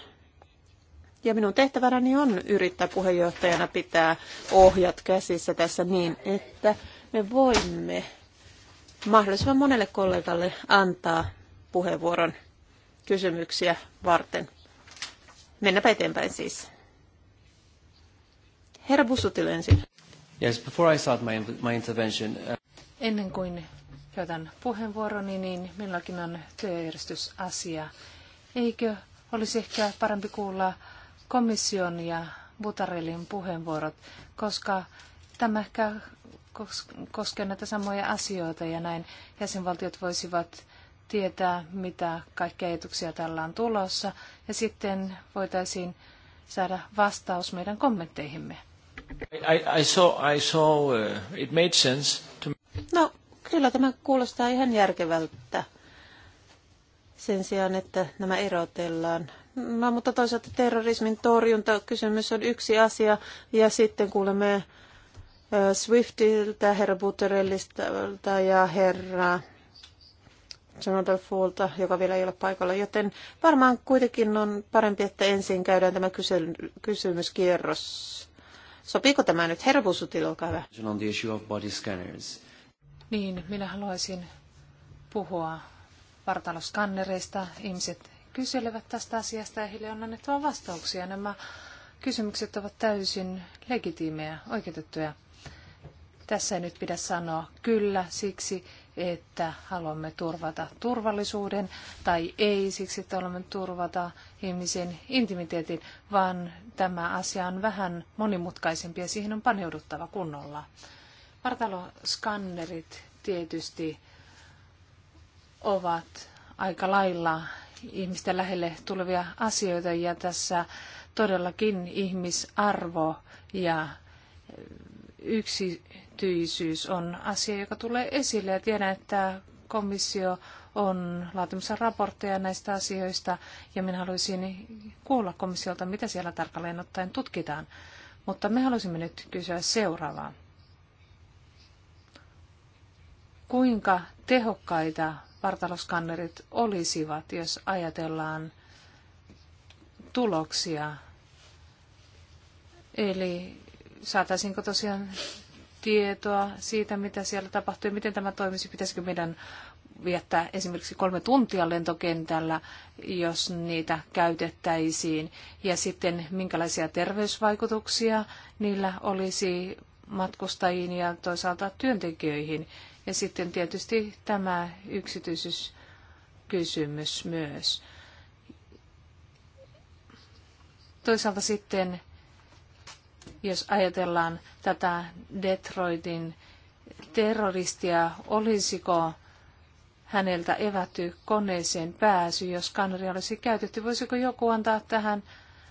Ja minun tehtävänäni on yrittää puheenjohtajana pitää ohjat käsissä tässä niin, että me voimme mahdollisimman monelle kollegalle antaa puheenvuoron kysymyksiä varten. Mennäpä eteenpäin siis. Herra Bussutil ensin. Yes, before I start my, my intervention, uh... Ennen kuin käytän puheenvuoroni, niin minullakin on työjärjestysasia. Eikö olisi ehkä parempi kuulla komission ja Butarelin puheenvuorot, koska tämä ehkä koskea näitä samoja asioita ja näin jäsenvaltiot voisivat tietää, mitä kaikkia ajatuksia tällä on tulossa ja sitten voitaisiin saada vastaus meidän kommentteihimme. Uh, no, kyllä tämä kuulostaa ihan järkevältä sen sijaan, että nämä erotellaan. No, mutta toisaalta terrorismin torjunta kysymys on yksi asia ja sitten kuulemme Swiftiltä, herra Butterellista ja herra Jonathan Fuulta, joka vielä ei ole paikalla. Joten varmaan kuitenkin on parempi, että ensin käydään tämä kysy- kysymyskierros. Sopiiko tämä nyt? Herra Busutil, olkaa hyvä. On the issue of body scanners. Niin, minä haluaisin puhua vartaloskannereista. Ihmiset kyselevät tästä asiasta ja heille on annettava vastauksia. Nämä kysymykset ovat täysin legitiimejä, oikeutettuja. Tässä ei nyt pidä sanoa kyllä siksi, että haluamme turvata turvallisuuden tai ei siksi, että haluamme turvata ihmisen intimiteetin, vaan tämä asia on vähän monimutkaisempi ja siihen on paneuduttava kunnolla. Vartaloskannerit tietysti ovat aika lailla ihmisten lähelle tulevia asioita ja tässä todellakin ihmisarvo ja yksi yksityisyys on asia, joka tulee esille ja tiedän, että komissio on laatimassa raportteja näistä asioista ja minä haluaisin kuulla komissiolta, mitä siellä tarkalleen ottaen tutkitaan. Mutta me haluaisimme nyt kysyä seuraavaa. Kuinka tehokkaita vartaloskannerit olisivat, jos ajatellaan tuloksia? Eli saataisiinko tosiaan tietoa siitä, mitä siellä tapahtuu ja miten tämä toimisi. Pitäisikö meidän viettää esimerkiksi kolme tuntia lentokentällä, jos niitä käytettäisiin. Ja sitten minkälaisia terveysvaikutuksia niillä olisi matkustajiin ja toisaalta työntekijöihin. Ja sitten tietysti tämä yksityisyyskysymys myös. Toisaalta sitten jos ajatellaan tätä Detroitin terroristia, olisiko häneltä evätty koneeseen pääsy, jos kanari olisi käytetty. Voisiko joku antaa tähän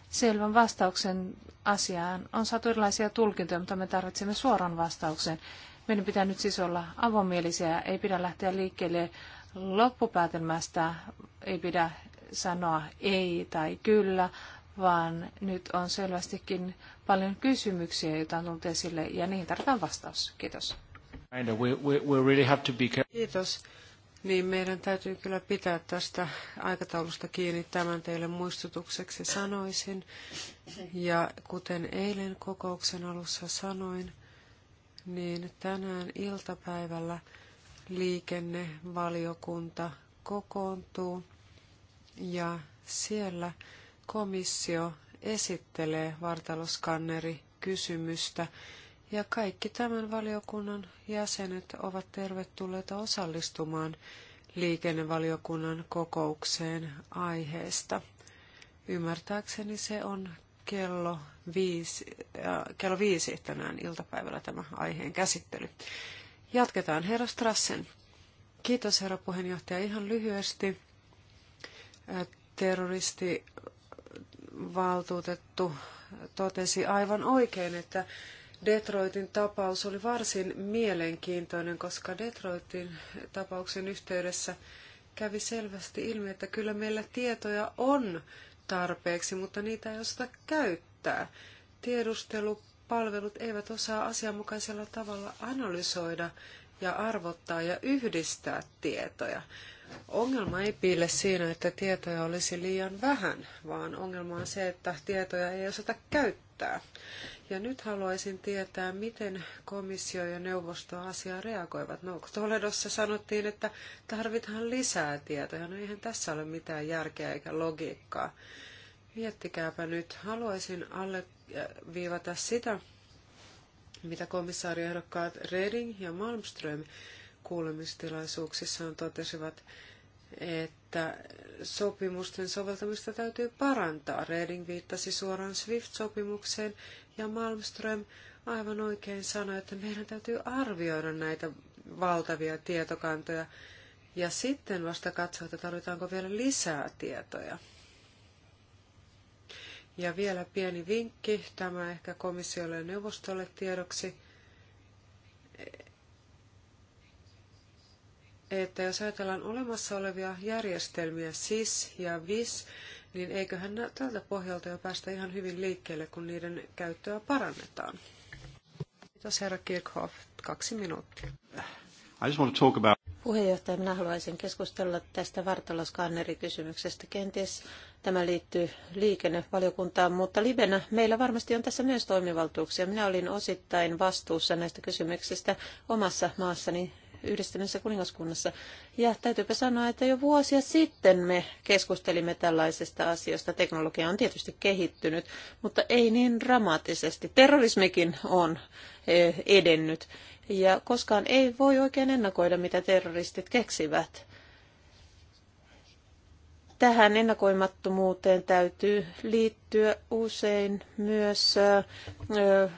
selvän vastauksen asiaan? On saatu erilaisia tulkintoja, mutta me tarvitsemme suoran vastauksen. Meidän pitää nyt siis olla avomielisiä, ei pidä lähteä liikkeelle loppupäätelmästä, ei pidä sanoa ei tai kyllä, vaan nyt on selvästikin paljon kysymyksiä, joita on tullut esille, ja niihin tarvitaan vastaus. Kiitos. Kiitos. Niin meidän täytyy kyllä pitää tästä aikataulusta kiinni. Tämän teille muistutukseksi sanoisin. Ja kuten eilen kokouksen alussa sanoin, niin tänään iltapäivällä liikennevaliokunta kokoontuu ja siellä komissio esittelee vartaloskanneri kysymystä ja kaikki tämän valiokunnan jäsenet ovat tervetulleita osallistumaan liikennevaliokunnan kokoukseen aiheesta. Ymmärtääkseni se on kello viisi, äh, kello viisi tänään iltapäivällä tämä aiheen käsittely. Jatketaan herra Strassen. Kiitos herra puheenjohtaja. Ihan lyhyesti äh, terroristi valtuutettu totesi aivan oikein, että Detroitin tapaus oli varsin mielenkiintoinen, koska Detroitin tapauksen yhteydessä kävi selvästi ilmi, että kyllä meillä tietoja on tarpeeksi, mutta niitä ei osata käyttää. Tiedustelupalvelut eivät osaa asianmukaisella tavalla analysoida ja arvottaa ja yhdistää tietoja. Ongelma ei piile siinä, että tietoja olisi liian vähän, vaan ongelma on se, että tietoja ei osata käyttää. Ja nyt haluaisin tietää, miten komissio ja neuvosto asiaan reagoivat. No, Toledossa sanottiin, että tarvitaan lisää tietoja. No eihän tässä ole mitään järkeä eikä logiikkaa. Miettikääpä nyt. Haluaisin alleviivata sitä, mitä komissaariehdokkaat Reding ja Malmström kuulemistilaisuuksissaan totesivat, että sopimusten soveltamista täytyy parantaa. Reding viittasi suoraan SWIFT-sopimukseen ja Malmström aivan oikein sanoi, että meidän täytyy arvioida näitä valtavia tietokantoja ja sitten vasta katsoa, että tarvitaanko vielä lisää tietoja. Ja vielä pieni vinkki, tämä ehkä komissiolle ja neuvostolle tiedoksi – että jos ajatellaan olemassa olevia järjestelmiä SIS ja VIS, niin eiköhän tältä pohjalta jo päästä ihan hyvin liikkeelle, kun niiden käyttöä parannetaan. Kiitos herra Kirchhoff. Kaksi minuuttia. I just want to talk about... Puheenjohtaja, minä haluaisin keskustella tästä vartaloskannerikysymyksestä. Kenties tämä liittyy liikennevaliokuntaan, mutta livenä meillä varmasti on tässä myös toimivaltuuksia. Minä olin osittain vastuussa näistä kysymyksistä omassa maassani yhdistyneessä kuningaskunnassa. Ja täytyypä sanoa, että jo vuosia sitten me keskustelimme tällaisesta asiasta. Teknologia on tietysti kehittynyt, mutta ei niin dramaattisesti. Terrorismikin on e, edennyt. Ja koskaan ei voi oikein ennakoida, mitä terroristit keksivät. Tähän ennakoimattomuuteen täytyy liittyä usein myös e, e,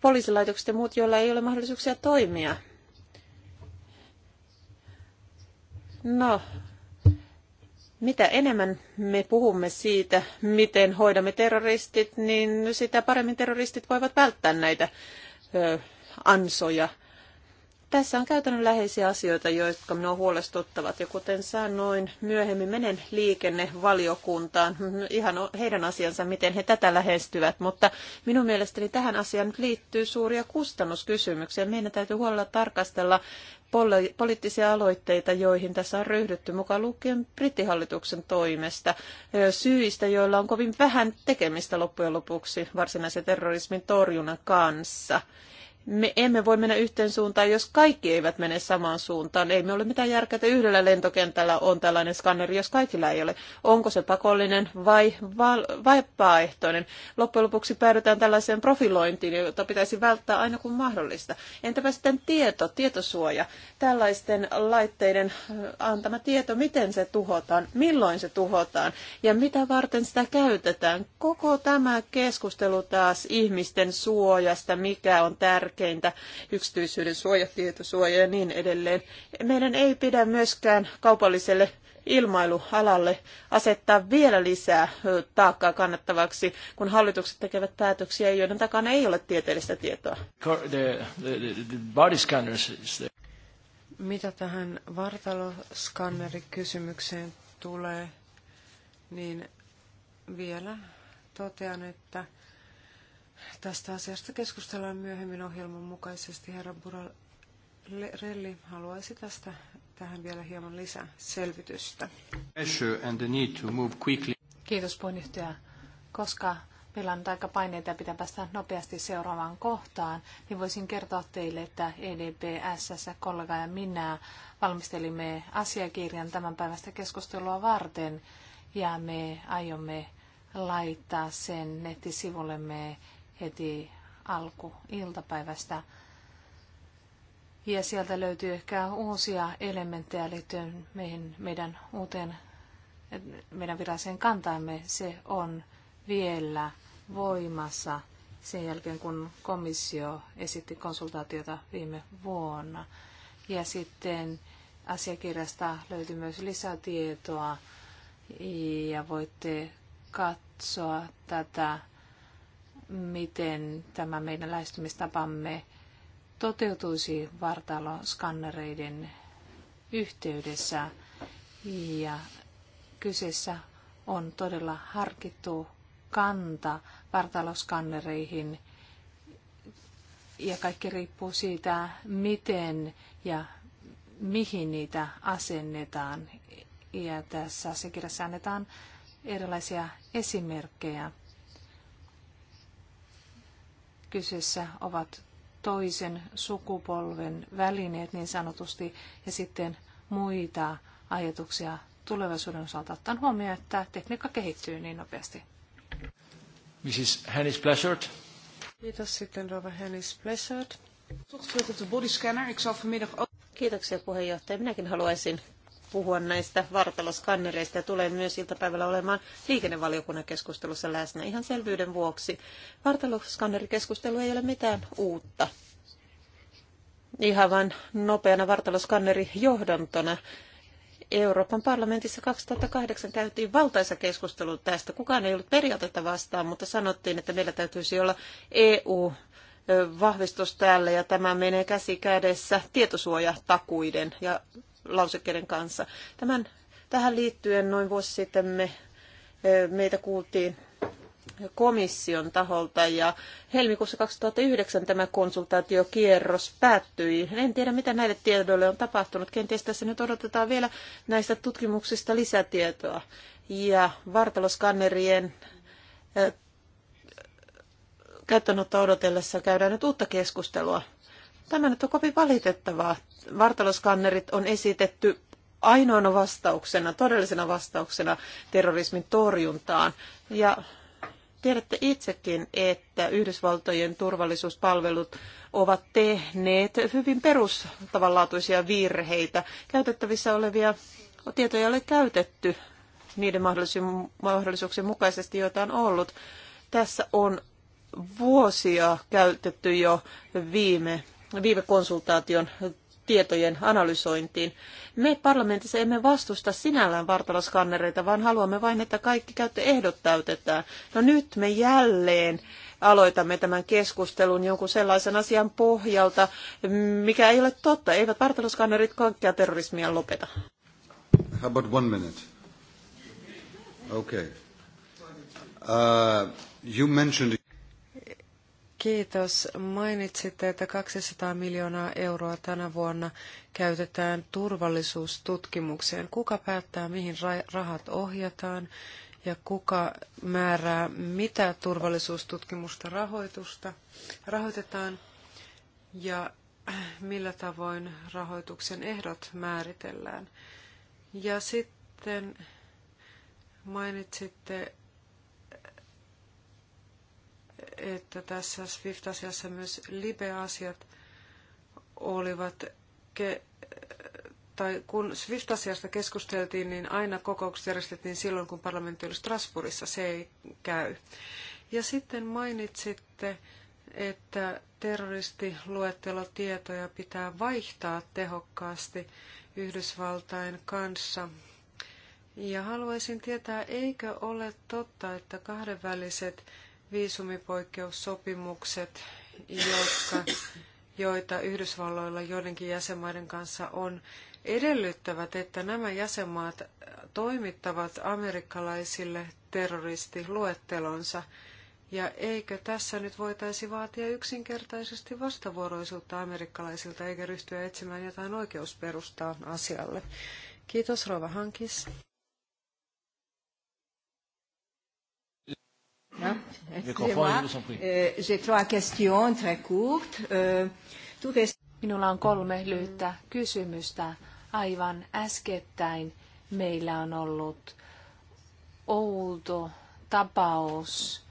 poliisilaitokset ja muut, joilla ei ole mahdollisuuksia toimia. No, mitä enemmän me puhumme siitä, miten hoidamme terroristit, niin sitä paremmin terroristit voivat välttää näitä ö, ansoja – tässä on käytännönläheisiä asioita, jotka minua huolestuttavat. Ja kuten sanoin, myöhemmin menen liikennevaliokuntaan. Ihan heidän asiansa, miten he tätä lähestyvät. Mutta minun mielestäni tähän asiaan liittyy suuria kustannuskysymyksiä. Meidän täytyy huolella tarkastella poliittisia aloitteita, joihin tässä on ryhdytty mukaan lukien brittihallituksen toimesta syistä, joilla on kovin vähän tekemistä loppujen lopuksi varsinaisen terrorismin torjunnan kanssa me emme voi mennä yhteen suuntaan, jos kaikki eivät mene samaan suuntaan. Ei me ole mitään järkeä, että yhdellä lentokentällä on tällainen skanneri, jos kaikilla ei ole. Onko se pakollinen vai vapaaehtoinen? Loppujen lopuksi päädytään tällaiseen profilointiin, jota pitäisi välttää aina kun mahdollista. Entäpä sitten tieto, tietosuoja, tällaisten laitteiden äh, antama tieto, miten se tuhotaan, milloin se tuhotaan ja mitä varten sitä käytetään. Koko tämä keskustelu taas ihmisten suojasta, mikä on tärkeää tärkeintä, yksityisyyden suoja, tietosuoja ja niin edelleen. Meidän ei pidä myöskään kaupalliselle ilmailualalle asettaa vielä lisää taakkaa kannattavaksi, kun hallitukset tekevät päätöksiä, joiden takana ei ole tieteellistä tietoa. Mitä tähän vartaloskannerikysymykseen tulee, niin vielä totean, että Tästä asiasta keskustellaan myöhemmin ohjelman mukaisesti. Herra Burrelli haluaisi tästä tähän vielä hieman lisää selvitystä. Kiitos puheenjohtaja. Koska meillä on aika paineita ja pitää päästä nopeasti seuraavaan kohtaan, niin voisin kertoa teille, että EDPSS, kollega ja minä valmistelimme asiakirjan tämän päivästä keskustelua varten ja me aiomme laittaa sen nettisivullemme heti alku iltapäivästä. Ja sieltä löytyy ehkä uusia elementtejä liittyen meihin, meidän uuteen, meidän viralliseen kantaamme. Se on vielä voimassa sen jälkeen, kun komissio esitti konsultaatiota viime vuonna. Ja sitten asiakirjasta löytyy myös lisätietoa ja voitte katsoa tätä miten tämä meidän lähestymistapamme toteutuisi vartaloskannereiden yhteydessä. Ja kyseessä on todella harkittu kanta vartaloskannereihin ja kaikki riippuu siitä, miten ja mihin niitä asennetaan. Ja tässä asiakirjassa annetaan erilaisia esimerkkejä kyseessä ovat toisen sukupolven välineet niin sanotusti ja sitten muita ajatuksia tulevaisuuden osalta ottaen huomioon, että tekniikka kehittyy niin nopeasti. Mrs. Hennis Pleasure. Kiitos sitten Rova Hennis Pleasure. Kiitoksia puheenjohtaja. Minäkin haluaisin puhua näistä vartaloskannereista ja tulee myös iltapäivällä olemaan liikennevaliokunnan keskustelussa läsnä ihan selvyyden vuoksi. Vartaloskannerikeskustelu ei ole mitään uutta. Ihan vain nopeana vartaloskannerijohdantona. Euroopan parlamentissa 2008 käytiin valtaisa keskustelu tästä. Kukaan ei ollut periaatetta vastaan, mutta sanottiin, että meillä täytyisi olla EU vahvistus täällä ja tämä menee käsi kädessä tietosuojatakuiden ja lausekkeiden kanssa. Tämän, tähän liittyen noin vuosi sitten me, meitä kuultiin komission taholta ja helmikuussa 2009 tämä konsultaatiokierros päättyi. En tiedä, mitä näille tiedoille on tapahtunut. Kenties tässä nyt odotetaan vielä näistä tutkimuksista lisätietoa. Ja vartaloskannerien käyttöönotto odotellessa käydään nyt uutta keskustelua Tämä nyt on kovin valitettavaa. Vartaloskannerit on esitetty ainoana vastauksena, todellisena vastauksena terrorismin torjuntaan. Ja tiedätte itsekin, että Yhdysvaltojen turvallisuuspalvelut ovat tehneet hyvin perustavanlaatuisia virheitä. Käytettävissä olevia tietoja ei ole käytetty niiden mahdollisuuksien mukaisesti, joita on ollut. Tässä on vuosia käytetty jo viime konsultaation tietojen analysointiin. Me parlamentissa emme vastusta sinällään vartaloskannereita, vaan haluamme vain, että kaikki käyttö täytetään. No nyt me jälleen aloitamme tämän keskustelun jonkun sellaisen asian pohjalta, mikä ei ole totta. Eivät vartaloskannerit kaikkea terrorismia lopeta. How about one minute? Okay. Uh, you mentioned... Kiitos. Mainitsitte, että 200 miljoonaa euroa tänä vuonna käytetään turvallisuustutkimukseen. Kuka päättää, mihin rahat ohjataan ja kuka määrää, mitä turvallisuustutkimusta rahoitusta, rahoitetaan ja millä tavoin rahoituksen ehdot määritellään. Ja sitten mainitsitte että tässä SWIFT-asiassa myös LIBE-asiat olivat, ke, tai kun SWIFT-asiasta keskusteltiin, niin aina kokoukset järjestettiin silloin, kun parlamentti oli Strasbourgissa, se ei käy. Ja sitten mainitsitte, että terroristiluettelotietoja pitää vaihtaa tehokkaasti Yhdysvaltain kanssa. Ja haluaisin tietää, eikö ole totta, että kahdenväliset viisumipoikkeussopimukset, jotka, joita Yhdysvalloilla joidenkin jäsenmaiden kanssa on, edellyttävät, että nämä jäsenmaat toimittavat amerikkalaisille terroristiluettelonsa. Ja eikö tässä nyt voitaisi vaatia yksinkertaisesti vastavuoroisuutta amerikkalaisilta eikä ryhtyä etsimään jotain oikeusperustaa asialle? Kiitos Rova Hankis. Euh, j'ai trois questions très courtes. Euh, Minulla on kolme lyhyttä kysymystä. Aivan äskettäin meillä on ollut outo tapaus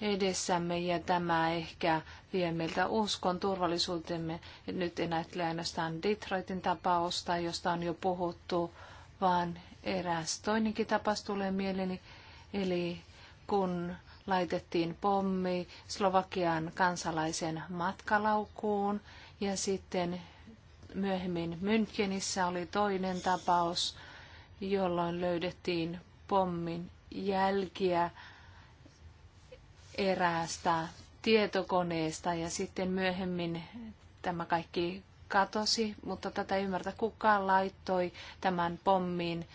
edessämme ja tämä ehkä vie meiltä uskon turvallisuutemme. Nyt en ajattele ainoastaan Detroitin tapausta, josta on jo puhuttu, vaan eräs toinenkin tapaus tulee mieleeni. Eli kun laitettiin pommi Slovakian kansalaisen matkalaukuun ja sitten myöhemmin Münchenissä oli toinen tapaus, jolloin löydettiin pommin jälkiä eräästä tietokoneesta ja sitten myöhemmin tämä kaikki katosi, mutta tätä ei ymmärtä kukaan laittoi tämän pommin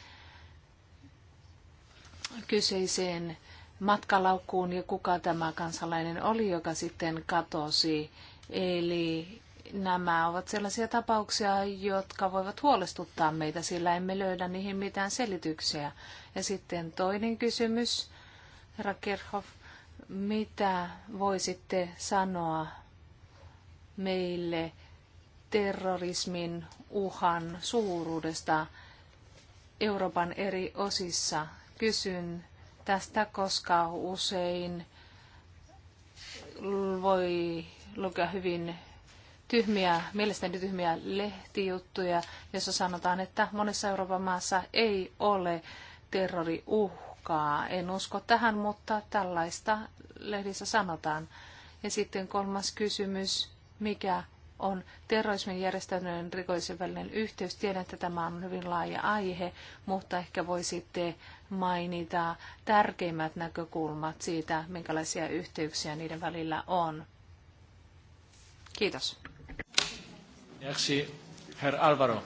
kyseiseen matkalaukkuun ja kuka tämä kansalainen oli, joka sitten katosi. Eli nämä ovat sellaisia tapauksia, jotka voivat huolestuttaa meitä, sillä emme löydä niihin mitään selityksiä. Ja sitten toinen kysymys, herra mitä voisitte sanoa meille terrorismin uhan suuruudesta Euroopan eri osissa? Kysyn tästä, koska usein voi lukea hyvin tyhmiä, mielestäni tyhmiä lehtijuttuja, jossa sanotaan, että monessa Euroopan maassa ei ole terroriuhkaa. En usko tähän, mutta tällaista lehdissä sanotaan. Ja sitten kolmas kysymys, mikä on terrorismin järjestäytyneen rikollisen välinen yhteys. Tiedän, että tämä on hyvin laaja aihe, mutta ehkä voisitte mainita tärkeimmät näkökulmat siitä, minkälaisia yhteyksiä niiden välillä on. Kiitos. Merci, Herr Alvaro.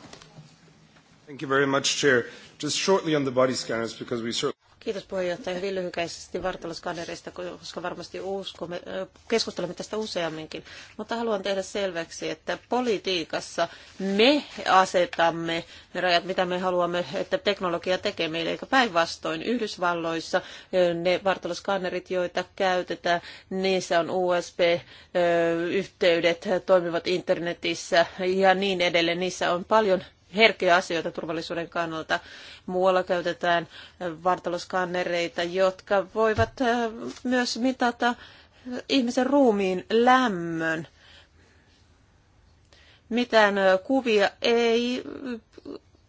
Thank you very much, Chair. Just shortly on the body scanners, because we certainly... Kiitos puheenjohtaja. Hyvin lyhykäisesti vartaloskannerista, koska varmasti uskomme, keskustelemme tästä useamminkin. Mutta haluan tehdä selväksi, että politiikassa me asetamme ne rajat, mitä me haluamme, että teknologia tekee meille, eikä päinvastoin. Yhdysvalloissa ne vartaloskannerit, joita käytetään, niissä on USB-yhteydet, toimivat internetissä ja niin edelleen. Niissä on paljon herkkiä asioita turvallisuuden kannalta. Muualla käytetään vartaloskannereita, jotka voivat äh, myös mitata äh, ihmisen ruumiin lämmön. Mitään äh, kuvia ei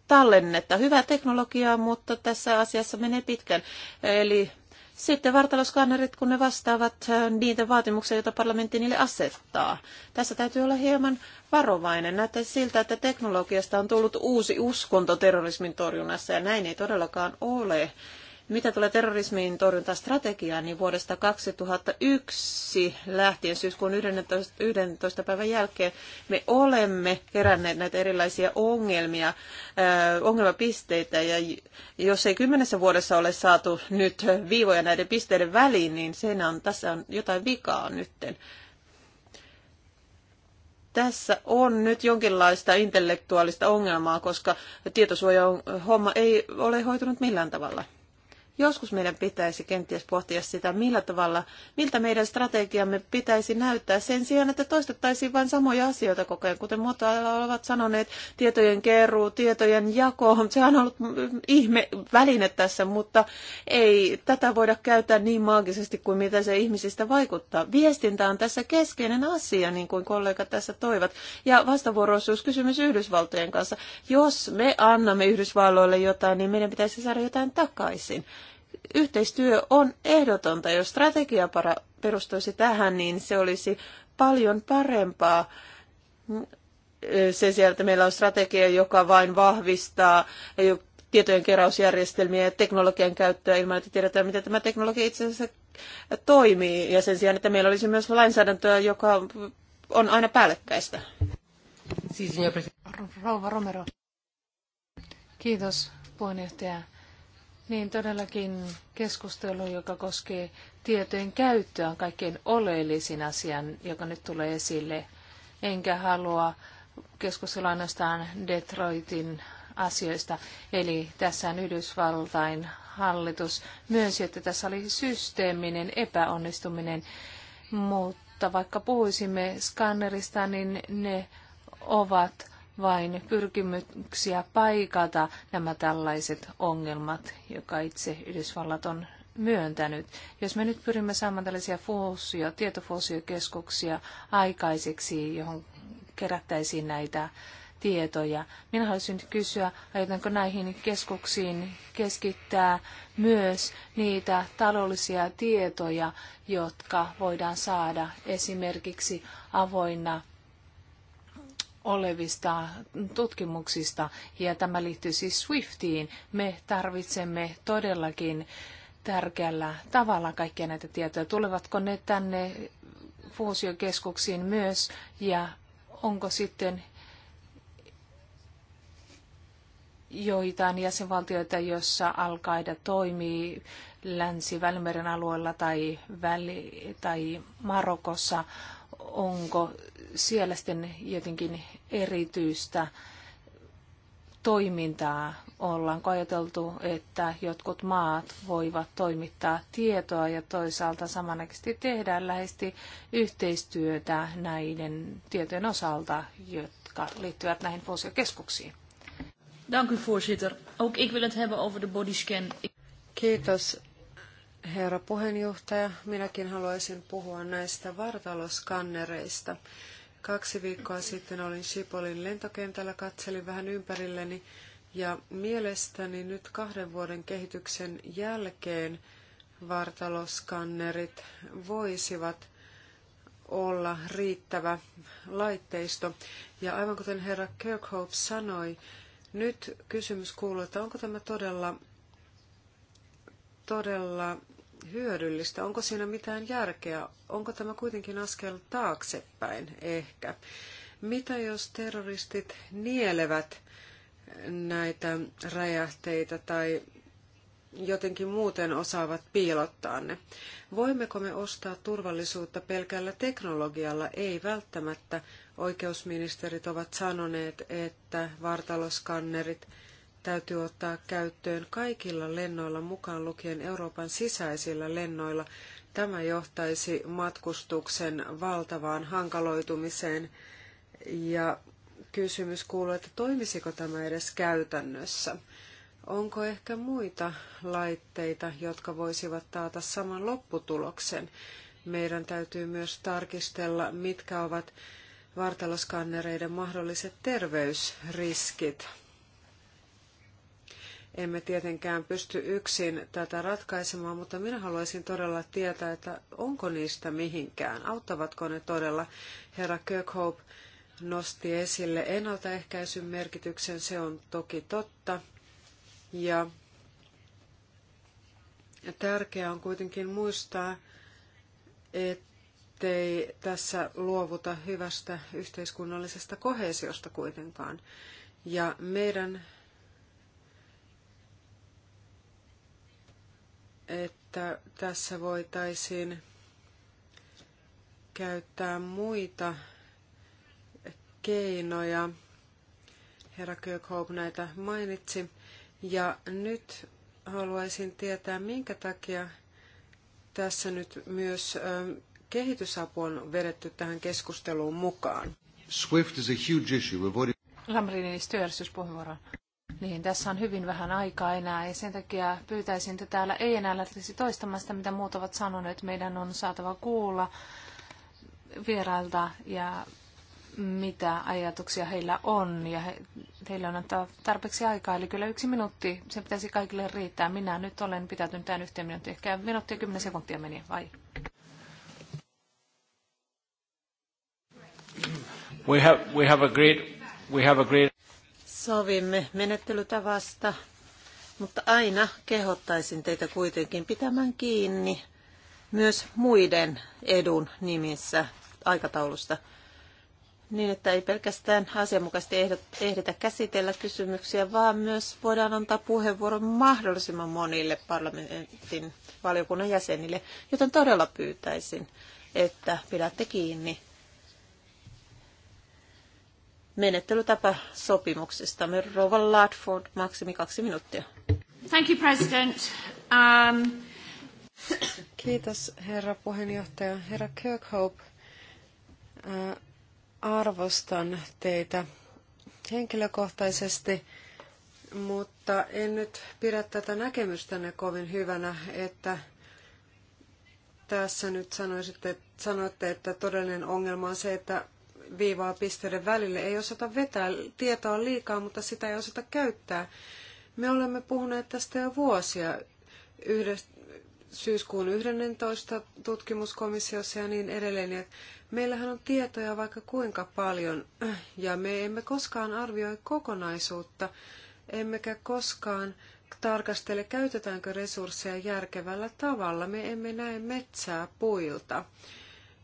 tallennetta. Hyvää teknologiaa, mutta tässä asiassa menee pitkän. Eli sitten vartaloskannerit, kun ne vastaavat niitä vaatimuksia, joita parlamentti niille asettaa. Tässä täytyy olla hieman varovainen. Näyttää siltä, että teknologiasta on tullut uusi uskonto terrorismin torjunnassa, ja näin ei todellakaan ole. Mitä tulee terrorismin torjuntastrategiaan, niin vuodesta 2001 lähtien syyskuun 11, 11 päivän jälkeen me olemme keränneet näitä erilaisia ongelmia, ongelmapisteitä ja jos ei kymmenessä vuodessa ole saatu nyt viivoja näiden pisteiden väliin, niin siinä on, tässä on jotain vikaa nytten tässä on nyt jonkinlaista intellektuaalista ongelmaa, koska tietosuoja homma ei ole hoitunut millään tavalla. Joskus meidän pitäisi kenties pohtia sitä, millä tavalla, miltä meidän strategiamme pitäisi näyttää sen sijaan, että toistettaisiin vain samoja asioita koko ajan, kuten muut ovat sanoneet, tietojen keruu, tietojen jako, se on ollut ihme väline tässä, mutta ei tätä voida käyttää niin maagisesti kuin mitä se ihmisistä vaikuttaa. Viestintä on tässä keskeinen asia, niin kuin kollegat tässä toivat, ja kysymys Yhdysvaltojen kanssa. Jos me annamme Yhdysvalloille jotain, niin meidän pitäisi saada jotain takaisin yhteistyö on ehdotonta. Jos strategia perustuisi tähän, niin se olisi paljon parempaa Se, sieltä, että meillä on strategia, joka vain vahvistaa tietojen keräysjärjestelmiä ja teknologian käyttöä ilman, että tiedetään, miten tämä teknologia itse asiassa toimii. Ja sen sijaan, että meillä olisi myös lainsäädäntöä, joka on aina päällekkäistä. Siis, Rouva Romero. Kiitos puheenjohtaja. Niin todellakin keskustelu, joka koskee tietojen käyttöä, on kaikkein oleellisin asian, joka nyt tulee esille. Enkä halua keskustella ainoastaan Detroitin asioista. Eli tässä Yhdysvaltain hallitus myönsi, että tässä oli systeeminen epäonnistuminen, mutta vaikka puhuisimme skannerista, niin ne ovat vain pyrkimyksiä paikata nämä tällaiset ongelmat, joka itse Yhdysvallat on myöntänyt. Jos me nyt pyrimme saamaan tällaisia fuusio, tietofuusiokeskuksia aikaiseksi, johon kerättäisiin näitä tietoja. Minä haluaisin kysyä, aiotaanko näihin keskuksiin keskittää myös niitä taloudellisia tietoja, jotka voidaan saada esimerkiksi avoinna olevista tutkimuksista, ja tämä liittyy siis Swiftiin. Me tarvitsemme todellakin tärkeällä tavalla kaikkia näitä tietoja. Tulevatko ne tänne fuusiokeskuksiin myös, ja onko sitten joitain jäsenvaltioita, joissa al toimii Länsi-Välimeren alueella tai, väli- tai Marokossa, onko siellä sitten jotenkin erityistä toimintaa? Ollaanko ajateltu, että jotkut maat voivat toimittaa tietoa ja toisaalta samanaikaisesti tehdään läheisesti yhteistyötä näiden tietojen osalta, jotka liittyvät näihin fuusiokeskuksiin? Dank u voorzitter. Ook ik wil het hebben over de bodyscan. Kiitos Herra puheenjohtaja, minäkin haluaisin puhua näistä vartaloskannereista. Kaksi viikkoa sitten olin Sipolin lentokentällä, katselin vähän ympärilleni ja mielestäni nyt kahden vuoden kehityksen jälkeen vartaloskannerit voisivat olla riittävä laitteisto. Ja aivan kuten herra Kirkhope sanoi, nyt kysymys kuuluu, että onko tämä todella todella hyödyllistä? Onko siinä mitään järkeä? Onko tämä kuitenkin askel taaksepäin ehkä? Mitä jos terroristit nielevät näitä räjähteitä tai jotenkin muuten osaavat piilottaa ne. Voimmeko me ostaa turvallisuutta pelkällä teknologialla? Ei välttämättä. Oikeusministerit ovat sanoneet, että vartaloskannerit täytyy ottaa käyttöön kaikilla lennoilla mukaan lukien Euroopan sisäisillä lennoilla. Tämä johtaisi matkustuksen valtavaan hankaloitumiseen ja kysymys kuuluu, että toimisiko tämä edes käytännössä. Onko ehkä muita laitteita, jotka voisivat taata saman lopputuloksen? Meidän täytyy myös tarkistella, mitkä ovat vartaloskannereiden mahdolliset terveysriskit. Emme tietenkään pysty yksin tätä ratkaisemaan, mutta minä haluaisin todella tietää, että onko niistä mihinkään. Auttavatko ne todella? Herra Kirkhope nosti esille ennaltaehkäisyn merkityksen, se on toki totta. Ja tärkeää on kuitenkin muistaa, ettei tässä luovuta hyvästä yhteiskunnallisesta kohesiosta kuitenkaan. Ja meidän että tässä voitaisiin käyttää muita keinoja. Herra Kirkhope näitä mainitsi. Ja nyt haluaisin tietää, minkä takia tässä nyt myös kehitysapu on vedetty tähän keskusteluun mukaan. Swift is a huge issue. Lambrinin niin tässä on hyvin vähän aikaa enää ja sen takia pyytäisin, että täällä ei enää lähtisi toistamaan sitä, mitä muut ovat sanoneet. Meidän on saatava kuulla vierailta ja mitä ajatuksia heillä on ja he, heillä on antaa tarpeeksi aikaa. Eli kyllä yksi minuutti, se pitäisi kaikille riittää. Minä nyt olen pitäytynyt tämän yhteen minuuttia. Ehkä minuuttia kymmenen sekuntia meni, vai? We have, we have agreed, we have agreed sovimme menettelytavasta, mutta aina kehottaisin teitä kuitenkin pitämään kiinni myös muiden edun nimissä aikataulusta niin, että ei pelkästään asianmukaisesti ehditä käsitellä kysymyksiä, vaan myös voidaan antaa puheenvuoro mahdollisimman monille parlamentin valiokunnan jäsenille, joten todella pyytäisin, että pidätte kiinni menettelytapa sopimuksesta Rova Ladford, maksimi kaksi minuuttia. Thank you, President. Um... Kiitos, herra puheenjohtaja. Herra Kirkhope, äh, arvostan teitä henkilökohtaisesti, mutta en nyt pidä tätä näkemystänne kovin hyvänä, että tässä nyt sanoisitte, sanotte, että todellinen ongelma on se, että viivaa pisteiden välille ei osata vetää. Tietoa on liikaa, mutta sitä ei osata käyttää. Me olemme puhuneet tästä jo vuosia yhdestä, syyskuun 11. tutkimuskomissiossa ja niin edelleen. Ja meillähän on tietoja vaikka kuinka paljon ja me emme koskaan arvioi kokonaisuutta, emmekä koskaan tarkastele, käytetäänkö resursseja järkevällä tavalla. Me emme näe metsää puilta.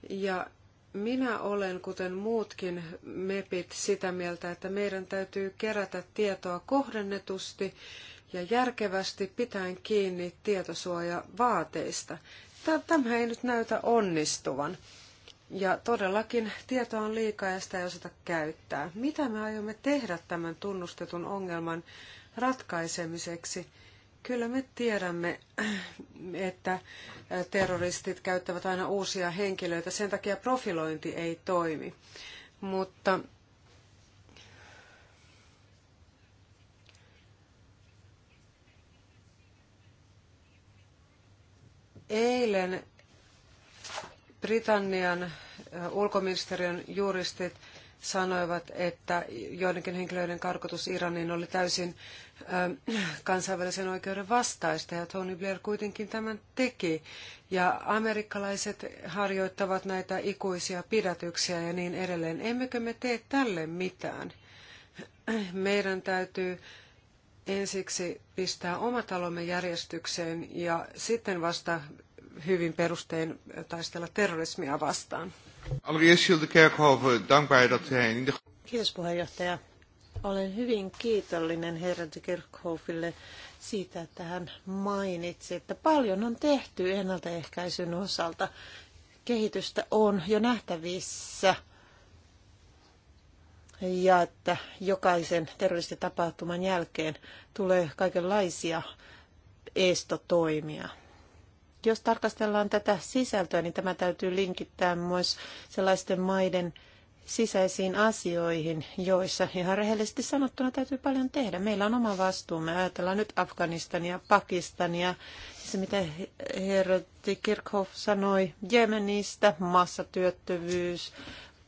Ja minä olen, kuten muutkin MEPit, sitä mieltä, että meidän täytyy kerätä tietoa kohdennetusti ja järkevästi pitäen kiinni tietosuojavaateista. Tämä ei nyt näytä onnistuvan. Ja todellakin tietoa on liikaa ja sitä ei osata käyttää. Mitä me aiomme tehdä tämän tunnustetun ongelman ratkaisemiseksi? Kyllä me tiedämme, että terroristit käyttävät aina uusia henkilöitä. Sen takia profilointi ei toimi. Mutta eilen Britannian ulkoministeriön juristit sanoivat, että joidenkin henkilöiden karkotus Iraniin oli täysin kansainvälisen oikeuden vastaista, ja Tony Blair kuitenkin tämän teki. Ja amerikkalaiset harjoittavat näitä ikuisia pidätyksiä ja niin edelleen. Emmekö me tee tälle mitään? Meidän täytyy ensiksi pistää oma talomme järjestykseen ja sitten vasta hyvin perustein taistella terrorismia vastaan. Eh, Kiitos puheenjohtaja. Olen hyvin kiitollinen herra de Kirchhoffille siitä, että hän mainitsi, että paljon on tehty ennaltaehkäisyn osalta. Kehitystä on jo nähtävissä ja että jokaisen terroristitapahtuman jälkeen tulee kaikenlaisia estotoimia jos tarkastellaan tätä sisältöä, niin tämä täytyy linkittää myös sellaisten maiden sisäisiin asioihin, joissa ihan rehellisesti sanottuna täytyy paljon tehdä. Meillä on oma vastuumme. Ajatellaan nyt Afganistania, Pakistania, se mitä herra Kirchhoff sanoi Jemenistä, massatyöttövyys,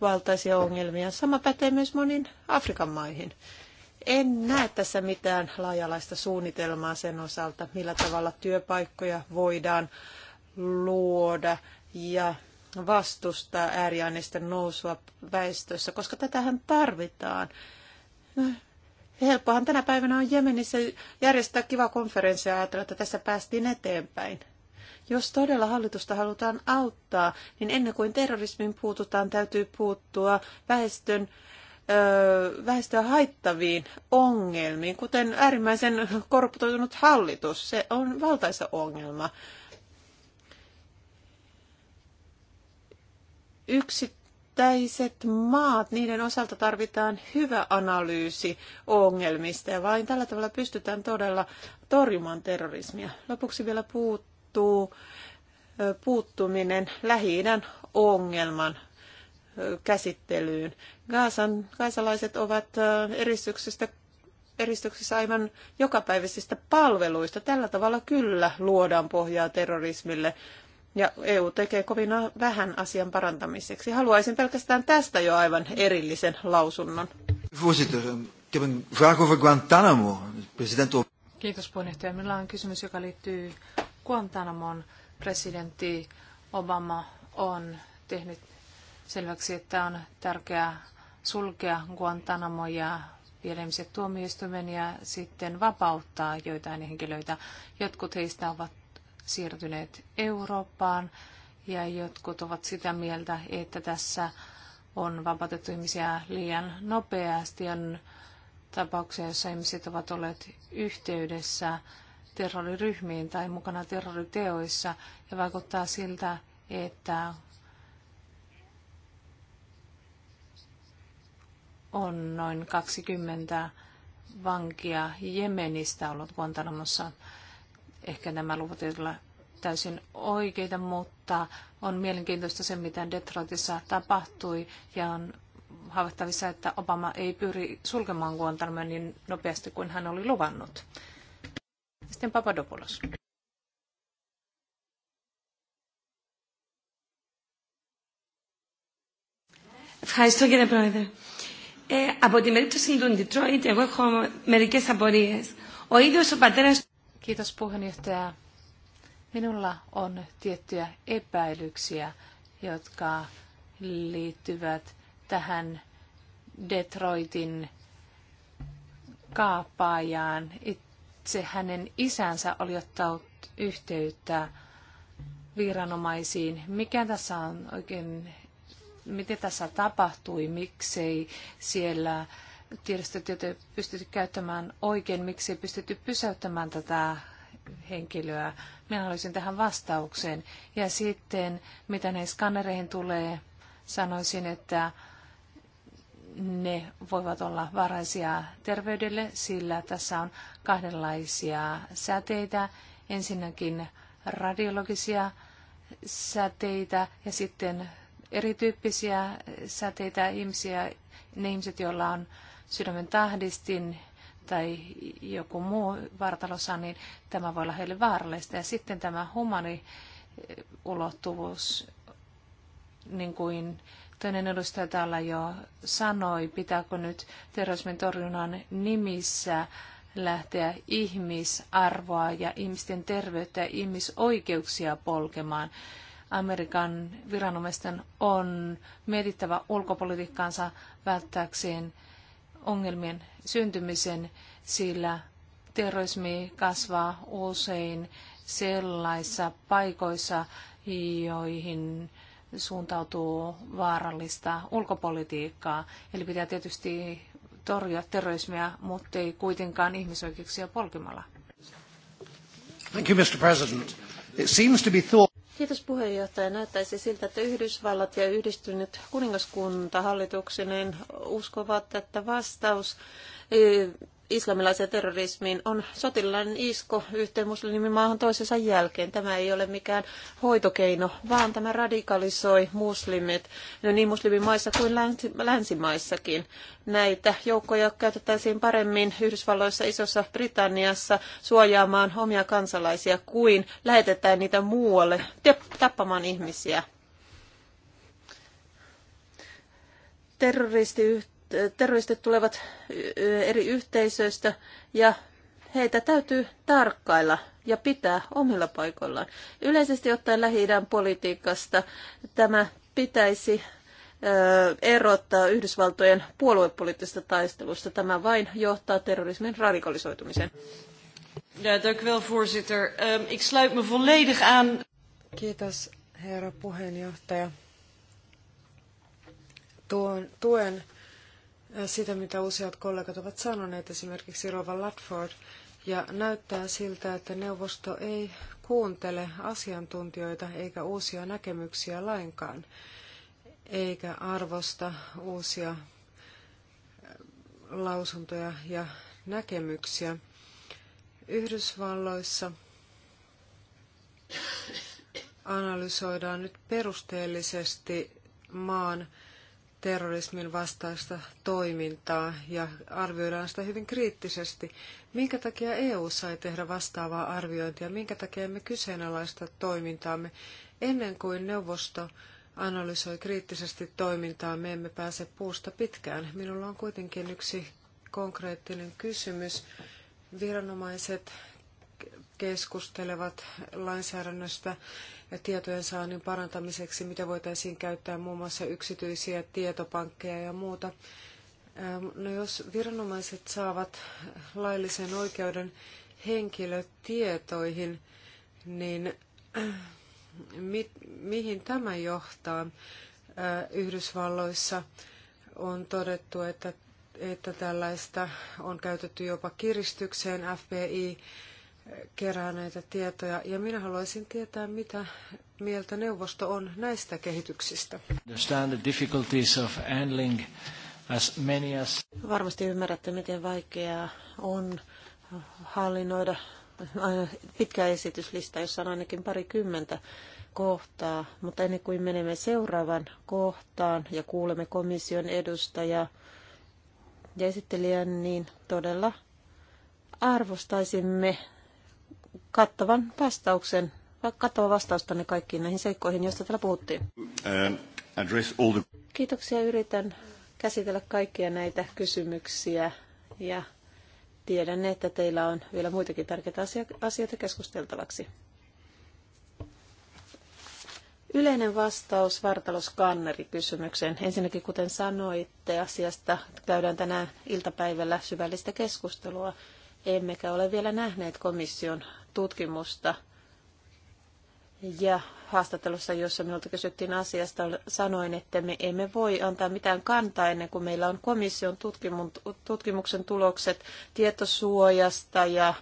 valtaisia ongelmia. Sama pätee myös moniin Afrikan maihin en näe tässä mitään laajalaista suunnitelmaa sen osalta, millä tavalla työpaikkoja voidaan luoda ja vastustaa ääriaineisten nousua väestössä, koska tätähän tarvitaan. Helppohan tänä päivänä on Jemenissä järjestää kiva konferenssi ja ajatella, että tässä päästiin eteenpäin. Jos todella hallitusta halutaan auttaa, niin ennen kuin terrorismiin puututaan, täytyy puuttua väestön väestöä haittaviin ongelmiin, kuten äärimmäisen korruptoitunut hallitus. Se on valtaisa ongelma. Yksittäiset maat, niiden osalta tarvitaan hyvä analyysi ongelmista ja vain tällä tavalla pystytään todella torjumaan terrorismia. Lopuksi vielä puuttuu puuttuminen lähi ongelman käsittelyyn. Gaasan kansalaiset ovat eristyksestä eristyksessä aivan jokapäiväisistä palveluista. Tällä tavalla kyllä luodaan pohjaa terrorismille. Ja EU tekee kovin vähän asian parantamiseksi. Haluaisin pelkästään tästä jo aivan erillisen lausunnon. Ehm, Guantanamo. Kiitos puheenjohtaja. Minulla on kysymys, joka liittyy Guantanamon. Presidentti Obama on tehnyt selväksi, että on tärkeää sulkea Guantanamo ja viedä ihmiset tuomioistuimen ja sitten vapauttaa joitain henkilöitä. Jotkut heistä ovat siirtyneet Eurooppaan ja jotkut ovat sitä mieltä, että tässä on vapautettu ihmisiä liian nopeasti. On tapauksia, joissa ihmiset ovat olleet yhteydessä terroriryhmiin tai mukana terroriteoissa ja vaikuttaa siltä, että on noin 20 vankia Jemenistä ollut Guantanamossa. Ehkä nämä luvut eivät ole täysin oikeita, mutta on mielenkiintoista se, mitä Detroitissa tapahtui ja on havaittavissa, että Obama ei pyri sulkemaan Guantanamoa niin nopeasti kuin hän oli luvannut. Sitten Papadopoulos. Ευχαριστώ κύριε Πρόεδρε. Ε, από την περίπτωση του Ντιτρόιτ εγώ έχω μερικές απορίες. Ο ίδιος ο πατέρας... Kiitos puheenjohtaja. Minulla on tiettyjä epäilyksiä, jotka liittyvät tähän Detroitin kaappaajaan. Itse hänen isänsä oli ottanut yhteyttä viranomaisiin. Mikä tässä on oikein mitä tässä tapahtui, miksei siellä tiedostotietoja pystytty käyttämään oikein, miksei pystytty pysäyttämään tätä henkilöä. Minä haluaisin tähän vastaukseen Ja sitten, mitä näihin skannereihin tulee, sanoisin, että ne voivat olla varaisia terveydelle, sillä tässä on kahdenlaisia säteitä. Ensinnäkin radiologisia säteitä ja sitten erityyppisiä säteitä ihmisiä, ne ihmiset, joilla on sydämen tahdistin tai joku muu vartalossa, niin tämä voi olla heille vaarallista. Ja sitten tämä humani eh, ulottuvuus, niin kuin toinen edustaja täällä jo sanoi, pitääkö nyt terrorismin torjunnan nimissä lähteä ihmisarvoa ja ihmisten terveyttä ja ihmisoikeuksia polkemaan. Amerikan viranomaisten on mietittävä ulkopolitiikkaansa välttääkseen ongelmien syntymisen, sillä terrorismi kasvaa usein sellaisissa paikoissa, joihin suuntautuu vaarallista ulkopolitiikkaa. Eli pitää tietysti torjua terrorismia, mutta ei kuitenkaan ihmisoikeuksia polkimalla. Thank you, Mr. President. It seems to be thought... Kiitos puheenjohtaja. Näyttäisi siltä, että Yhdysvallat ja yhdistynyt kuningaskunta hallituksineen uskovat, että vastaus islamilaiseen terrorismiin on sotilainen isko yhteen muslimimaahan toisensa jälkeen. Tämä ei ole mikään hoitokeino, vaan tämä radikalisoi muslimit niin muslimimaissa kuin länsimaissakin. Näitä joukkoja käytettäisiin paremmin Yhdysvalloissa, Isossa Britanniassa suojaamaan omia kansalaisia kuin lähetetään niitä muualle tappamaan ihmisiä. Terroristiyhteisö terroristit tulevat eri yhteisöistä ja heitä täytyy tarkkailla ja pitää omilla paikoillaan. Yleisesti ottaen lähi politiikasta tämä pitäisi erottaa Yhdysvaltojen puoluepoliittisesta taistelusta. Tämä vain johtaa terrorismin radikalisoitumiseen. Ja, dank wel, voorzitter. Ehm, ik sluit me volledig aan. Kiitos, herra puheenjohtaja. Tuon, tuen sitä, mitä useat kollegat ovat sanoneet, esimerkiksi Rova Latford, ja näyttää siltä, että neuvosto ei kuuntele asiantuntijoita eikä uusia näkemyksiä lainkaan, eikä arvosta uusia äh, lausuntoja ja näkemyksiä. Yhdysvalloissa analysoidaan nyt perusteellisesti maan terrorismin vastaista toimintaa ja arvioidaan sitä hyvin kriittisesti. Minkä takia EU sai tehdä vastaavaa arviointia? Minkä takia me kyseenalaista toimintaamme ennen kuin neuvosto analysoi kriittisesti toimintaa, me emme pääse puusta pitkään. Minulla on kuitenkin yksi konkreettinen kysymys. Viranomaiset keskustelevat lainsäädännöstä ja tietojen saannin parantamiseksi, mitä voitaisiin käyttää muun muassa yksityisiä tietopankkeja ja muuta. Ähm, no jos viranomaiset saavat laillisen oikeuden henkilötietoihin, niin [clears throat] mi- mihin tämä johtaa? Äh, Yhdysvalloissa on todettu, että, että tällaista on käytetty jopa kiristykseen. FBI kerää näitä tietoja. Ja minä haluaisin tietää, mitä mieltä neuvosto on näistä kehityksistä. Varmasti ymmärrätte, miten vaikeaa on hallinnoida pitkä esityslista, jossa on ainakin parikymmentä kohtaa, mutta ennen kuin menemme seuraavan kohtaan ja kuulemme komission edustajaa ja esittelijän, niin todella arvostaisimme kattavan vastauksen, kattava vastaustanne kaikkiin näihin seikkoihin, joista täällä puhuttiin. Eh, Kiitoksia. Yritän käsitellä kaikkia näitä kysymyksiä ja tiedän, että teillä on vielä muitakin tärkeitä asioita keskusteltavaksi. Yleinen vastaus vartaloskanneri-kysymykseen. Ensinnäkin, kuten sanoitte, asiasta käydään tänään iltapäivällä syvällistä keskustelua emmekä ole vielä nähneet komission tutkimusta. Ja haastattelussa, jossa minulta kysyttiin asiasta, sanoin, että me emme voi antaa mitään kantaa ennen kuin meillä on komission tutkimuksen tulokset tietosuojasta ja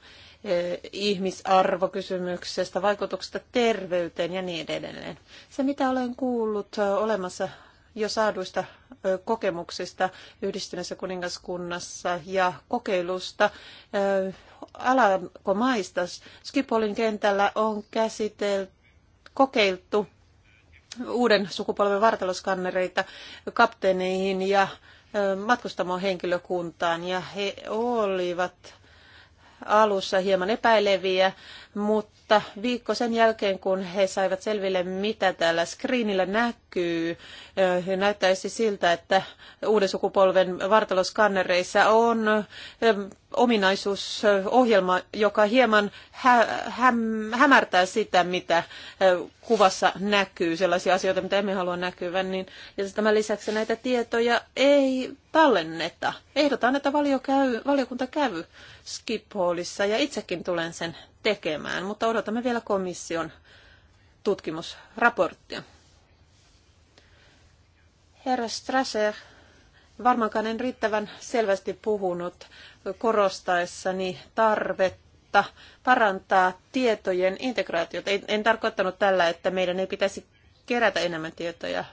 e, ihmisarvokysymyksestä, vaikutuksesta terveyteen ja niin edelleen. Se, mitä olen kuullut olemassa jo saaduista kokemuksista yhdistyneessä kuningaskunnassa ja kokeilusta alankomaista. Skipolin kentällä on käsitelty, kokeiltu uuden sukupolven vartaloskannereita kapteeneihin ja henkilökuntaan ja he olivat alussa hieman epäileviä mutta viikko sen jälkeen, kun he saivat selville, mitä täällä screenillä näkyy, eh, näyttäisi siltä, että uuden sukupolven vartaloskannereissa on eh, ominaisuusohjelma, joka hieman hä- häm- hämärtää sitä, mitä eh, kuvassa näkyy, sellaisia asioita, mitä emme halua näkyvän, niin ja siis tämän lisäksi näitä tietoja ei tallenneta. Ehdotan, että valio käy, valiokunta käy Skipholissa ja itsekin tulen sen tekemään, mutta odotamme vielä komission tutkimusraporttia. Herra Strasser, varmaankaan en riittävän selvästi puhunut korostaessani tarvetta parantaa tietojen integraatiota. En, en tarkoittanut tällä, että meidän ei pitäisi kerätä enemmän tietoja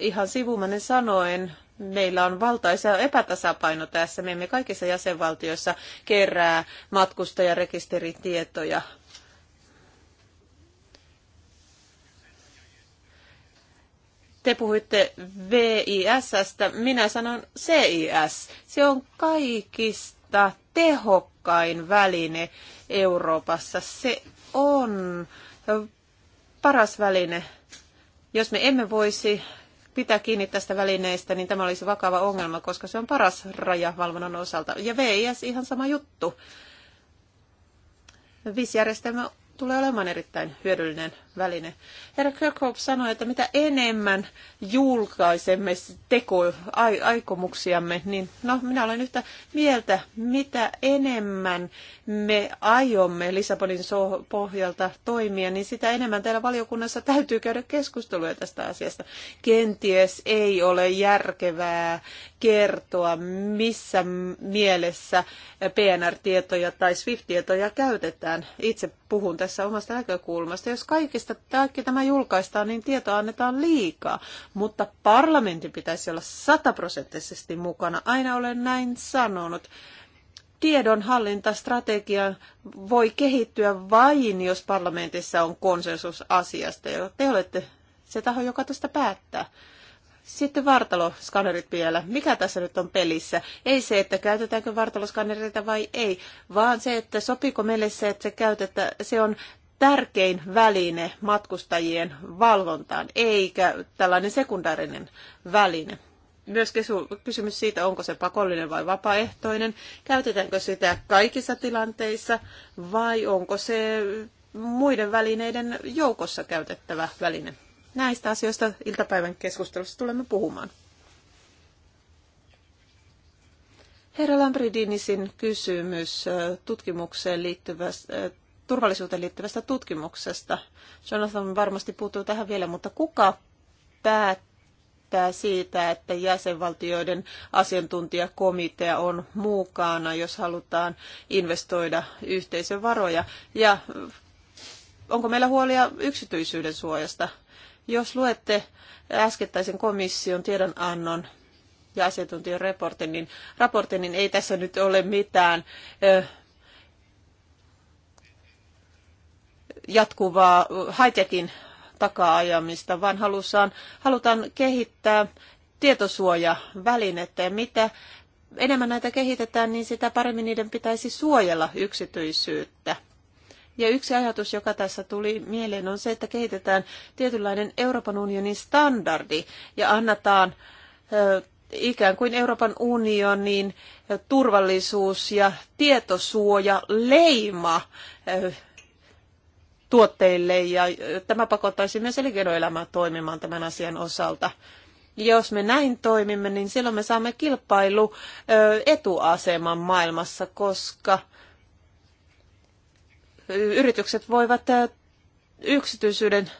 ihan sivumannen sanoen meillä on valtaisa epätasapaino tässä. Me emme kaikissa jäsenvaltioissa kerää matkustajarekisteritietoja. Te puhuitte VISstä, minä sanon CIS. Se on kaikista tehokkain väline Euroopassa. Se on paras väline. Jos me emme voisi pitää kiinni tästä välineestä, niin tämä olisi vakava ongelma, koska se on paras rajavalvonnan osalta. Ja VIS ihan sama juttu. VIS-järjestelmä tulee olemaan erittäin hyödyllinen väline. Herra Kirchhoff sanoi, että mitä enemmän julkaisemme teko, aikomuksiamme, niin no, minä olen yhtä mieltä, mitä enemmän me aiomme Lissabonin so- pohjalta toimia, niin sitä enemmän täällä valiokunnassa täytyy käydä keskustelua tästä asiasta. Kenties ei ole järkevää kertoa, missä mielessä PNR-tietoja tai SWIFT-tietoja käytetään. Itse puhun tässä omasta näkökulmasta. Jos kaikki netistä kaikki tämä julkaistaan, niin tietoa annetaan liikaa. Mutta parlamentin pitäisi olla sataprosenttisesti mukana. Aina olen näin sanonut. Tiedonhallintastrategia voi kehittyä vain, jos parlamentissa on konsensus asiasta, ja te olette se taho, joka tästä päättää. Sitten vartaloskannerit vielä. Mikä tässä nyt on pelissä? Ei se, että käytetäänkö vartaloskannereita vai ei, vaan se, että sopiko meille se, että se, käytetä, se on tärkein väline matkustajien valvontaan, eikä tällainen sekundaarinen väline. Myös kysymys siitä, onko se pakollinen vai vapaaehtoinen, käytetäänkö sitä kaikissa tilanteissa vai onko se muiden välineiden joukossa käytettävä väline. Näistä asioista iltapäivän keskustelussa tulemme puhumaan. Herra Lambridinisin kysymys tutkimukseen liittyvästä turvallisuuteen liittyvästä tutkimuksesta. Jonathan varmasti puuttuu tähän vielä, mutta kuka päättää siitä, että jäsenvaltioiden asiantuntijakomitea on mukana, jos halutaan investoida yhteisön varoja? Ja onko meillä huolia yksityisyyden suojasta? Jos luette äskettäisen komission tiedonannon ja asiantuntijan raportin, niin, raportin, niin ei tässä nyt ole mitään jatkuvaa high-techin taka-ajamista, vaan halutaan, halutaan kehittää tietosuojavälinettä ja mitä enemmän näitä kehitetään, niin sitä paremmin niiden pitäisi suojella yksityisyyttä. Ja yksi ajatus, joka tässä tuli mieleen, on se, että kehitetään tietynlainen Euroopan unionin standardi ja annetaan ö, ikään kuin Euroopan unionin turvallisuus- ja tietosuoja leima tuotteille ja tämä pakottaisi myös elinkeinoelämää toimimaan tämän asian osalta. Jos me näin toimimme, niin silloin me saamme kilpailu etuaseman maailmassa, koska yritykset voivat yksityisyyden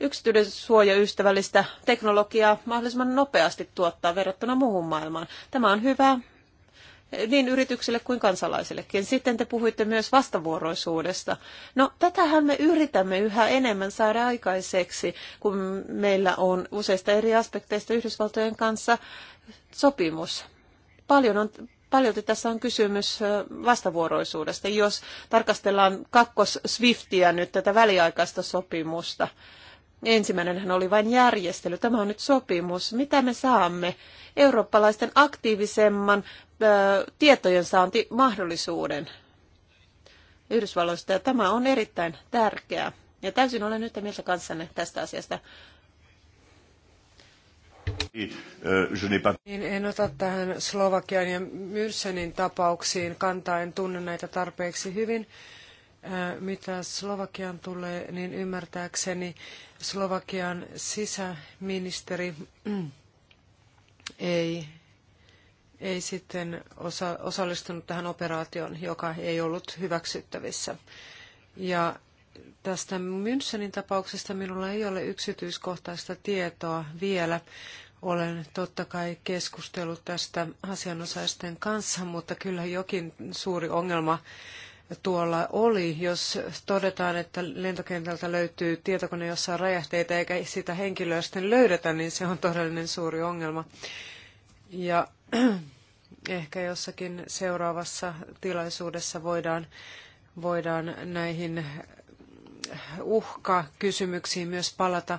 yksityisen suojaystävällistä teknologiaa mahdollisimman nopeasti tuottaa verrattuna muuhun maailmaan. Tämä on hyvä niin yrityksille kuin kansalaisillekin. Sitten te puhuitte myös vastavuoroisuudesta. No, tätähän me yritämme yhä enemmän saada aikaiseksi, kun meillä on useista eri aspekteista Yhdysvaltojen kanssa sopimus. Paljon on, paljolti tässä on kysymys vastavuoroisuudesta. Jos tarkastellaan kakkos-Swiftia nyt tätä väliaikaista sopimusta, Ensimmäinenhän oli vain järjestely. Tämä on nyt sopimus. Mitä me saamme? Eurooppalaisten aktiivisemman ö, tietojen saantimahdollisuuden Yhdysvalloista. Ja tämä on erittäin tärkeää. Ja täysin olen nyt mieltä kanssanne tästä asiasta. Niin en ota tähän Slovakian ja Myrsenin tapauksiin kantaa, en tunne näitä tarpeeksi hyvin. Mitä Slovakian tulee, niin ymmärtääkseni Slovakian sisäministeri ei, ei sitten osa, osallistunut tähän operaatioon, joka ei ollut hyväksyttävissä. Ja tästä Münchenin tapauksesta minulla ei ole yksityiskohtaista tietoa vielä. Olen totta kai keskustellut tästä asianosaisten kanssa, mutta kyllä jokin suuri ongelma tuolla oli, jos todetaan, että lentokentältä löytyy tietokone, jossa on räjähteitä eikä sitä henkilöä sitten löydetä, niin se on todellinen suuri ongelma. Ja [clears throat] ehkä jossakin seuraavassa tilaisuudessa voidaan, voidaan näihin uhkakysymyksiin myös palata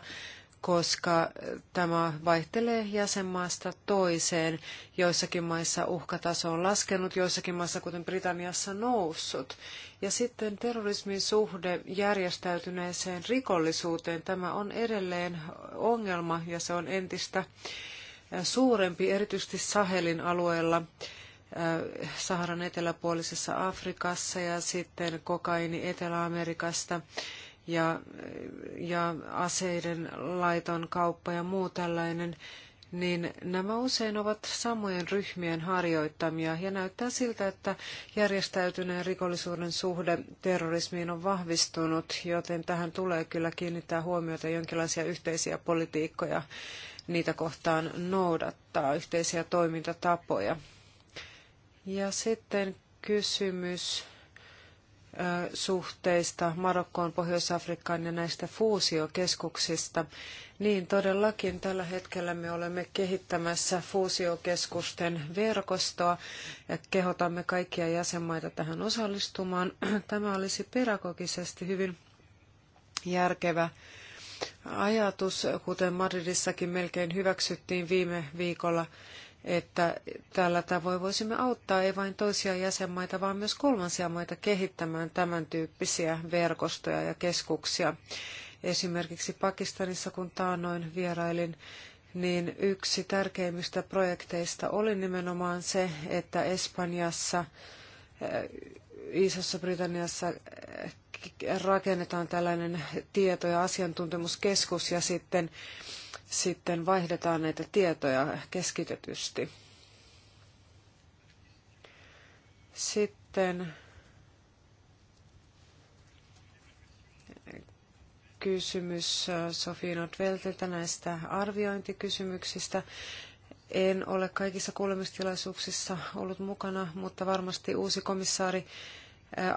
koska tämä vaihtelee jäsenmaasta toiseen. Joissakin maissa uhkataso on laskenut, joissakin maissa, kuten Britanniassa, noussut. Ja sitten terrorismin suhde järjestäytyneeseen rikollisuuteen, tämä on edelleen ongelma ja se on entistä suurempi, erityisesti Sahelin alueella. Äh, Saharan eteläpuolisessa Afrikassa ja sitten kokaini Etelä-Amerikasta ja, ja aseiden laiton kauppa ja muu tällainen, niin nämä usein ovat samojen ryhmien harjoittamia ja näyttää siltä, että järjestäytyneen rikollisuuden suhde terrorismiin on vahvistunut, joten tähän tulee kyllä kiinnittää huomiota jonkinlaisia yhteisiä politiikkoja niitä kohtaan noudattaa, yhteisiä toimintatapoja. Ja sitten kysymys suhteista Marokkoon, Pohjois-Afrikkaan ja näistä fuusiokeskuksista, niin todellakin tällä hetkellä me olemme kehittämässä fuusiokeskusten verkostoa ja kehotamme kaikkia jäsenmaita tähän osallistumaan. [clears throat] Tämä olisi pedagogisesti hyvin järkevä ajatus, kuten Madridissakin melkein hyväksyttiin viime viikolla että tällä tavoin voisimme auttaa ei vain toisia jäsenmaita, vaan myös kolmansia maita kehittämään tämän tyyppisiä verkostoja ja keskuksia. Esimerkiksi Pakistanissa, kun taannoin vierailin, niin yksi tärkeimmistä projekteista oli nimenomaan se, että Espanjassa, eh, Isossa Britanniassa eh, rakennetaan tällainen tieto- ja asiantuntemuskeskus ja sitten, sitten vaihdetaan näitä tietoja keskitetysti. Sitten kysymys äh, Sofi Nordveltiltä näistä arviointikysymyksistä. En ole kaikissa kuulemistilaisuuksissa ollut mukana, mutta varmasti uusi komissaari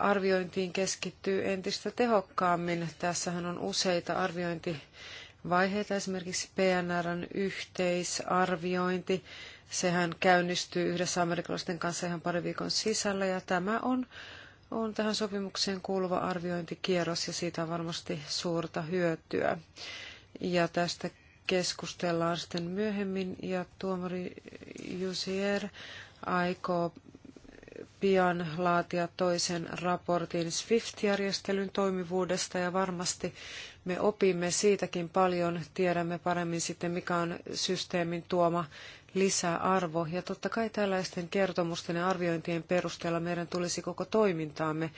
arviointiin keskittyy entistä tehokkaammin. Tässähän on useita arviointivaiheita, esimerkiksi PNRn yhteisarviointi. Sehän käynnistyy yhdessä amerikkalaisten kanssa ihan pari viikon sisällä ja tämä on, on tähän sopimukseen kuuluva arviointikierros ja siitä on varmasti suurta hyötyä. Ja tästä keskustellaan sitten myöhemmin ja tuomari Jusier aikoo pian laatia toisen raportin SWIFT-järjestelyn toimivuudesta ja varmasti me opimme siitäkin paljon, tiedämme paremmin sitten mikä on systeemin tuoma lisäarvo. Ja totta kai tällaisten kertomusten ja arviointien perusteella meidän tulisi koko toimintaamme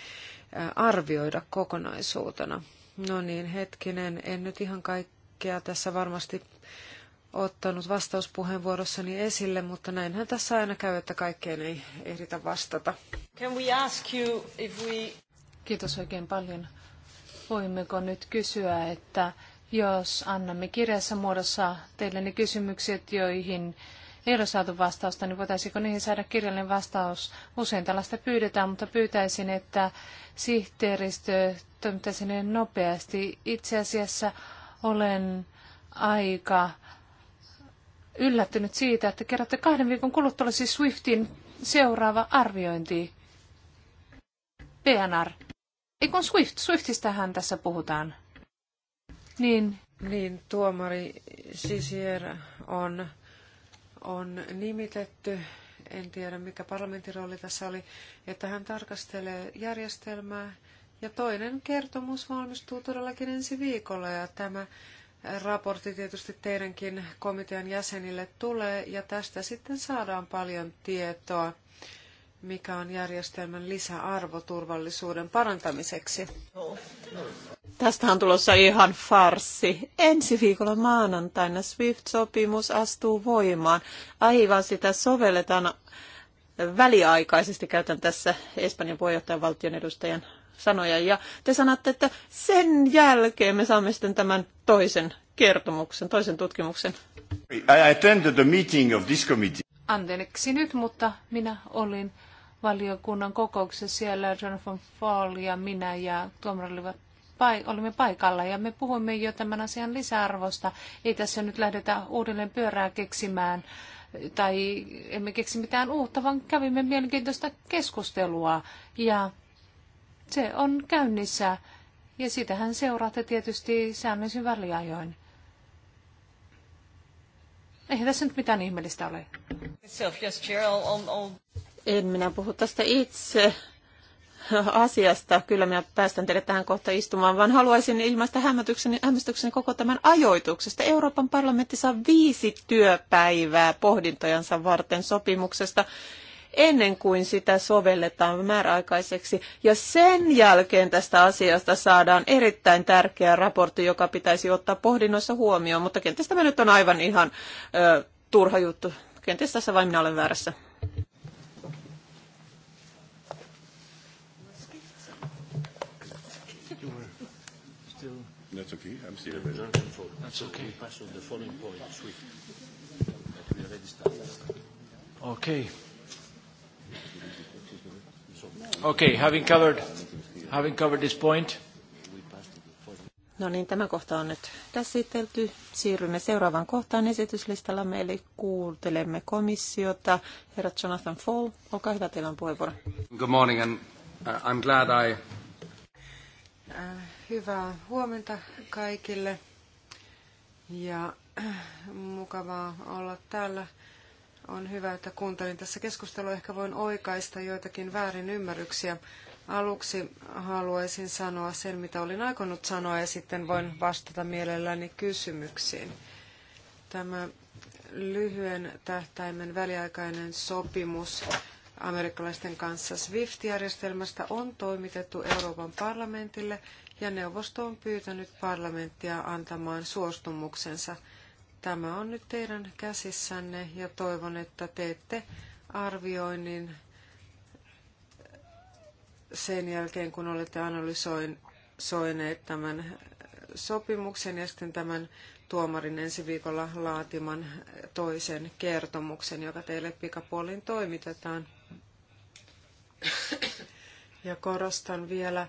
arvioida kokonaisuutena. No niin, hetkinen, en nyt ihan kaikkea tässä varmasti ottanut vastauspuheenvuorossani esille, mutta näinhän tässä aina käy, että kaikkeen ei ehditä vastata. Can we ask you if we... Kiitos oikein paljon. Voimmeko nyt kysyä, että jos annamme kirjassa muodossa teille ne kysymykset, joihin ei ole saatu vastausta, niin voitaisiinko niihin saada kirjallinen vastaus? Usein tällaista pyydetään, mutta pyytäisin, että sihteeristö toimittaisi nopeasti. Itse asiassa olen aika yllättynyt siitä, että kerrotte kahden viikon kuluttua siis Swiftin seuraava arviointi. PNR. Ei kun Swift, Swiftistähän tässä puhutaan. Niin. Niin, tuomari Sisier on, on nimitetty, en tiedä mikä parlamentin rooli tässä oli, että hän tarkastelee järjestelmää ja toinen kertomus valmistuu todellakin ensi viikolla ja tämä raportti tietysti teidänkin komitean jäsenille tulee ja tästä sitten saadaan paljon tietoa, mikä on järjestelmän lisäarvo turvallisuuden parantamiseksi. Tästä on tulossa ihan farsi. Ensi viikolla maanantaina SWIFT-sopimus astuu voimaan. Aivan sitä sovelletaan väliaikaisesti. Käytän tässä Espanjan puheenjohtajan valtion edustajan sanoja. Ja te sanotte, että sen jälkeen me saamme sitten tämän toisen kertomuksen, toisen tutkimuksen. I attended the meeting of this committee. Anteeksi nyt, mutta minä olin valiokunnan kokouksessa siellä Jonathan Fall ja minä ja tuomari olivat olimme paikalla ja me puhuimme jo tämän asian lisäarvosta. Ei tässä nyt lähdetä uudelleen pyörää keksimään tai emme keksi mitään uutta, vaan kävimme mielenkiintoista keskustelua ja se on käynnissä ja sitähän seuraatte tietysti säännöllisin väliajoin. Eihän tässä nyt mitään ihmeellistä ole. En minä puhu tästä itse asiasta. Kyllä minä päästän teille tähän kohta istumaan, vaan haluaisin ilmaista hämmästykseni, hämmästykseni koko tämän ajoituksesta. Euroopan parlamentti saa viisi työpäivää pohdintojansa varten sopimuksesta, ennen kuin sitä sovelletaan määräaikaiseksi. Ja sen jälkeen tästä asiasta saadaan erittäin tärkeä raportti, joka pitäisi ottaa pohdinnoissa huomioon. Mutta kenties tämä nyt on aivan ihan ö, turha juttu. Kenties tässä vain minä olen väärässä. That's okay. I'm still available. That's okay. Pass on the following point. Okay. Okay, having covered, having covered this point. No niin, tämä kohta on nyt käsitelty. Siirrymme seuraavaan kohtaan esityslistalla. eli kuuntelemme komissiota. Herra Jonathan Fall, olkaa hyvä, teillä on puheenvuoro. Good morning and uh, I'm glad I... Äh, hyvää huomenta kaikille ja äh, mukavaa olla täällä on hyvä, että kuuntelin tässä keskustelua. Ehkä voin oikaista joitakin väärinymmärryksiä. Aluksi haluaisin sanoa sen, mitä olin aikonut sanoa, ja sitten voin vastata mielelläni kysymyksiin. Tämä lyhyen tähtäimen väliaikainen sopimus amerikkalaisten kanssa SWIFT-järjestelmästä on toimitettu Euroopan parlamentille, ja neuvosto on pyytänyt parlamenttia antamaan suostumuksensa – Tämä on nyt teidän käsissänne ja toivon, että teette arvioinnin sen jälkeen, kun olette analysoineet tämän sopimuksen ja sitten tämän tuomarin ensi viikolla laatiman toisen kertomuksen, joka teille pikapuolin toimitetaan. Ja korostan vielä,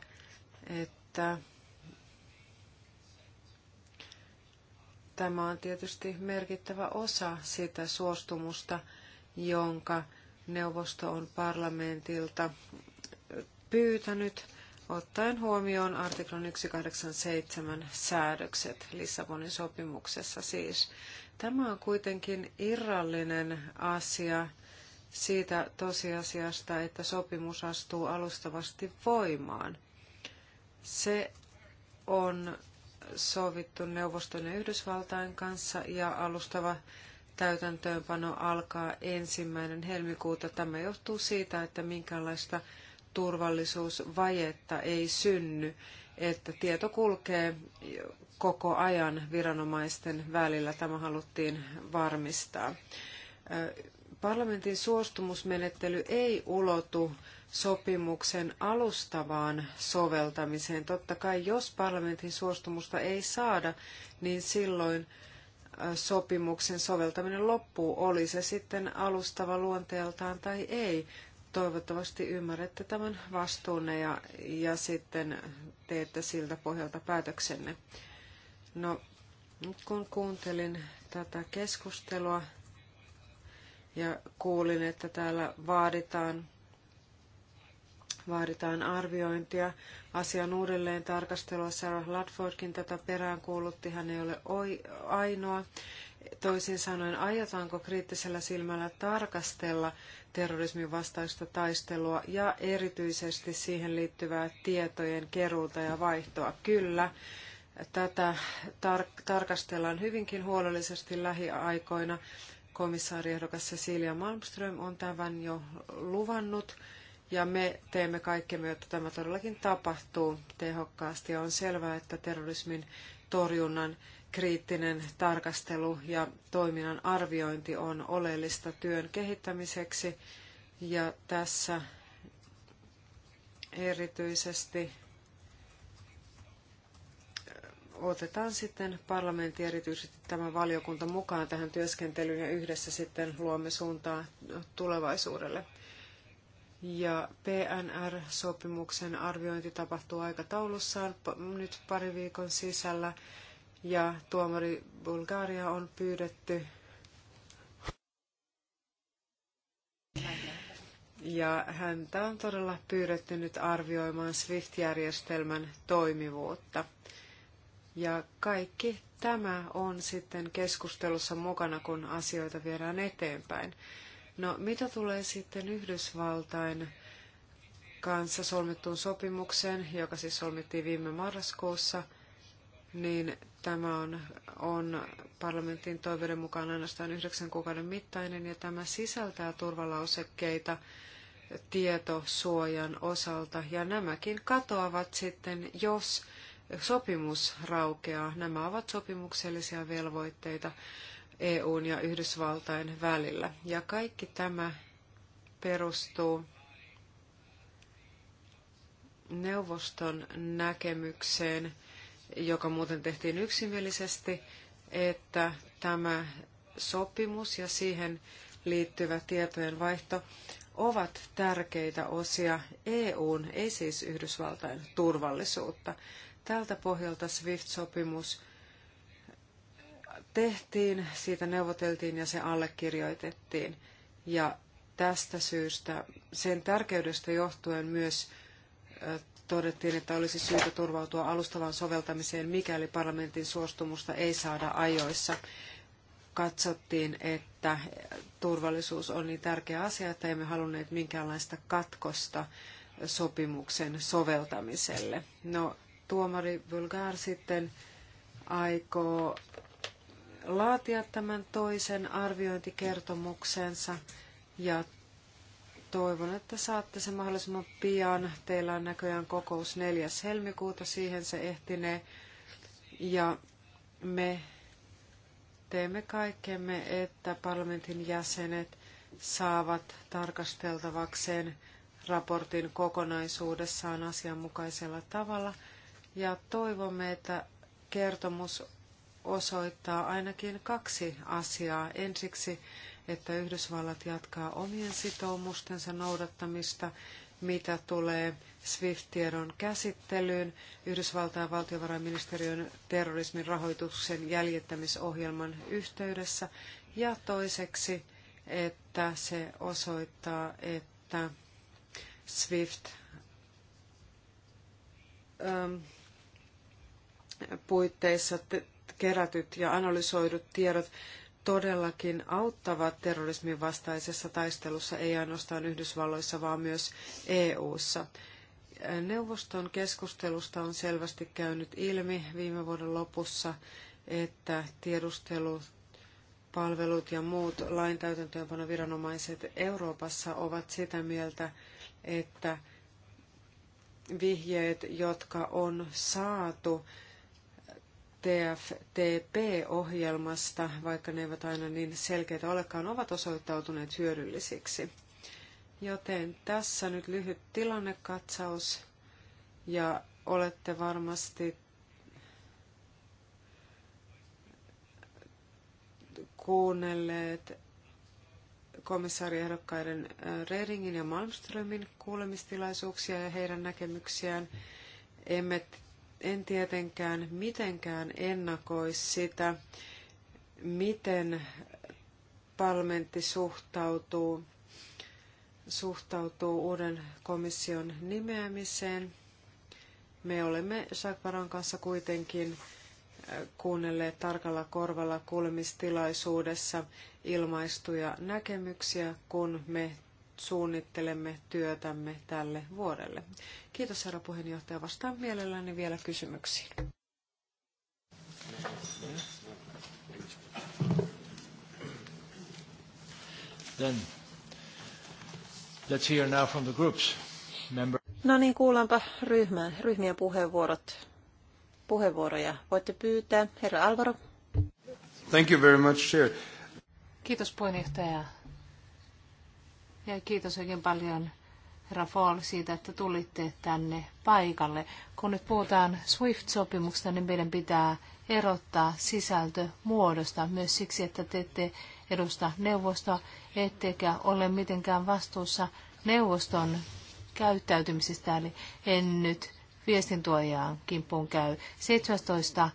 että Tämä on tietysti merkittävä osa sitä suostumusta, jonka neuvosto on parlamentilta pyytänyt, ottaen huomioon artiklan 187 säädökset Lissabonin sopimuksessa siis. Tämä on kuitenkin irrallinen asia siitä tosiasiasta, että sopimus astuu alustavasti voimaan. Se on sovittu neuvoston ja Yhdysvaltain kanssa ja alustava täytäntöönpano alkaa ensimmäinen helmikuuta. Tämä johtuu siitä, että minkälaista turvallisuusvajetta ei synny, että tieto kulkee koko ajan viranomaisten välillä. Tämä haluttiin varmistaa. Parlamentin suostumusmenettely ei ulotu sopimuksen alustavaan soveltamiseen. Totta kai, jos parlamentin suostumusta ei saada, niin silloin sopimuksen soveltaminen loppuu, oli se sitten alustava luonteeltaan tai ei. Toivottavasti ymmärrätte tämän vastuunne ja, ja sitten teette siltä pohjalta päätöksenne. No, nyt kun kuuntelin tätä keskustelua ja kuulin, että täällä vaaditaan vaaditaan arviointia, asian uudelleen tarkastelua. Sarah Ludfordkin tätä peräänkuulutti, hän ei ole ainoa. Toisin sanoen, aiotaanko kriittisellä silmällä tarkastella terrorismin vastaista taistelua ja erityisesti siihen liittyvää tietojen keruuta ja vaihtoa? Kyllä, tätä tar- tarkastellaan hyvinkin huolellisesti lähiaikoina. Komissaariehdokas Cecilia Malmström on tämän jo luvannut ja me teemme kaikkemme, jotta tämä todellakin tapahtuu tehokkaasti. Ja on selvää, että terrorismin torjunnan kriittinen tarkastelu ja toiminnan arviointi on oleellista työn kehittämiseksi. Ja tässä erityisesti eh, otetaan sitten parlamentti, erityisesti tämä valiokunta mukaan tähän työskentelyyn ja yhdessä sitten luomme suuntaa tulevaisuudelle ja PNR-sopimuksen arviointi tapahtuu aikataulussaan nyt pari viikon sisällä ja tuomari Bulgaria on pyydetty ja häntä on todella pyydetty nyt arvioimaan SWIFT-järjestelmän toimivuutta. Ja kaikki tämä on sitten keskustelussa mukana, kun asioita viedään eteenpäin. No mitä tulee sitten Yhdysvaltain kanssa solmittuun sopimukseen, joka siis solmittiin viime marraskuussa, niin tämä on, on parlamentin toiveiden mukaan ainoastaan yhdeksän kuukauden mittainen ja tämä sisältää turvalausekkeita tietosuojan osalta ja nämäkin katoavat sitten, jos sopimus raukeaa. Nämä ovat sopimuksellisia velvoitteita. EUn ja Yhdysvaltain välillä. Ja kaikki tämä perustuu neuvoston näkemykseen, joka muuten tehtiin yksimielisesti, että tämä sopimus ja siihen liittyvä tietojenvaihto vaihto ovat tärkeitä osia EUn, ei siis Yhdysvaltain, turvallisuutta. Tältä pohjalta SWIFT-sopimus tehtiin, siitä neuvoteltiin ja se allekirjoitettiin. Ja tästä syystä, sen tärkeydestä johtuen myös todettiin, että olisi syytä turvautua alustavan soveltamiseen, mikäli parlamentin suostumusta ei saada ajoissa. Katsottiin, että turvallisuus on niin tärkeä asia, että emme halunneet minkäänlaista katkosta sopimuksen soveltamiselle. No, tuomari Bulgar sitten aikoo laatia tämän toisen arviointikertomuksensa ja toivon, että saatte sen mahdollisimman pian. Teillä on näköjään kokous 4. helmikuuta, siihen se ehtinee. Ja me teemme kaikkemme, että parlamentin jäsenet saavat tarkasteltavakseen raportin kokonaisuudessaan asianmukaisella tavalla. Ja toivomme, että kertomus osoittaa ainakin kaksi asiaa. Ensiksi, että Yhdysvallat jatkaa omien sitoumustensa noudattamista, mitä tulee SWIFT-tiedon käsittelyyn, Yhdysvaltain valtiovarainministeriön terrorismin rahoituksen jäljittämisohjelman yhteydessä, ja toiseksi, että se osoittaa, että SWIFT ähm, puitteissa kerätyt ja analysoidut tiedot todellakin auttavat terrorismin vastaisessa taistelussa, ei ainoastaan Yhdysvalloissa, vaan myös EU:ssa. Neuvoston keskustelusta on selvästi käynyt ilmi viime vuoden lopussa, että tiedustelupalvelut ja muut lain täytäntöönpanoviranomaiset Euroopassa ovat sitä mieltä, että vihjeet, jotka on saatu TFTP-ohjelmasta, vaikka ne eivät aina niin selkeitä olekaan, ovat osoittautuneet hyödyllisiksi. Joten tässä nyt lyhyt tilannekatsaus ja olette varmasti kuunnelleet komissaariehdokkaiden äh, Redingin ja Malmströmin kuulemistilaisuuksia ja heidän näkemyksiään. Emme en tietenkään mitenkään ennakoi sitä, miten parlamentti suhtautuu, suhtautuu uuden komission nimeämiseen. Me olemme Sakvaran kanssa kuitenkin äh, kuunnelleet tarkalla korvalla kuulemistilaisuudessa ilmaistuja näkemyksiä, kun me suunnittelemme työtämme tälle vuodelle. Kiitos herra puheenjohtaja. Vastaan mielelläni vielä kysymyksiin. Then, let's hear now from the groups. Member. No niin, kuullaanpa ryhmän, ryhmien puheenvuorot. Puheenvuoroja voitte pyytää. Herra Alvaro. Thank you very much, Chair. Kiitos puheenjohtaja. Ja kiitos oikein paljon herra Fall siitä, että tulitte tänne paikalle. Kun nyt puhutaan SWIFT-sopimuksesta, niin meidän pitää erottaa sisältö muodosta myös siksi, että te ette edusta neuvostoa, ettekä ole mitenkään vastuussa neuvoston käyttäytymisestä, eli en nyt viestintuojaan kimppuun käy. 17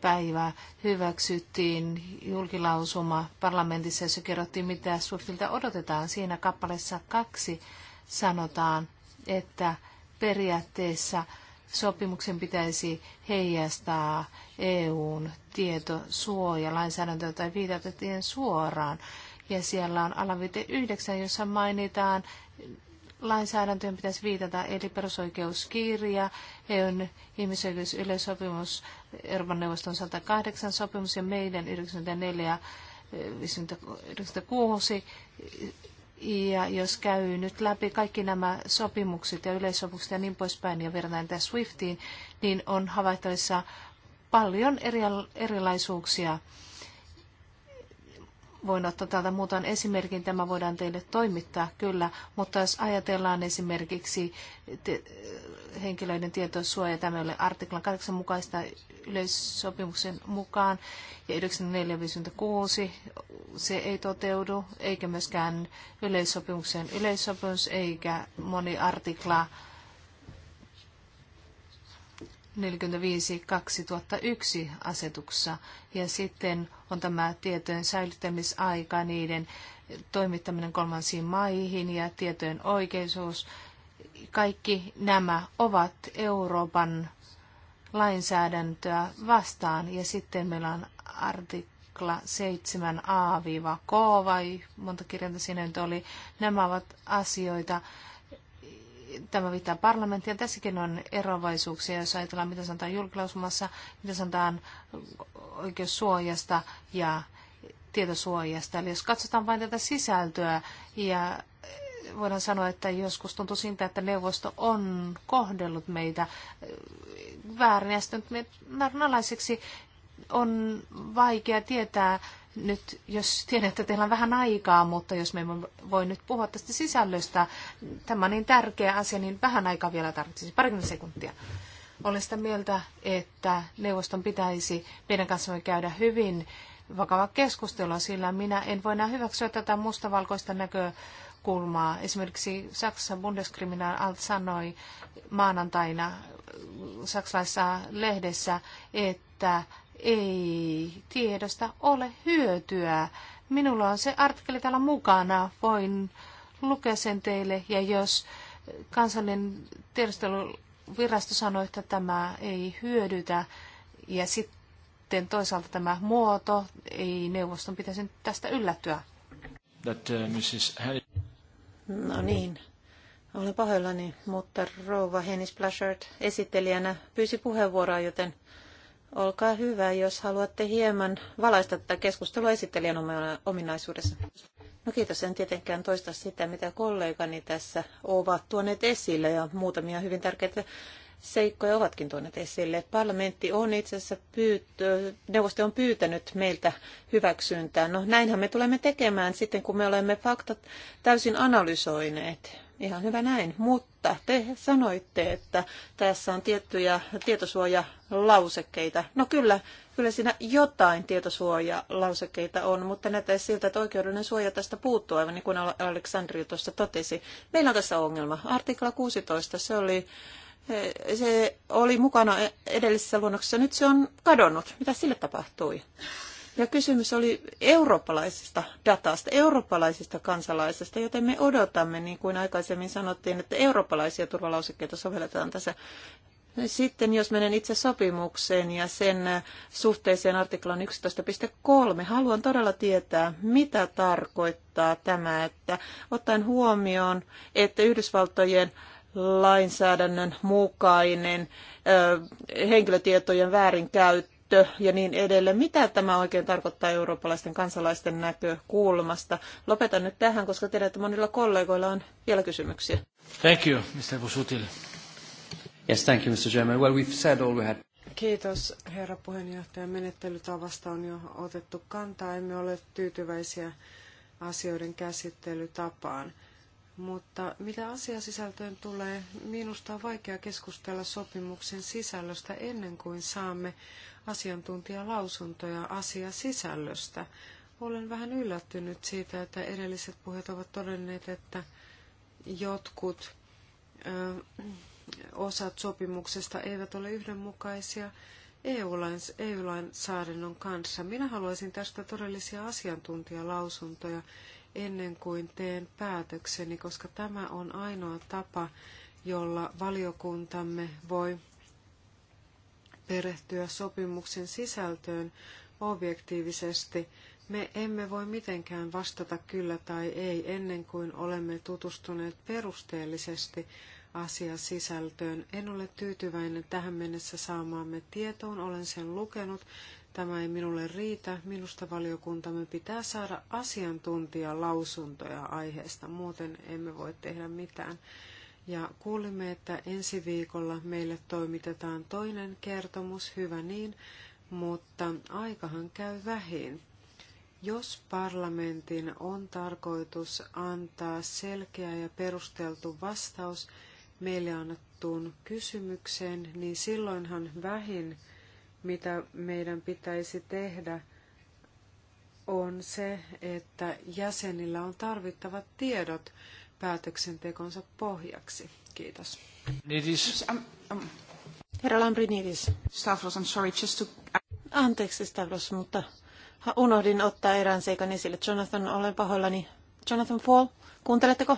päivä hyväksyttiin julkilausuma parlamentissa, jossa kerrottiin, mitä Swiftiltä odotetaan. Siinä kappaleessa kaksi sanotaan, että periaatteessa sopimuksen pitäisi heijastaa EUn lainsäädäntöä tai viitata tien suoraan. Ja siellä on alavite 9, jossa mainitaan lainsäädäntöön pitäisi viitata, eli perusoikeuskirja, EUn ihmisoikeusyleisopimus, Euroopan neuvoston 108 sopimus ja meidän 94 96. Eh, ja jos käy nyt läpi kaikki nämä sopimukset ja yleissopimukset ja niin poispäin ja verrataan tässä Swiftiin, niin on havaittavissa paljon eri, erilaisuuksia voin ottaa täältä muutaman esimerkin, tämä voidaan teille toimittaa kyllä, mutta jos ajatellaan esimerkiksi te- henkilöiden tietosuoja, tämä ei artiklan 8 mukaista yleissopimuksen mukaan, ja 9456 se ei toteudu, eikä myöskään yleissopimuksen yleissopimus, eikä moni artikla 45 2001 asetuksessa. Ja sitten on tämä tietojen säilyttämisaika, niiden toimittaminen kolmansiin maihin ja tietojen oikeisuus. Kaikki nämä ovat Euroopan lainsäädäntöä vastaan. Ja sitten meillä on artikla 7a-k vai monta kirjainta siinä nyt oli. Nämä ovat asioita, tämä viittaa parlamenttiin. Tässäkin on eroavaisuuksia, jos ajatellaan, mitä sanotaan julkilausumassa, mitä sanotaan oikeussuojasta ja tietosuojasta. Eli jos katsotaan vain tätä sisältöä ja voidaan sanoa, että joskus tuntuu siltä, että neuvosto on kohdellut meitä väärin ja sitten meidät on vaikea tietää, nyt, jos tiedän, että teillä on vähän aikaa, mutta jos me emme voi nyt puhua tästä sisällöstä, tämä on niin tärkeä asia, niin vähän aikaa vielä tarvitsisi, parikymmentä sekuntia. Olen sitä mieltä, että neuvoston pitäisi meidän kanssamme käydä hyvin vakava keskustelu, sillä minä en voi enää hyväksyä tätä mustavalkoista näkökulmaa. Esimerkiksi Saksassa Bundeskriminalamt sanoi maanantaina saksalaisessa lehdessä, että ei tiedosta ole hyötyä. Minulla on se artikkeli täällä mukana, voin lukea sen teille. Ja jos kansallinen tiedusteluvirasto sanoo, että tämä ei hyödytä, ja sitten toisaalta tämä muoto, ei neuvoston pitäisi tästä yllättyä. That, uh, Mrs. No niin, olen pahoillani, mutta rouva Hennis Blashard esittelijänä pyysi puheenvuoroa, joten Olkaa hyvä, jos haluatte hieman valaista tätä keskustelua esittelijän ominaisuudessa. No kiitos, en tietenkään toista sitä, mitä kollegani tässä ovat tuoneet esille ja muutamia hyvin tärkeitä seikkoja ovatkin tuoneet esille. Parlamentti on itse asiassa pyyt, neuvosto on pyytänyt meiltä hyväksyntää. No näinhän me tulemme tekemään sitten, kun me olemme faktat täysin analysoineet. Ihan hyvä näin, mutta te sanoitte, että tässä on tiettyjä tietosuojalausekkeita. No kyllä, kyllä siinä jotain tietosuojalausekkeita on, mutta näyttäisi siltä, että oikeudellinen suoja tästä puuttuu, aivan niin kuin Aleksandri tuossa totesi. Meillä on tässä ongelma. Artikla 16, se oli se oli mukana e- edellisessä luonnoksessa, nyt se on kadonnut. Mitä sille tapahtui? Ja kysymys oli eurooppalaisista datasta, eurooppalaisista kansalaisista, joten me odotamme, niin kuin aikaisemmin sanottiin, että eurooppalaisia turvalausekkeita sovelletaan tässä. Sitten jos menen itse sopimukseen ja sen suhteeseen artiklan 11.3, haluan todella tietää, mitä tarkoittaa tämä, että ottaen huomioon, että Yhdysvaltojen lainsäädännön mukainen henkilötietojen väärinkäyttö ja niin edelleen. Mitä tämä oikein tarkoittaa eurooppalaisten kansalaisten näkökulmasta? Lopetan nyt tähän, koska tiedän, että monilla kollegoilla on vielä kysymyksiä. Thank you, Mr. Busutil. Yes, thank you, Mr. Chairman. Well, we've said all we had. Kiitos, herra puheenjohtaja. Menettelytavasta on jo otettu kantaa. Emme ole tyytyväisiä asioiden käsittelytapaan. Mutta mitä asiasisältöön tulee, minusta on vaikea keskustella sopimuksen sisällöstä ennen kuin saamme asiantuntijalausuntoja asiasisällöstä. Olen vähän yllättynyt siitä, että edelliset puheet ovat todenneet, että jotkut ö, osat sopimuksesta eivät ole yhdenmukaisia EU-lainsäädännön e kanssa. Minä haluaisin tästä todellisia asiantuntijalausuntoja, ennen kuin teen päätökseni, koska tämä on ainoa tapa, jolla valiokuntamme voi perehtyä sopimuksen sisältöön objektiivisesti. Me emme voi mitenkään vastata kyllä tai ei ennen kuin olemme tutustuneet perusteellisesti asiasisältöön. En ole tyytyväinen tähän mennessä saamaamme tietoon, olen sen lukenut Tämä ei minulle riitä. Minusta valiokuntamme pitää saada asiantuntijalausuntoja aiheesta, muuten emme voi tehdä mitään. Ja kuulimme, että ensi viikolla meille toimitetaan toinen kertomus, hyvä niin, mutta aikahan käy vähin. Jos parlamentin on tarkoitus antaa selkeä ja perusteltu vastaus meille annettuun kysymykseen, niin silloinhan vähin mitä meidän pitäisi tehdä, on se, että jäsenillä on tarvittavat tiedot päätöksentekonsa pohjaksi. Kiitos. Nidis. Um, um, Herra Lambrinidis. Stavros, I'm sorry, just to... Anteeksi Stavros, mutta unohdin ottaa erään seikan esille. Jonathan, olen pahoillani. Jonathan Fall, kuunteletteko?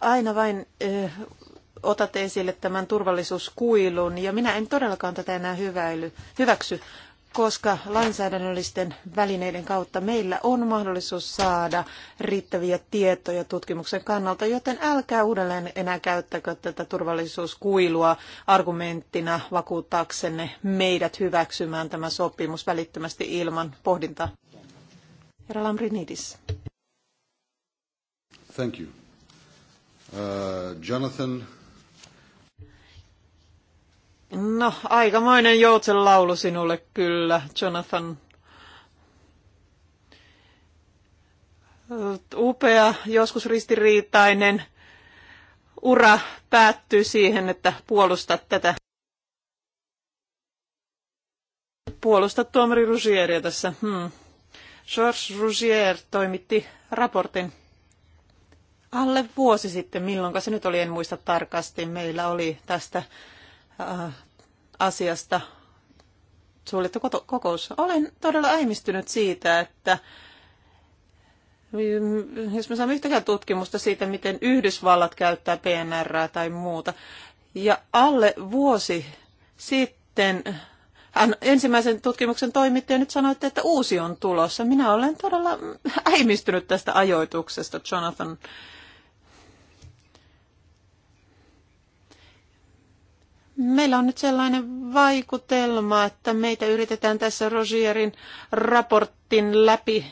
Aina vain otatte esille tämän turvallisuuskuilun, ja minä en todellakaan tätä enää hyväily, hyväksy, koska lainsäädännöllisten välineiden kautta meillä on mahdollisuus saada riittäviä tietoja tutkimuksen kannalta, joten älkää uudelleen enää käyttäkö tätä turvallisuuskuilua argumenttina vakuuttaaksenne meidät hyväksymään tämä sopimus välittömästi ilman pohdintaa. Herra Lambrinidis. Thank you. Uh, Jonathan No, aikamoinen laulu sinulle kyllä, Jonathan. Upea, joskus ristiriitainen ura päättyy siihen, että puolustat tätä. Puolustat tuomari Rugieria tässä. Hmm. Georges Rougier toimitti raportin alle vuosi sitten, milloin se nyt oli, en muista tarkasti. Meillä oli tästä Äh, asiasta suljettu kokous. Olen todella äimistynyt siitä, että mm, jos me saamme yhtäkään tutkimusta siitä, miten Yhdysvallat käyttää PNR tai muuta. Ja alle vuosi sitten hän äh, ensimmäisen tutkimuksen toimittaja nyt sanoitte, että uusi on tulossa. Minä olen todella äimistynyt tästä ajoituksesta, Jonathan Meillä on nyt sellainen vaikutelma, että meitä yritetään tässä Rosierin raportin läpi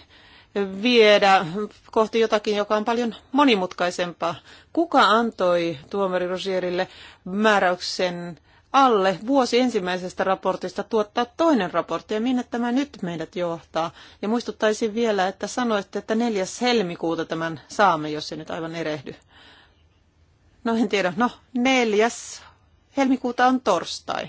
viedä kohti jotakin, joka on paljon monimutkaisempaa. Kuka antoi tuomari Rosierille määräyksen alle vuosi ensimmäisestä raportista tuottaa toinen raportti ja minne tämä nyt meidät johtaa? Ja muistuttaisin vielä, että sanoitte, että 4. helmikuuta tämän saamme, jos se nyt aivan erehdy. No en tiedä, no neljäs helmikuuta on torstai.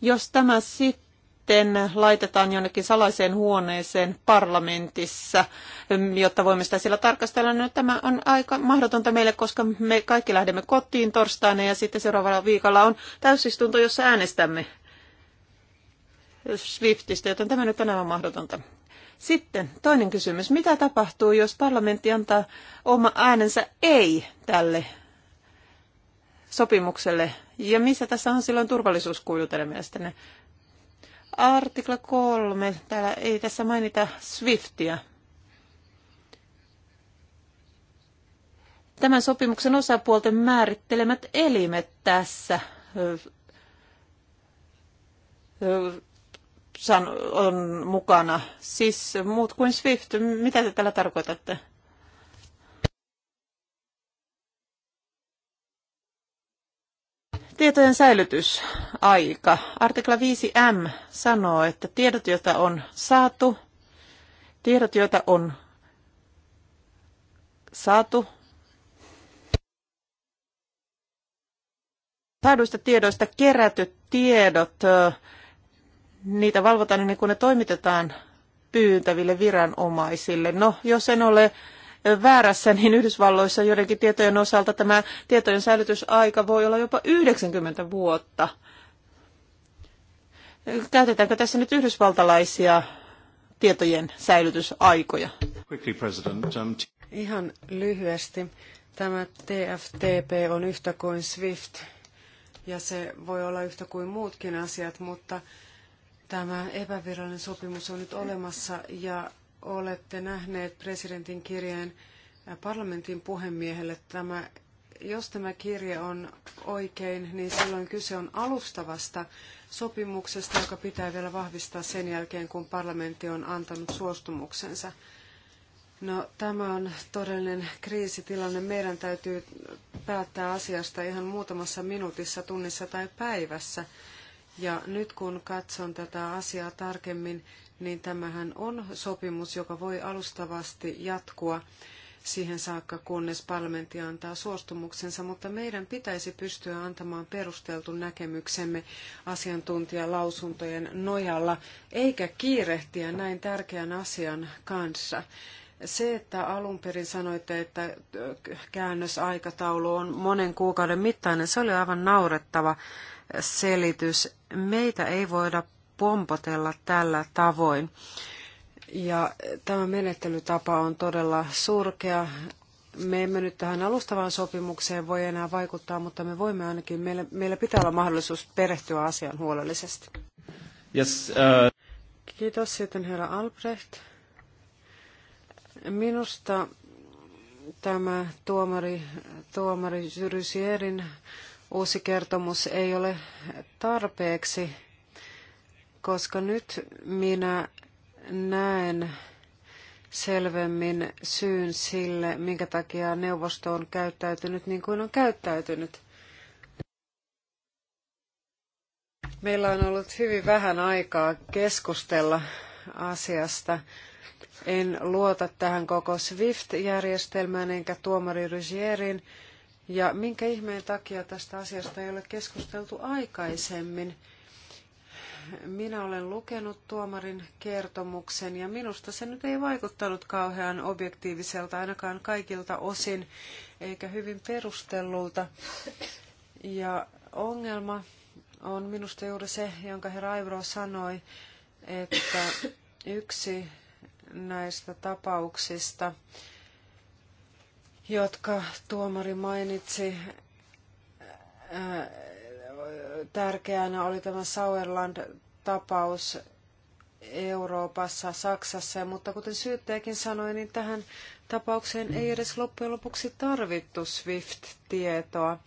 Jos tämä sitten laitetaan jonnekin salaiseen huoneeseen parlamentissa, mm, jotta voimme sitä siellä tarkastella, niin tämä on aika mahdotonta meille, koska me kaikki lähdemme kotiin torstaina ja sitten seuraavalla viikolla on täysistunto, jossa äänestämme Swiftistä, joten tämä nyt on aivan mahdotonta. Sitten toinen kysymys. Mitä tapahtuu, jos parlamentti antaa oma äänensä ei tälle sopimukselle. Ja missä tässä on silloin turvallisuuskuilu teidän mielestänne? Artikla kolme. Täällä ei tässä mainita Swiftia. Tämän sopimuksen osapuolten määrittelemät elimet tässä on mukana. Siis muut kuin Swift. Mitä te tällä tarkoitatte? Tietojen säilytysaika. Artikla 5m sanoo, että tiedot, joita on saatu, tiedot, joita on saatu, saaduista tiedoista kerätyt tiedot, niitä valvotaan niin kuin ne toimitetaan pyyntäville viranomaisille. No, jos en ole väärässä, niin Yhdysvalloissa joidenkin tietojen osalta tämä tietojen säilytysaika voi olla jopa 90 vuotta. Käytetäänkö tässä nyt yhdysvaltalaisia tietojen säilytysaikoja? Um, Ihan lyhyesti. Tämä TFTP on yhtä kuin SWIFT ja se voi olla yhtä kuin muutkin asiat, mutta tämä epävirallinen sopimus on nyt olemassa ja olette nähneet presidentin kirjeen parlamentin puhemiehelle. Tämä, jos tämä kirje on oikein, niin silloin kyse on alustavasta sopimuksesta, joka pitää vielä vahvistaa sen jälkeen, kun parlamentti on antanut suostumuksensa. No, tämä on todellinen kriisitilanne. Meidän täytyy päättää asiasta ihan muutamassa minuutissa, tunnissa tai päivässä. Ja nyt kun katson tätä asiaa tarkemmin, niin tämähän on sopimus, joka voi alustavasti jatkua siihen saakka, kunnes parlamentti antaa suostumuksensa, mutta meidän pitäisi pystyä antamaan perusteltu näkemyksemme asiantuntijalausuntojen nojalla, eikä kiirehtiä näin tärkeän asian kanssa. Se, että alun perin sanoitte, että käännösaikataulu on monen kuukauden mittainen, se oli aivan naurettava selitys. Meitä ei voida pompotella tällä tavoin. Ja tämä menettelytapa on todella surkea. Me emme nyt tähän alustavaan sopimukseen voi enää vaikuttaa, mutta me voimme ainakin, meillä, meillä pitää olla mahdollisuus perehtyä asian huolellisesti. Yes, uh... Kiitos sitten herra Albrecht. Minusta tämä tuomari, tuomari Jyrysierin uusi kertomus ei ole tarpeeksi koska nyt minä näen selvemmin syyn sille, minkä takia neuvosto on käyttäytynyt niin kuin on käyttäytynyt. Meillä on ollut hyvin vähän aikaa keskustella asiasta. En luota tähän koko SWIFT-järjestelmään enkä tuomari Rygierin. Ja minkä ihmeen takia tästä asiasta ei ole keskusteltu aikaisemmin? Minä olen lukenut tuomarin kertomuksen ja minusta se nyt ei vaikuttanut kauhean objektiiviselta ainakaan kaikilta osin eikä hyvin perustellulta. Ja ongelma on minusta juuri se, jonka herra Aivro sanoi, että yksi näistä tapauksista, jotka tuomari mainitsi, tärkeänä oli tämä Sauerland-tapaus Euroopassa, Saksassa, mutta kuten syyttäjäkin sanoi, niin tähän tapaukseen ei edes loppujen lopuksi tarvittu SWIFT-tietoa.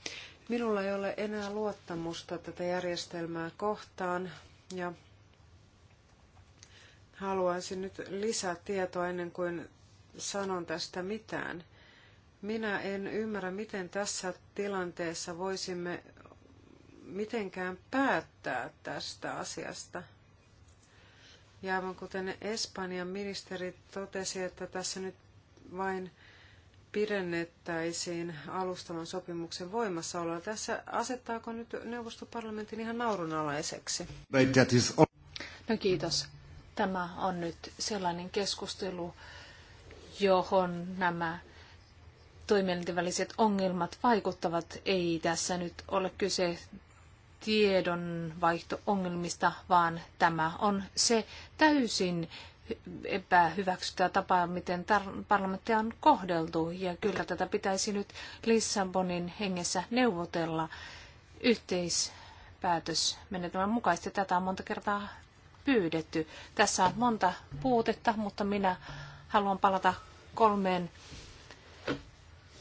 Minulla ei ole enää luottamusta tätä järjestelmää kohtaan ja haluaisin nyt lisää tietoa ennen kuin sanon tästä mitään. Minä en ymmärrä, miten tässä tilanteessa voisimme mitenkään päättää tästä asiasta. Ja aivan kuten Espanjan ministeri totesi, että tässä nyt vain pidennettäisiin alustavan sopimuksen voimassaoloa. Tässä asettaako nyt neuvostoparlamentin ihan naurunalaiseksi? No kiitos. Tämä on nyt sellainen keskustelu, johon nämä toimielinten väliset ongelmat vaikuttavat. Ei tässä nyt ole kyse tiedonvaihto-ongelmista, vaan tämä on se täysin epähyväksyttävä tapa, miten tar- parlamenttia on kohdeltu. Ja kyllä tätä pitäisi nyt Lissabonin hengessä neuvotella yhteispäätösmenetelmän mukaisesti. Tätä on monta kertaa pyydetty. Tässä on monta puutetta, mutta minä haluan palata kolmeen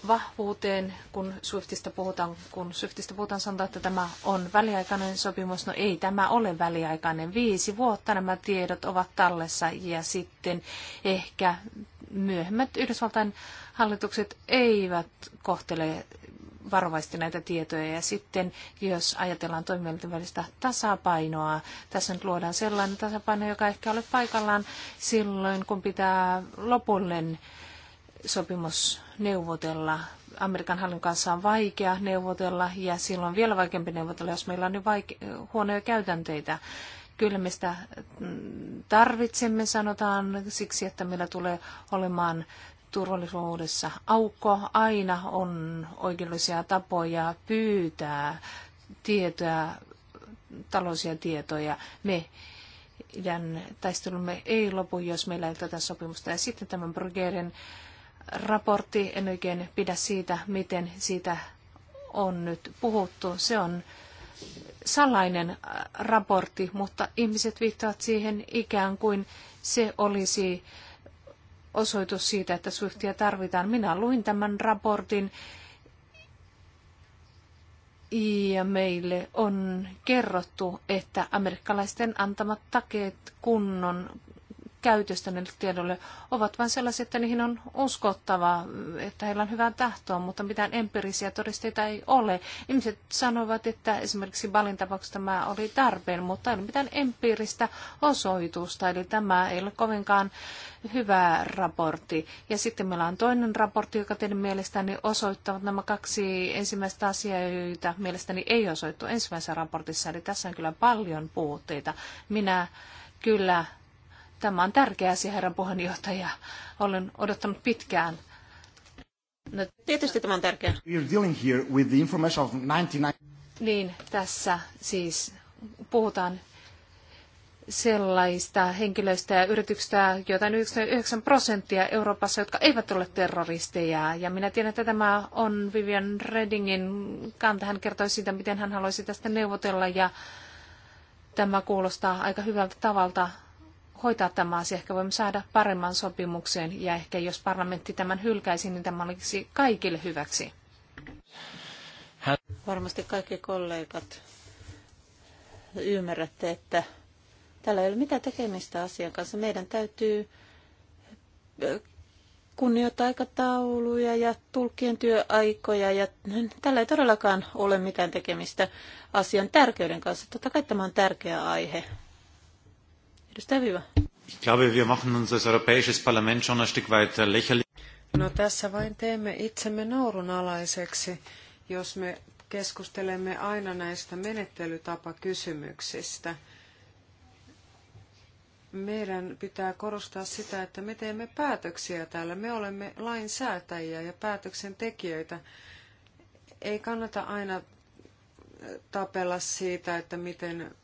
vahvuuteen, kun Swiftistä puhutaan, kun Swiftistä puhutaan, sanotaan, että tämä on väliaikainen sopimus. No ei tämä ole väliaikainen. Viisi vuotta nämä tiedot ovat tallessa ja sitten ehkä myöhemmät Yhdysvaltain hallitukset eivät kohtele varovasti näitä tietoja. Ja sitten, jos ajatellaan toimijoiden välistä tasapainoa, tässä nyt luodaan sellainen tasapaino, joka ehkä ole paikallaan silloin, kun pitää lopullinen sopimus neuvotella. Amerikan hallinnon kanssa on vaikea neuvotella ja silloin vielä vaikeampi neuvotella, jos meillä on niin vaike- huonoja käytänteitä. Kyllä me sitä mm, tarvitsemme, sanotaan, siksi, että meillä tulee olemaan turvallisuudessa aukko. Aina on oikeudellisia tapoja pyytää tietoja taloudellisia tietoja. Me idän taistelumme ei lopu, jos meillä ei tätä sopimusta. Ja sitten tämän Brugerin raportti, en oikein pidä siitä, miten siitä on nyt puhuttu. Se on salainen äh, raportti, mutta ihmiset viittaavat siihen ikään kuin se olisi osoitus siitä, että suhtia tarvitaan. Minä luin tämän raportin ja meille on kerrottu, että amerikkalaisten antamat takeet kunnon käytöstä näille tiedolle ovat vain sellaisia, että niihin on uskottavaa, että heillä on hyvää tahtoa, mutta mitään empiirisiä todisteita ei ole. Ihmiset sanovat, että esimerkiksi Balin tapauksessa tämä oli tarpeen, mutta ei ole mitään empiiristä osoitusta, eli tämä ei ole kovinkaan hyvä raportti. Ja sitten meillä on toinen raportti, joka teidän mielestäni osoittavat nämä kaksi ensimmäistä asiaa, joita mielestäni ei osoittu ensimmäisessä raportissa. Eli tässä on kyllä paljon puutteita. Minä kyllä Tämä on tärkeä asia, herran puheenjohtaja. Olen odottanut pitkään. No, tietysti tämä on tärkeä. are dealing here with the information of 99... Niin, tässä siis puhutaan sellaista henkilöistä ja yrityksistä, joita 99 prosenttia Euroopassa, jotka eivät ole terroristeja. Ja minä tiedän, että tämä on Vivian Reddingin kanta. Hän kertoi siitä, miten hän haluaisi tästä neuvotella ja tämä kuulostaa aika hyvältä tavalta hoitaa tämä asia. Ehkä voimme saada paremman sopimuksen ja ehkä jos parlamentti tämän hylkäisi, niin tämä olisi kaikille hyväksi. Varmasti kaikki kollegat ymmärrätte, että tällä ei ole mitään tekemistä asian kanssa. Meidän täytyy kunnioittaa aikatauluja ja tulkien työaikoja ja tällä ei todellakaan ole mitään tekemistä asian tärkeyden kanssa. Totta kai tämä on tärkeä aihe Ich glaube, wir machen uns als Europäisches Parlament schon ein Stück weit äh, lächerlich. No tässä vain teemme itsemme naurunalaiseksi, jos me keskustelemme aina näistä menettelytapakysymyksistä. Meidän pitää korostaa sitä, että me teemme päätöksiä täällä. Me olemme lainsäätäjiä ja päätöksentekijöitä. Ei kannata aina tapella siitä, että miten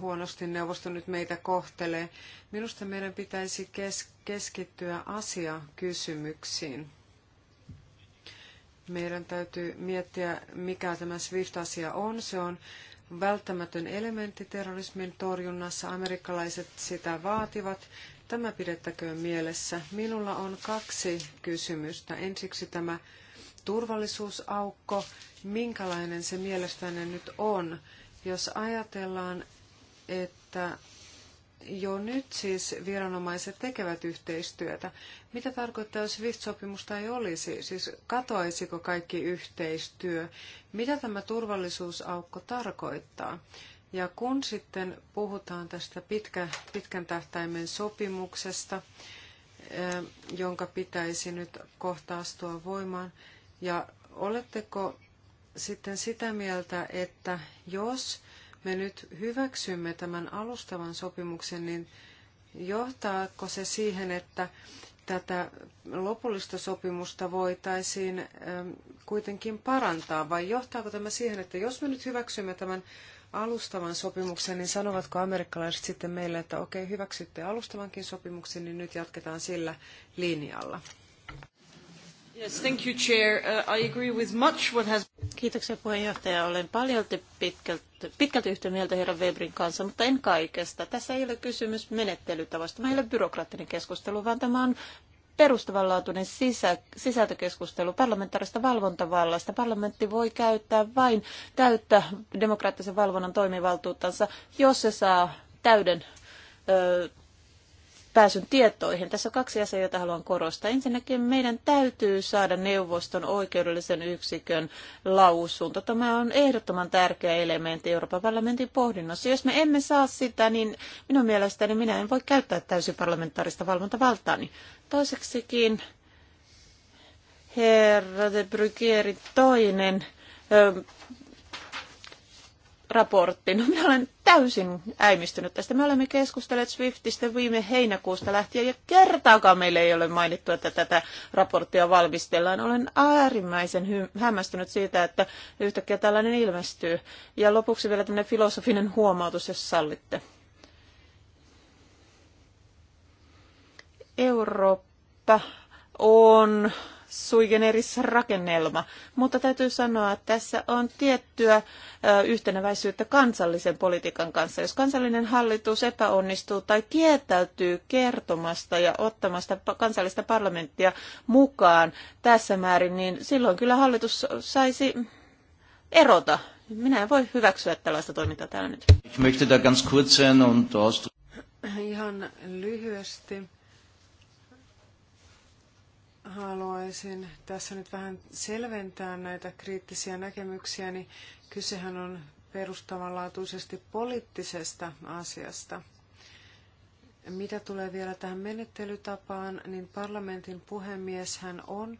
huonosti neuvosto nyt meitä kohtelee. Minusta meidän pitäisi kes- keskittyä asiakysymyksiin. Meidän täytyy miettiä, mikä tämä SWIFT-asia on. Se on välttämätön elementti terrorismin torjunnassa. Amerikkalaiset sitä vaativat. Tämä pidettäköön mielessä. Minulla on kaksi kysymystä. Ensiksi tämä turvallisuusaukko, minkälainen se mielestäni nyt on, jos ajatellaan, että jo nyt siis viranomaiset tekevät yhteistyötä. Mitä tarkoittaa, jos SWIFT-sopimusta ei olisi? Siis katoaisiko kaikki yhteistyö? Mitä tämä turvallisuusaukko tarkoittaa? Ja kun sitten puhutaan tästä pitkä, pitkän tähtäimen sopimuksesta, eh, jonka pitäisi nyt kohta astua voimaan, ja oletteko sitten sitä mieltä, että jos me nyt hyväksymme tämän alustavan sopimuksen, niin johtaako se siihen, että tätä lopullista sopimusta voitaisiin ähm, kuitenkin parantaa, vai johtaako tämä siihen, että jos me nyt hyväksymme tämän alustavan sopimuksen, niin sanovatko amerikkalaiset sitten meille, että okei, hyväksytte alustavankin sopimuksen, niin nyt jatketaan sillä linjalla? Yes, thank you, Chair. Uh, I agree with much what has... Kiitoksia puheenjohtaja. Olen paljolti pitkälti, pitkälti yhtä mieltä herra Weberin kanssa, mutta en kaikesta. Tässä ei ole kysymys menettelytavasta. Tämä ei ole byrokraattinen keskustelu, vaan tämä on perustavanlaatuinen sisä, sisältökeskustelu parlamentaarista valvontavallasta. Parlamentti voi käyttää vain täyttä demokraattisen valvonnan toimivaltuuttansa, jos se saa täyden ö, pääsyn tietoihin. Tässä on kaksi asiaa, joita haluan korostaa. Ensinnäkin meidän täytyy saada neuvoston oikeudellisen yksikön lausunto. Tämä on ehdottoman tärkeä elementti Euroopan parlamentin pohdinnassa. Jos me emme saa sitä, niin minun mielestäni minä en voi käyttää täysin parlamentaarista valvontavaltaani. Toiseksikin herra de Brugierin toinen raportti. No minä olen täysin äimistynyt tästä. Me olemme keskustelleet Swiftistä viime heinäkuusta lähtien ja kertaakaan meille ei ole mainittu, että tätä raporttia valmistellaan. Olen äärimmäisen hämmästynyt siitä, että yhtäkkiä tällainen ilmestyy. Ja lopuksi vielä tämmöinen filosofinen huomautus, jos sallitte. Eurooppa on sui generis rakennelma, mutta täytyy sanoa, että tässä on tiettyä yhteneväisyyttä kansallisen politiikan kanssa. Jos kansallinen hallitus epäonnistuu tai kieltäytyy kertomasta ja ottamasta kansallista parlamenttia mukaan tässä määrin, niin silloin kyllä hallitus saisi erota. Minä en voi hyväksyä tällaista toimintaa täällä nyt. Ihan lyhyesti haluaisin tässä nyt vähän selventää näitä kriittisiä näkemyksiä, niin kysehän on perustavanlaatuisesti poliittisesta asiasta. Mitä tulee vielä tähän menettelytapaan, niin parlamentin puhemies hän on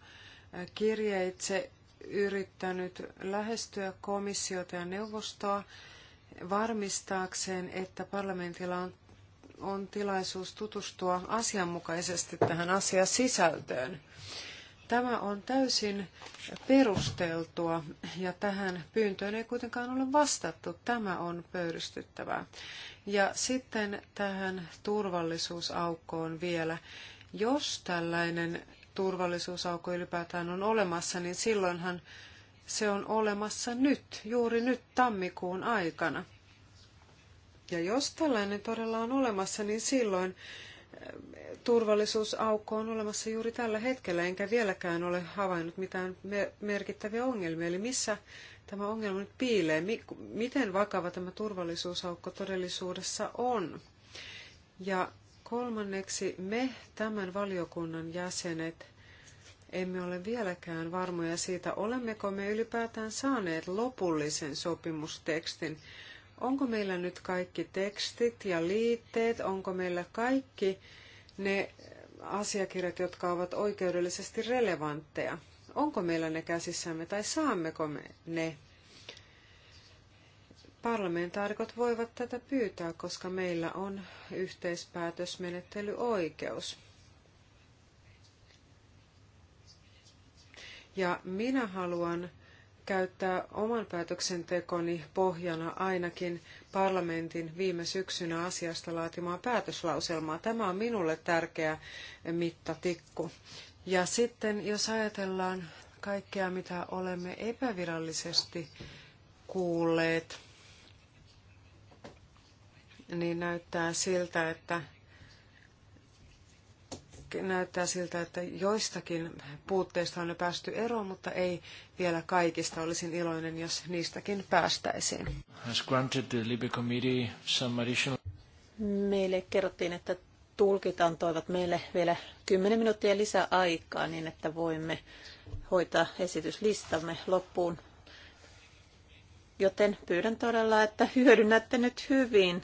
äh, kirjeitse yrittänyt lähestyä komissiota ja neuvostoa varmistaakseen, että parlamentilla on on tilaisuus tutustua asianmukaisesti tähän asiasisältöön. Tämä on täysin perusteltua ja tähän pyyntöön ei kuitenkaan ole vastattu. Tämä on pöyristyttävää. Ja sitten tähän turvallisuusaukkoon vielä. Jos tällainen turvallisuusaukko ylipäätään on olemassa, niin silloinhan se on olemassa nyt, juuri nyt tammikuun aikana. Ja jos tällainen todella on olemassa, niin silloin eh, turvallisuusaukko on olemassa juuri tällä hetkellä, enkä vieläkään ole havainnut mitään merkittäviä ongelmia. Eli missä tämä ongelma nyt piilee? Miten vakava tämä turvallisuusaukko todellisuudessa on? Ja kolmanneksi, me tämän valiokunnan jäsenet emme ole vieläkään varmoja siitä, olemmeko me ylipäätään saaneet lopullisen sopimustekstin Onko meillä nyt kaikki tekstit ja liitteet? Onko meillä kaikki ne asiakirjat, jotka ovat oikeudellisesti relevantteja? Onko meillä ne käsissämme tai saammeko me ne? Parlamentaarikot voivat tätä pyytää, koska meillä on yhteispäätösmenettelyoikeus. Ja minä haluan käyttää oman päätöksentekoni pohjana ainakin parlamentin viime syksynä asiasta laatimaa päätöslauselmaa. Tämä on minulle tärkeä mittatikku. Ja sitten jos ajatellaan kaikkea, mitä olemme epävirallisesti kuulleet, niin näyttää siltä, että näyttää siltä, että joistakin puutteista on jo päästy eroon, mutta ei vielä kaikista. Olisin iloinen, jos niistäkin päästäisiin. Meille kerrottiin, että tulkit antoivat meille vielä 10 minuuttia lisää aikaa niin, että voimme hoitaa esityslistamme loppuun. Joten pyydän todella, että hyödynnätte nyt hyvin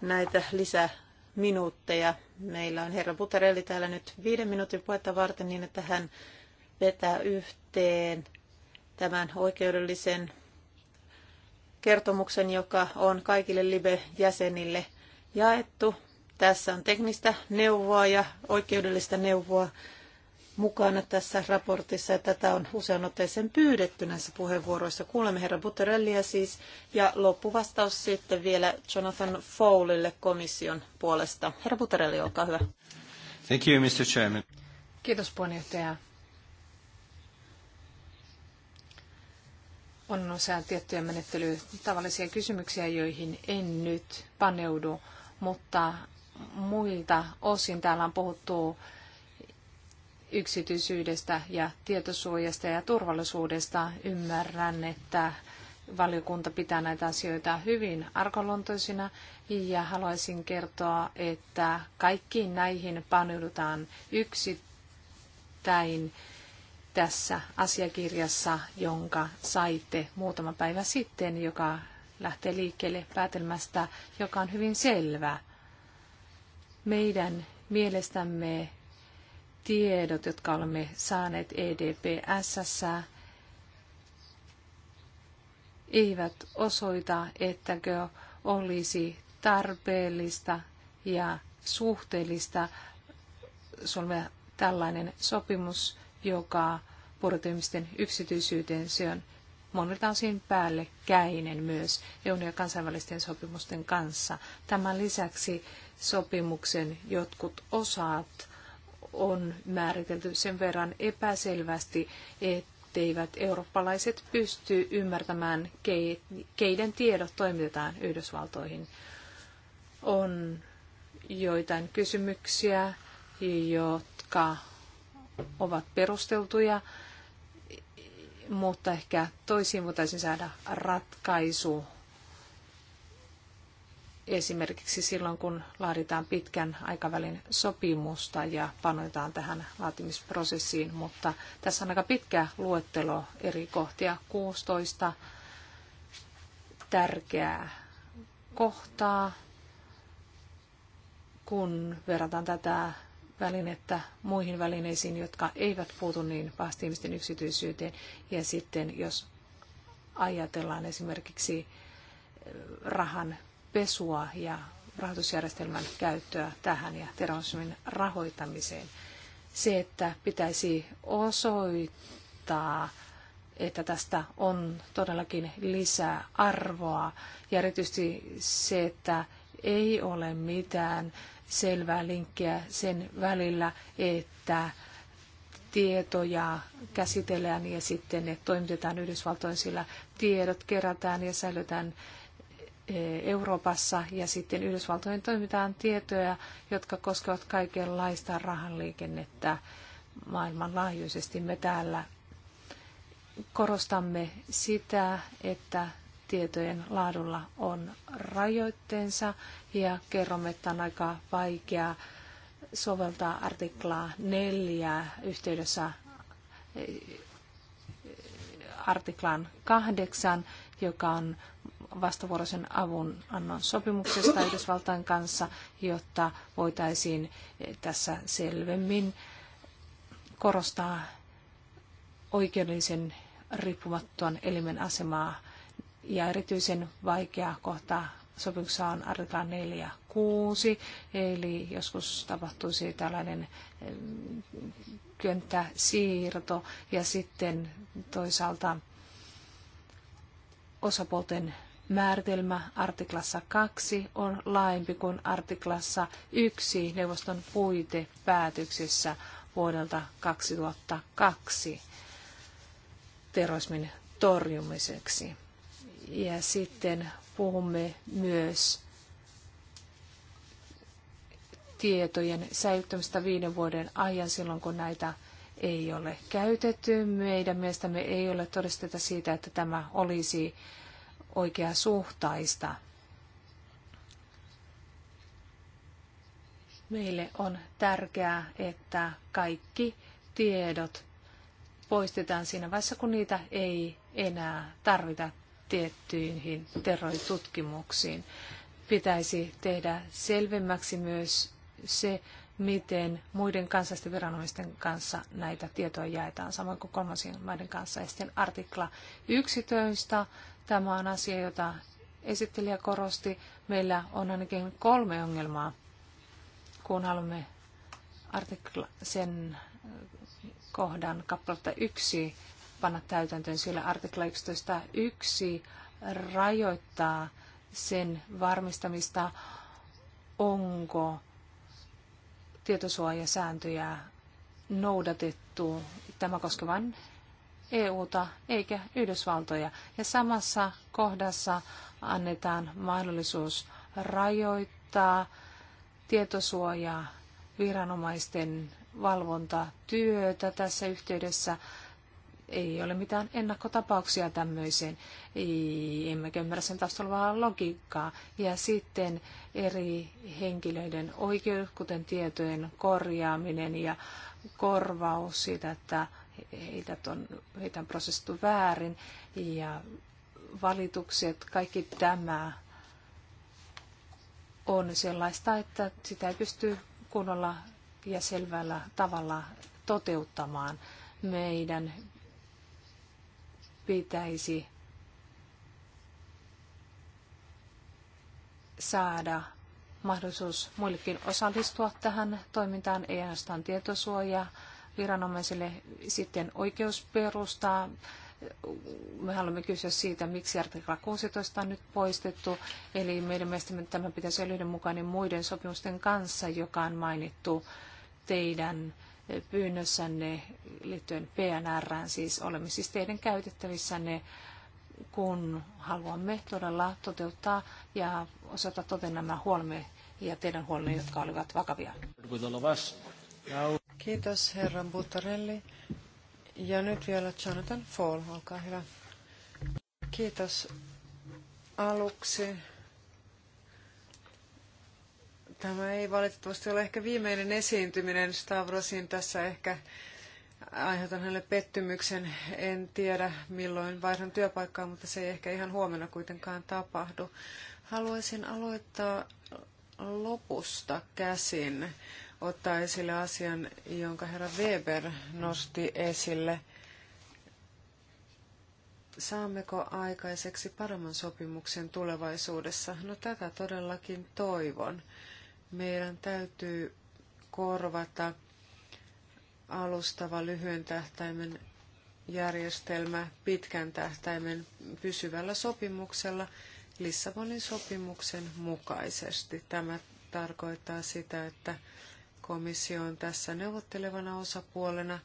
näitä lisää minuutteja. Meillä on herra Buterelli täällä nyt viiden minuutin puhetta varten niin, että hän vetää yhteen tämän oikeudellisen kertomuksen, joka on kaikille Libe-jäsenille jaettu. Tässä on teknistä neuvoa ja oikeudellista neuvoa mukana tässä raportissa ja tätä on usean otteeseen pyydetty näissä puheenvuoroissa. Kuulemme herra Butterellia siis ja loppuvastaus sitten vielä Jonathan Fowlille komission puolesta. Herra Butterelli, olkaa hyvä. Thank you, Mr. Chairman. Kiitos puheenjohtaja. On osa tiettyjä menettelytavallisia kysymyksiä, joihin en nyt paneudu, mutta muilta osin täällä on puhuttu yksityisyydestä ja tietosuojasta ja turvallisuudesta. Ymmärrän, että valiokunta pitää näitä asioita hyvin arkaluontoisina ja haluaisin kertoa, että kaikkiin näihin paneudutaan yksittäin tässä asiakirjassa, jonka saitte muutama päivä sitten, joka lähtee liikkeelle päätelmästä, joka on hyvin selvä. Meidän mielestämme tiedot, jotka olemme saaneet EDPSS, eivät osoita, ettäkö olisi tarpeellista ja suhteellista solmia tällainen sopimus, joka purjotoimisten yksityisyyteen se on monilta osin käinen myös EUn ja kansainvälisten sopimusten kanssa. Tämän lisäksi sopimuksen jotkut osat on määritelty sen verran epäselvästi, etteivät eurooppalaiset pysty ymmärtämään, keiden tiedot toimitetaan Yhdysvaltoihin. On joitain kysymyksiä, jotka ovat perusteltuja, mutta ehkä toisiin voitaisiin saada ratkaisu esimerkiksi silloin, kun laaditaan pitkän aikavälin sopimusta ja panoitaan tähän laatimisprosessiin, mutta tässä on aika pitkä luettelo eri kohtia, 16 tärkeää kohtaa, kun verrataan tätä välinettä muihin välineisiin, jotka eivät puutu niin pahasti ihmisten yksityisyyteen. Ja sitten jos ajatellaan esimerkiksi rahan pesua ja rahoitusjärjestelmän käyttöä tähän ja terrorismin rahoittamiseen. Se, että pitäisi osoittaa, että tästä on todellakin lisää arvoa ja erityisesti se, että ei ole mitään selvää linkkiä sen välillä, että tietoja käsitellään ja sitten ne toimitetaan Yhdysvaltoin, sillä tiedot kerätään ja säilytään Eh, Euroopassa ja sitten Yhdysvaltojen toimitaan tietoja, jotka koskevat kaikenlaista rahanliikennettä maailmanlaajuisesti. Me täällä korostamme sitä, että tietojen laadulla on rajoitteensa ja kerromme, että on aika vaikea soveltaa artiklaa neljä yhteydessä eh, artiklan kahdeksan joka on vastavuoroisen avun annon sopimuksesta Yhdysvaltain kanssa, jotta voitaisiin tässä selvemmin korostaa oikeudellisen riippumattoman elimen asemaa. Ja erityisen vaikea kohta sopimuksessa on artikla 4 6, eli joskus tapahtuisi tällainen könttäsiirto ja sitten toisaalta osapuolten määritelmä artiklassa 2 on laajempi kuin artiklassa 1 neuvoston puitepäätöksessä vuodelta 2002 terrorismin torjumiseksi. Ja sitten puhumme myös tietojen säilyttämistä viiden vuoden ajan silloin, kun näitä ei ole käytetty. Meidän mielestämme ei ole todisteta siitä, että tämä olisi oikea suhtaista. Meille on tärkeää, että kaikki tiedot poistetaan siinä vaiheessa, kun niitä ei enää tarvita tiettyihin terroritutkimuksiin. Pitäisi tehdä selvemmäksi myös se, miten muiden kansallisten viranomaisten kanssa näitä tietoja jaetaan, samoin kuin kolmansien maiden kanssa. Ja sitten artikla 11, tämä on asia, jota esittelijä korosti. Meillä on ainakin kolme ongelmaa, kun haluamme artikla, sen kohdan kappaletta 1 panna täytäntöön, sillä artikla 11.1 rajoittaa sen varmistamista, onko tietosuojasääntöjä noudatettu tämä koskevan EUta eikä Yhdysvaltoja. Ja samassa kohdassa annetaan mahdollisuus rajoittaa tietosuojaa viranomaisten valvontatyötä tässä yhteydessä ei ole mitään ennakkotapauksia tämmöiseen. Ei, emmekä ymmärrä sen taas olevaa logiikkaa. Ja sitten eri henkilöiden oikeus, kuten tietojen korjaaminen ja korvaus siitä, että heitä on, heitä on prosessittu väärin ja valitukset, kaikki tämä on sellaista, että sitä ei pysty kunnolla ja selvällä tavalla toteuttamaan. Meidän pitäisi saada mahdollisuus muillekin osallistua tähän toimintaan, ei ainoastaan tietosuoja viranomaisille sitten perustaa. Me haluamme kysyä siitä, miksi artikla 16 on nyt poistettu, eli meidän mielestämme tämä pitäisi olla yhdenmukainen muiden sopimusten kanssa, joka on mainittu teidän pyynnössänne liittyen PNR, siis olemme siis teidän käytettävissänne, kun haluamme todella toteuttaa ja osata toteen nämä huolemme ja teidän huolenne, jotka olivat vakavia. Kiitos herra Butarelli. Ja nyt vielä Jonathan Fall, olkaa hyvä. Kiitos aluksi. Tämä ei valitettavasti ole ehkä viimeinen esiintyminen Stavrosin tässä ehkä aiheutan hänelle pettymyksen. En tiedä milloin vaihdan työpaikkaa, mutta se ei ehkä ihan huomenna kuitenkaan tapahdu. Haluaisin aloittaa lopusta käsin, ottaa esille asian, jonka herra Weber nosti esille. Saammeko aikaiseksi paremman sopimuksen tulevaisuudessa? No tätä todellakin toivon. Meidän täytyy korvata alustava lyhyen tähtäimen järjestelmä pitkän tähtäimen pysyvällä sopimuksella Lissabonin sopimuksen mukaisesti. Tämä tarkoittaa sitä, että komissio on tässä neuvottelevana osapuolena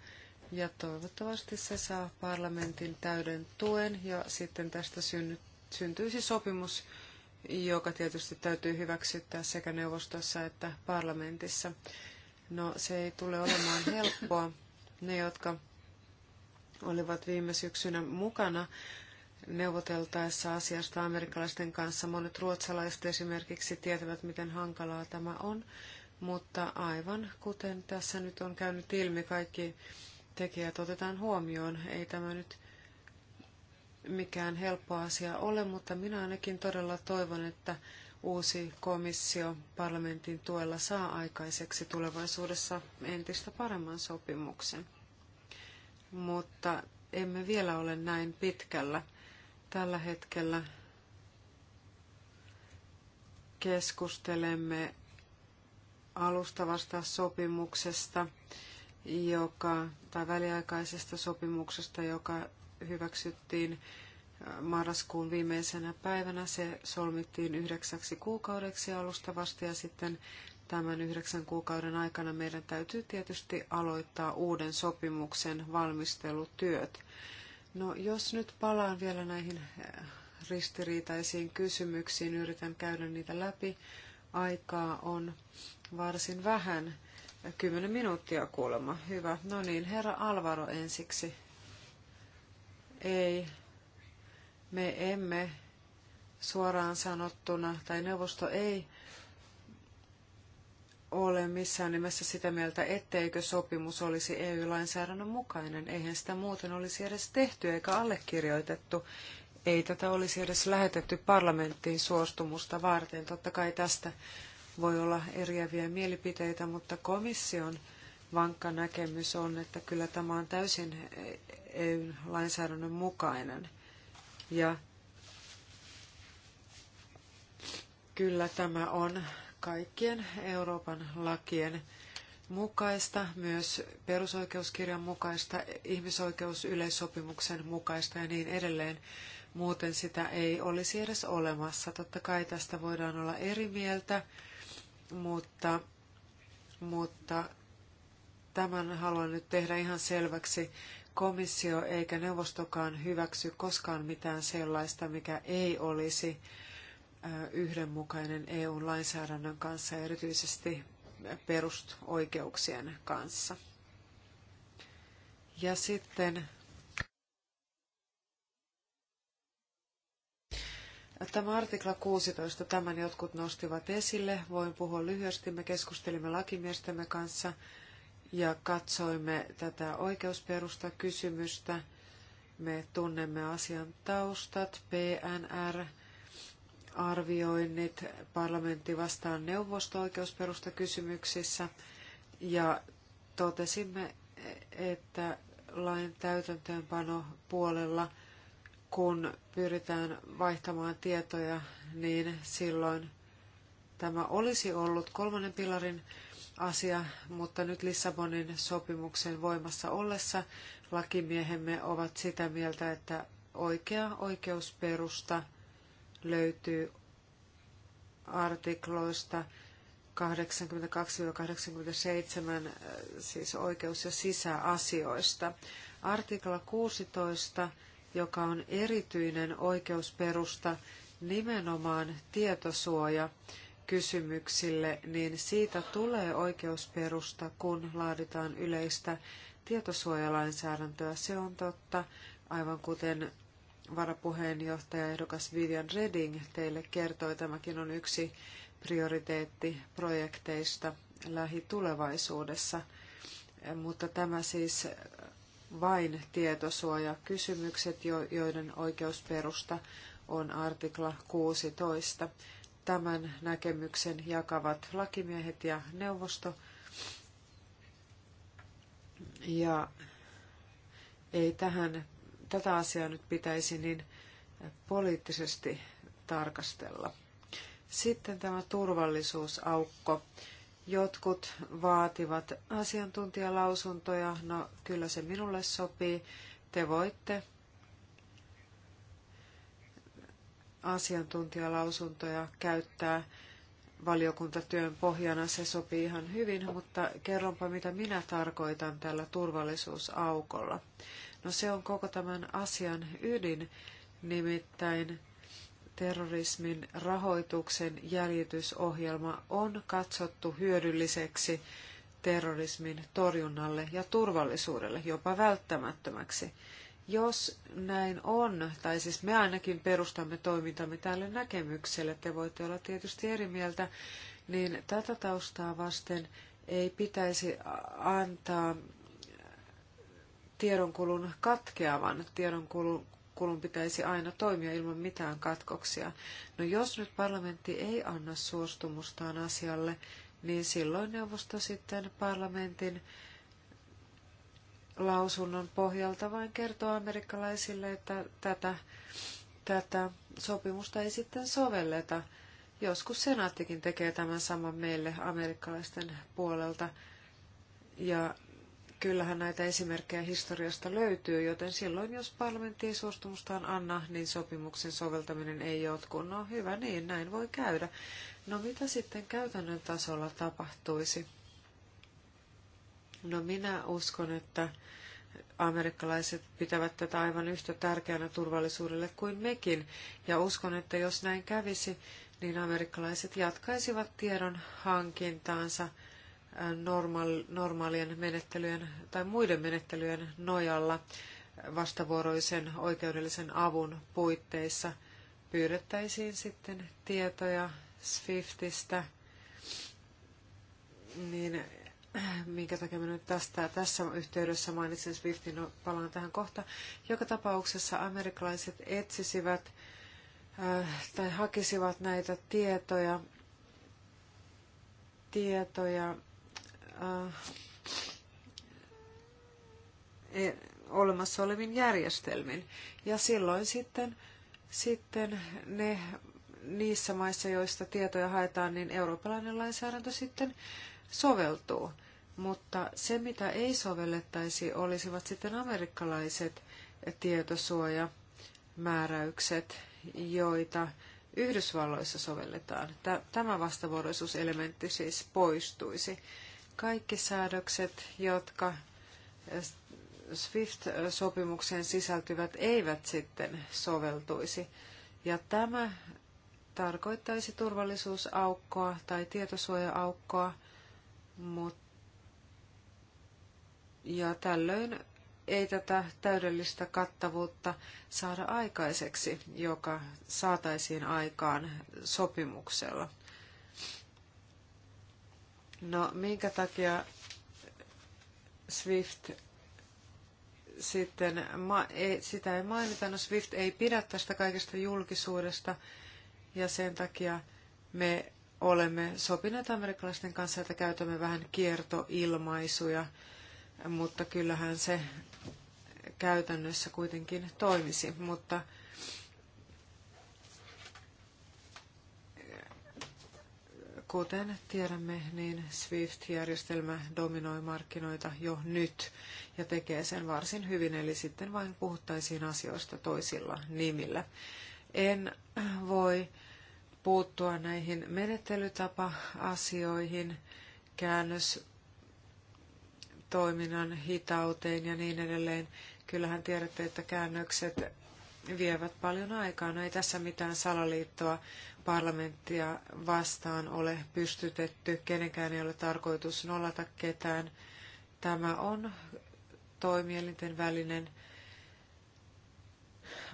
ja toivottavasti se saa parlamentin täyden tuen ja sitten tästä synny, syntyisi sopimus, joka tietysti täytyy hyväksyttää sekä neuvostossa että parlamentissa. No se ei tule olemaan helppoa. Ne, jotka olivat viime syksynä mukana neuvoteltaessa asiasta amerikkalaisten kanssa, monet ruotsalaiset esimerkiksi tietävät, miten hankalaa tämä on, mutta aivan kuten tässä nyt on käynyt ilmi, kaikki tekijät otetaan huomioon. Ei tämä nyt mikään helppo asia ole, mutta minä ainakin todella toivon, että uusi komissio parlamentin tuella saa aikaiseksi tulevaisuudessa entistä paremman sopimuksen. Mutta emme vielä ole näin pitkällä. Tällä hetkellä keskustelemme alustavasta sopimuksesta, joka, tai väliaikaisesta sopimuksesta, joka hyväksyttiin marraskuun viimeisenä päivänä. Se solmittiin yhdeksäksi kuukaudeksi alustavasti ja sitten tämän yhdeksän kuukauden aikana meidän täytyy tietysti aloittaa uuden sopimuksen valmistelutyöt. No jos nyt palaan vielä näihin eh, ristiriitaisiin kysymyksiin, yritän käydä niitä läpi. Aikaa on varsin vähän. Kymmenen minuuttia kuulemma. Hyvä. No niin, herra Alvaro ensiksi. Ei, me emme suoraan sanottuna, tai neuvosto ei ole missään nimessä sitä mieltä, etteikö sopimus olisi EU-lainsäädännön mukainen. Eihän sitä muuten olisi edes tehty eikä allekirjoitettu. Ei tätä olisi edes lähetetty parlamenttiin suostumusta varten. Totta kai tästä voi olla eriäviä mielipiteitä, mutta komission vankka näkemys on, että kyllä tämä on täysin lainsäädännön mukainen. Ja kyllä tämä on kaikkien Euroopan lakien mukaista, myös perusoikeuskirjan mukaista, ihmisoikeusyleissopimuksen mukaista ja niin edelleen. Muuten sitä ei olisi edes olemassa. Totta kai tästä voidaan olla eri mieltä, mutta, mutta tämän haluan nyt tehdä ihan selväksi, komissio eikä neuvostokaan hyväksy koskaan mitään sellaista, mikä ei olisi yhdenmukainen EU-lainsäädännön kanssa, erityisesti perusoikeuksien kanssa. Ja sitten Tämä artikla 16, tämän jotkut nostivat esille. Voin puhua lyhyesti. Me keskustelimme lakimiestemme kanssa ja katsoimme tätä oikeusperusta kysymystä. Me tunnemme asian taustat, PNR, arvioinnit, parlamentti vastaan neuvosto-oikeusperusta kysymyksissä ja totesimme, että lain täytäntöönpano puolella, kun pyritään vaihtamaan tietoja, niin silloin tämä olisi ollut kolmannen pilarin asia, mutta nyt Lissabonin sopimuksen voimassa ollessa lakimiehemme ovat sitä mieltä, että oikea oikeusperusta löytyy artikloista 82-87, äh, siis oikeus- ja sisäasioista. Artikla 16, joka on erityinen oikeusperusta, nimenomaan tietosuoja, kysymyksille, niin siitä tulee oikeusperusta, kun laaditaan yleistä tietosuojalainsäädäntöä. Se on totta, aivan kuten varapuheenjohtaja ehdokas Vivian Redding teille kertoi, tämäkin on yksi prioriteetti-projekteista projekteista lähitulevaisuudessa. Mutta tämä siis vain tietosuojakysymykset, joiden oikeusperusta on artikla 16. Tämän näkemyksen jakavat lakimiehet ja neuvosto. Ja ei tähän, tätä asiaa nyt pitäisi niin poliittisesti tarkastella. Sitten tämä turvallisuusaukko. Jotkut vaativat asiantuntijalausuntoja. No, kyllä se minulle sopii. Te voitte asiantuntijalausuntoja käyttää valiokuntatyön pohjana. Se sopii ihan hyvin, mutta kerronpa, mitä minä tarkoitan tällä turvallisuusaukolla. No se on koko tämän asian ydin, nimittäin terrorismin rahoituksen jäljitysohjelma on katsottu hyödylliseksi terrorismin torjunnalle ja turvallisuudelle, jopa välttämättömäksi. Jos näin on, tai siis me ainakin perustamme toimintamme tälle näkemykselle, te voitte olla tietysti eri mieltä, niin tätä taustaa vasten ei pitäisi antaa tiedonkulun katkeavan. Tiedonkulun pitäisi aina toimia ilman mitään katkoksia. No jos nyt parlamentti ei anna suostumustaan asialle, niin silloin neuvosto sitten parlamentin lausunnon pohjalta vain kertoa amerikkalaisille, että tätä, tätä sopimusta ei sitten sovelleta. Joskus senaattikin tekee tämän saman meille amerikkalaisten puolelta. Ja kyllähän näitä esimerkkejä historiasta löytyy, joten silloin jos parlamentti ei suostumustaan anna, niin sopimuksen soveltaminen ei jotku. No hyvä niin, näin voi käydä. No mitä sitten käytännön tasolla tapahtuisi? No minä uskon, että amerikkalaiset pitävät tätä aivan yhtä tärkeänä turvallisuudelle kuin mekin. Ja uskon, että jos näin kävisi, niin amerikkalaiset jatkaisivat tiedon hankintaansa äh, normaalien menettelyjen tai muiden menettelyjen nojalla vastavuoroisen oikeudellisen avun puitteissa pyydettäisiin sitten tietoja Swiftistä, niin minkä takia mä nyt tästä, tässä yhteydessä mainitsin Swiftin, no, palaan tähän kohta. Joka tapauksessa amerikkalaiset etsisivät äh, tai hakisivat näitä tietoja, tietoja äh, e, olemassa olevin järjestelmin. Ja silloin sitten, sitten ne niissä maissa, joista tietoja haetaan, niin eurooppalainen lainsäädäntö sitten soveltuu. Mutta se, mitä ei sovellettaisi, olisivat sitten amerikkalaiset tietosuojamääräykset, joita Yhdysvalloissa sovelletaan. Tämä vastavuoroisuuselementti siis poistuisi. Kaikki säädökset, jotka SWIFT-sopimukseen sisältyvät, eivät sitten soveltuisi. Ja tämä tarkoittaisi turvallisuusaukkoa tai tietosuoja-aukkoa, Mut, ja tällöin ei tätä täydellistä kattavuutta saada aikaiseksi, joka saataisiin aikaan sopimuksella. No, minkä takia SWIFT sitten, ma, ei, sitä ei mainita, no SWIFT ei pidä tästä kaikesta julkisuudesta, ja sen takia me olemme sopineet amerikkalaisten kanssa, että käytämme vähän kiertoilmaisuja, mutta kyllähän se käytännössä kuitenkin toimisi. Mutta kuten tiedämme, niin SWIFT-järjestelmä dominoi markkinoita jo nyt ja tekee sen varsin hyvin, eli sitten vain puhuttaisiin asioista toisilla nimillä. En voi puuttua näihin menettelytapa-asioihin, käännös toiminnan hitauteen ja niin edelleen. Kyllähän tiedätte, että käännökset vievät paljon aikaa. No ei tässä mitään salaliittoa parlamenttia vastaan ole pystytetty. Kenenkään ei ole tarkoitus nollata ketään. Tämä on toimielinten välinen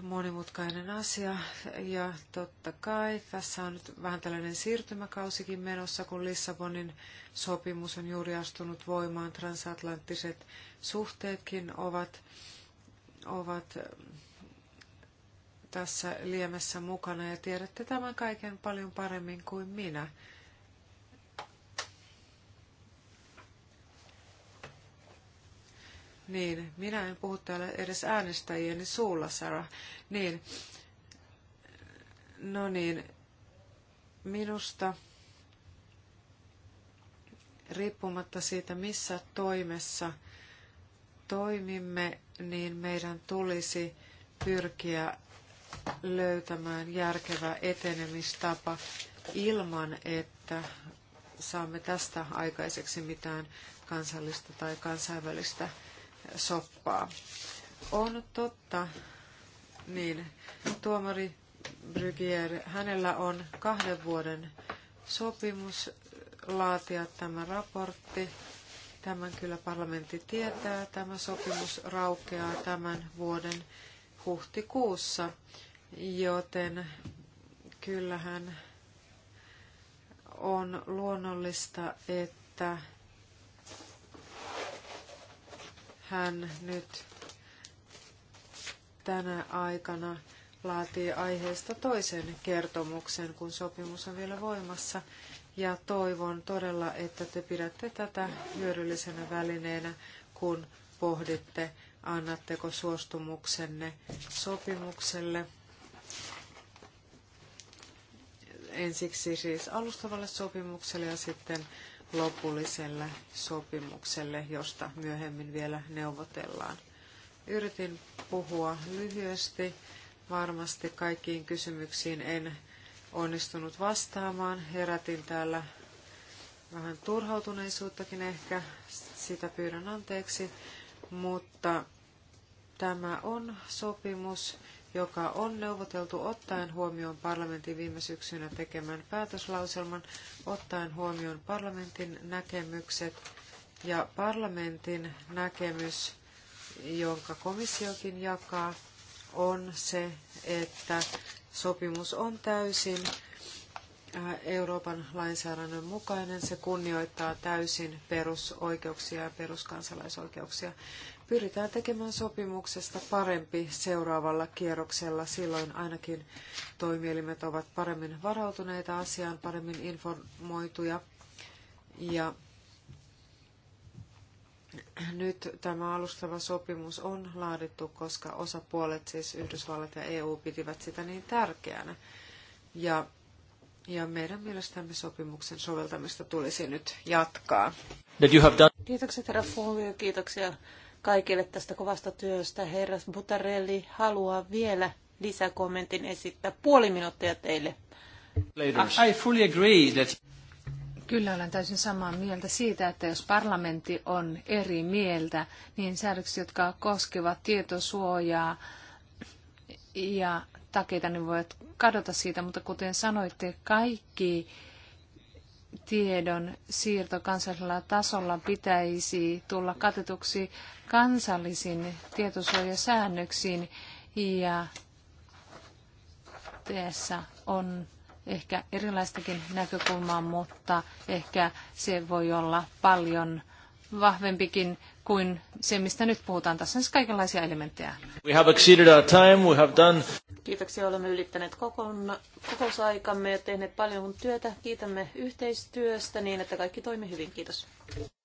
monimutkainen asia ja totta kai tässä on nyt vähän tällainen siirtymäkausikin menossa, kun Lissabonin sopimus on juuri astunut voimaan. Transatlanttiset suhteetkin ovat, ovat tässä liemessä mukana ja tiedätte tämän kaiken paljon paremmin kuin minä. Niin, minä en puhu täällä edes äänestäjieni suulla, Sara. Niin, no niin, minusta riippumatta siitä, missä toimessa toimimme, niin meidän tulisi pyrkiä löytämään järkevä etenemistapa ilman, että saamme tästä aikaiseksi mitään kansallista tai kansainvälistä soppaa. On totta, niin tuomari Brygier, hänellä on kahden vuoden sopimus laatia tämä raportti. Tämän kyllä parlamentti tietää. Tämä sopimus raukeaa tämän vuoden huhtikuussa, joten kyllähän on luonnollista, että hän nyt tänä aikana laatii aiheesta toisen kertomuksen, kun sopimus on vielä voimassa. Ja toivon todella, että te pidätte tätä hyödyllisenä välineenä, kun pohditte, annatteko suostumuksenne sopimukselle. Ensiksi siis alustavalle sopimukselle ja sitten lopulliselle sopimukselle, josta myöhemmin vielä neuvotellaan. Yritin puhua lyhyesti. Varmasti kaikkiin kysymyksiin en onnistunut vastaamaan. Herätin täällä vähän turhautuneisuuttakin ehkä, sitä pyydän anteeksi, mutta tämä on sopimus, joka on neuvoteltu ottaen huomioon parlamentin viime syksynä tekemän päätöslauselman, ottaen huomioon parlamentin näkemykset ja parlamentin näkemys, jonka komissiokin jakaa, on se, että sopimus on täysin äh, Euroopan lainsäädännön mukainen. Se kunnioittaa täysin perusoikeuksia ja peruskansalaisoikeuksia pyritään tekemään sopimuksesta parempi seuraavalla kierroksella. Silloin ainakin toimielimet ovat paremmin varautuneita asiaan, paremmin informoituja. Ja nyt tämä alustava sopimus on laadittu, koska osapuolet, siis Yhdysvallat ja EU, pitivät sitä niin tärkeänä. Ja, ja meidän mielestämme sopimuksen soveltamista tulisi nyt jatkaa. Kiitokset herra Fuovio, kiitoksia kaikille tästä kovasta työstä. Herras Butarelli haluaa vielä lisäkommentin esittää. Puoli minuuttia teille. I fully agree that... Kyllä olen täysin samaa mieltä siitä, että jos parlamentti on eri mieltä, niin säädökset, jotka koskevat tietosuojaa ja takeita, niin voivat kadota siitä, mutta kuten sanoitte, kaikki tiedon siirto kansallisella tasolla pitäisi tulla katetuksi kansallisin tietosuojasäännöksiin ja tässä on ehkä erilaistakin näkökulmaa, mutta ehkä se voi olla paljon vahvempikin kuin se, mistä nyt puhutaan. Tässä on siis kaikenlaisia elementtejä. We have exceeded our time. We have done... Kiitoksia, olemme ylittäneet kokousaikamme ja tehneet paljon työtä. Kiitämme yhteistyöstä niin, että kaikki toimi hyvin. Kiitos.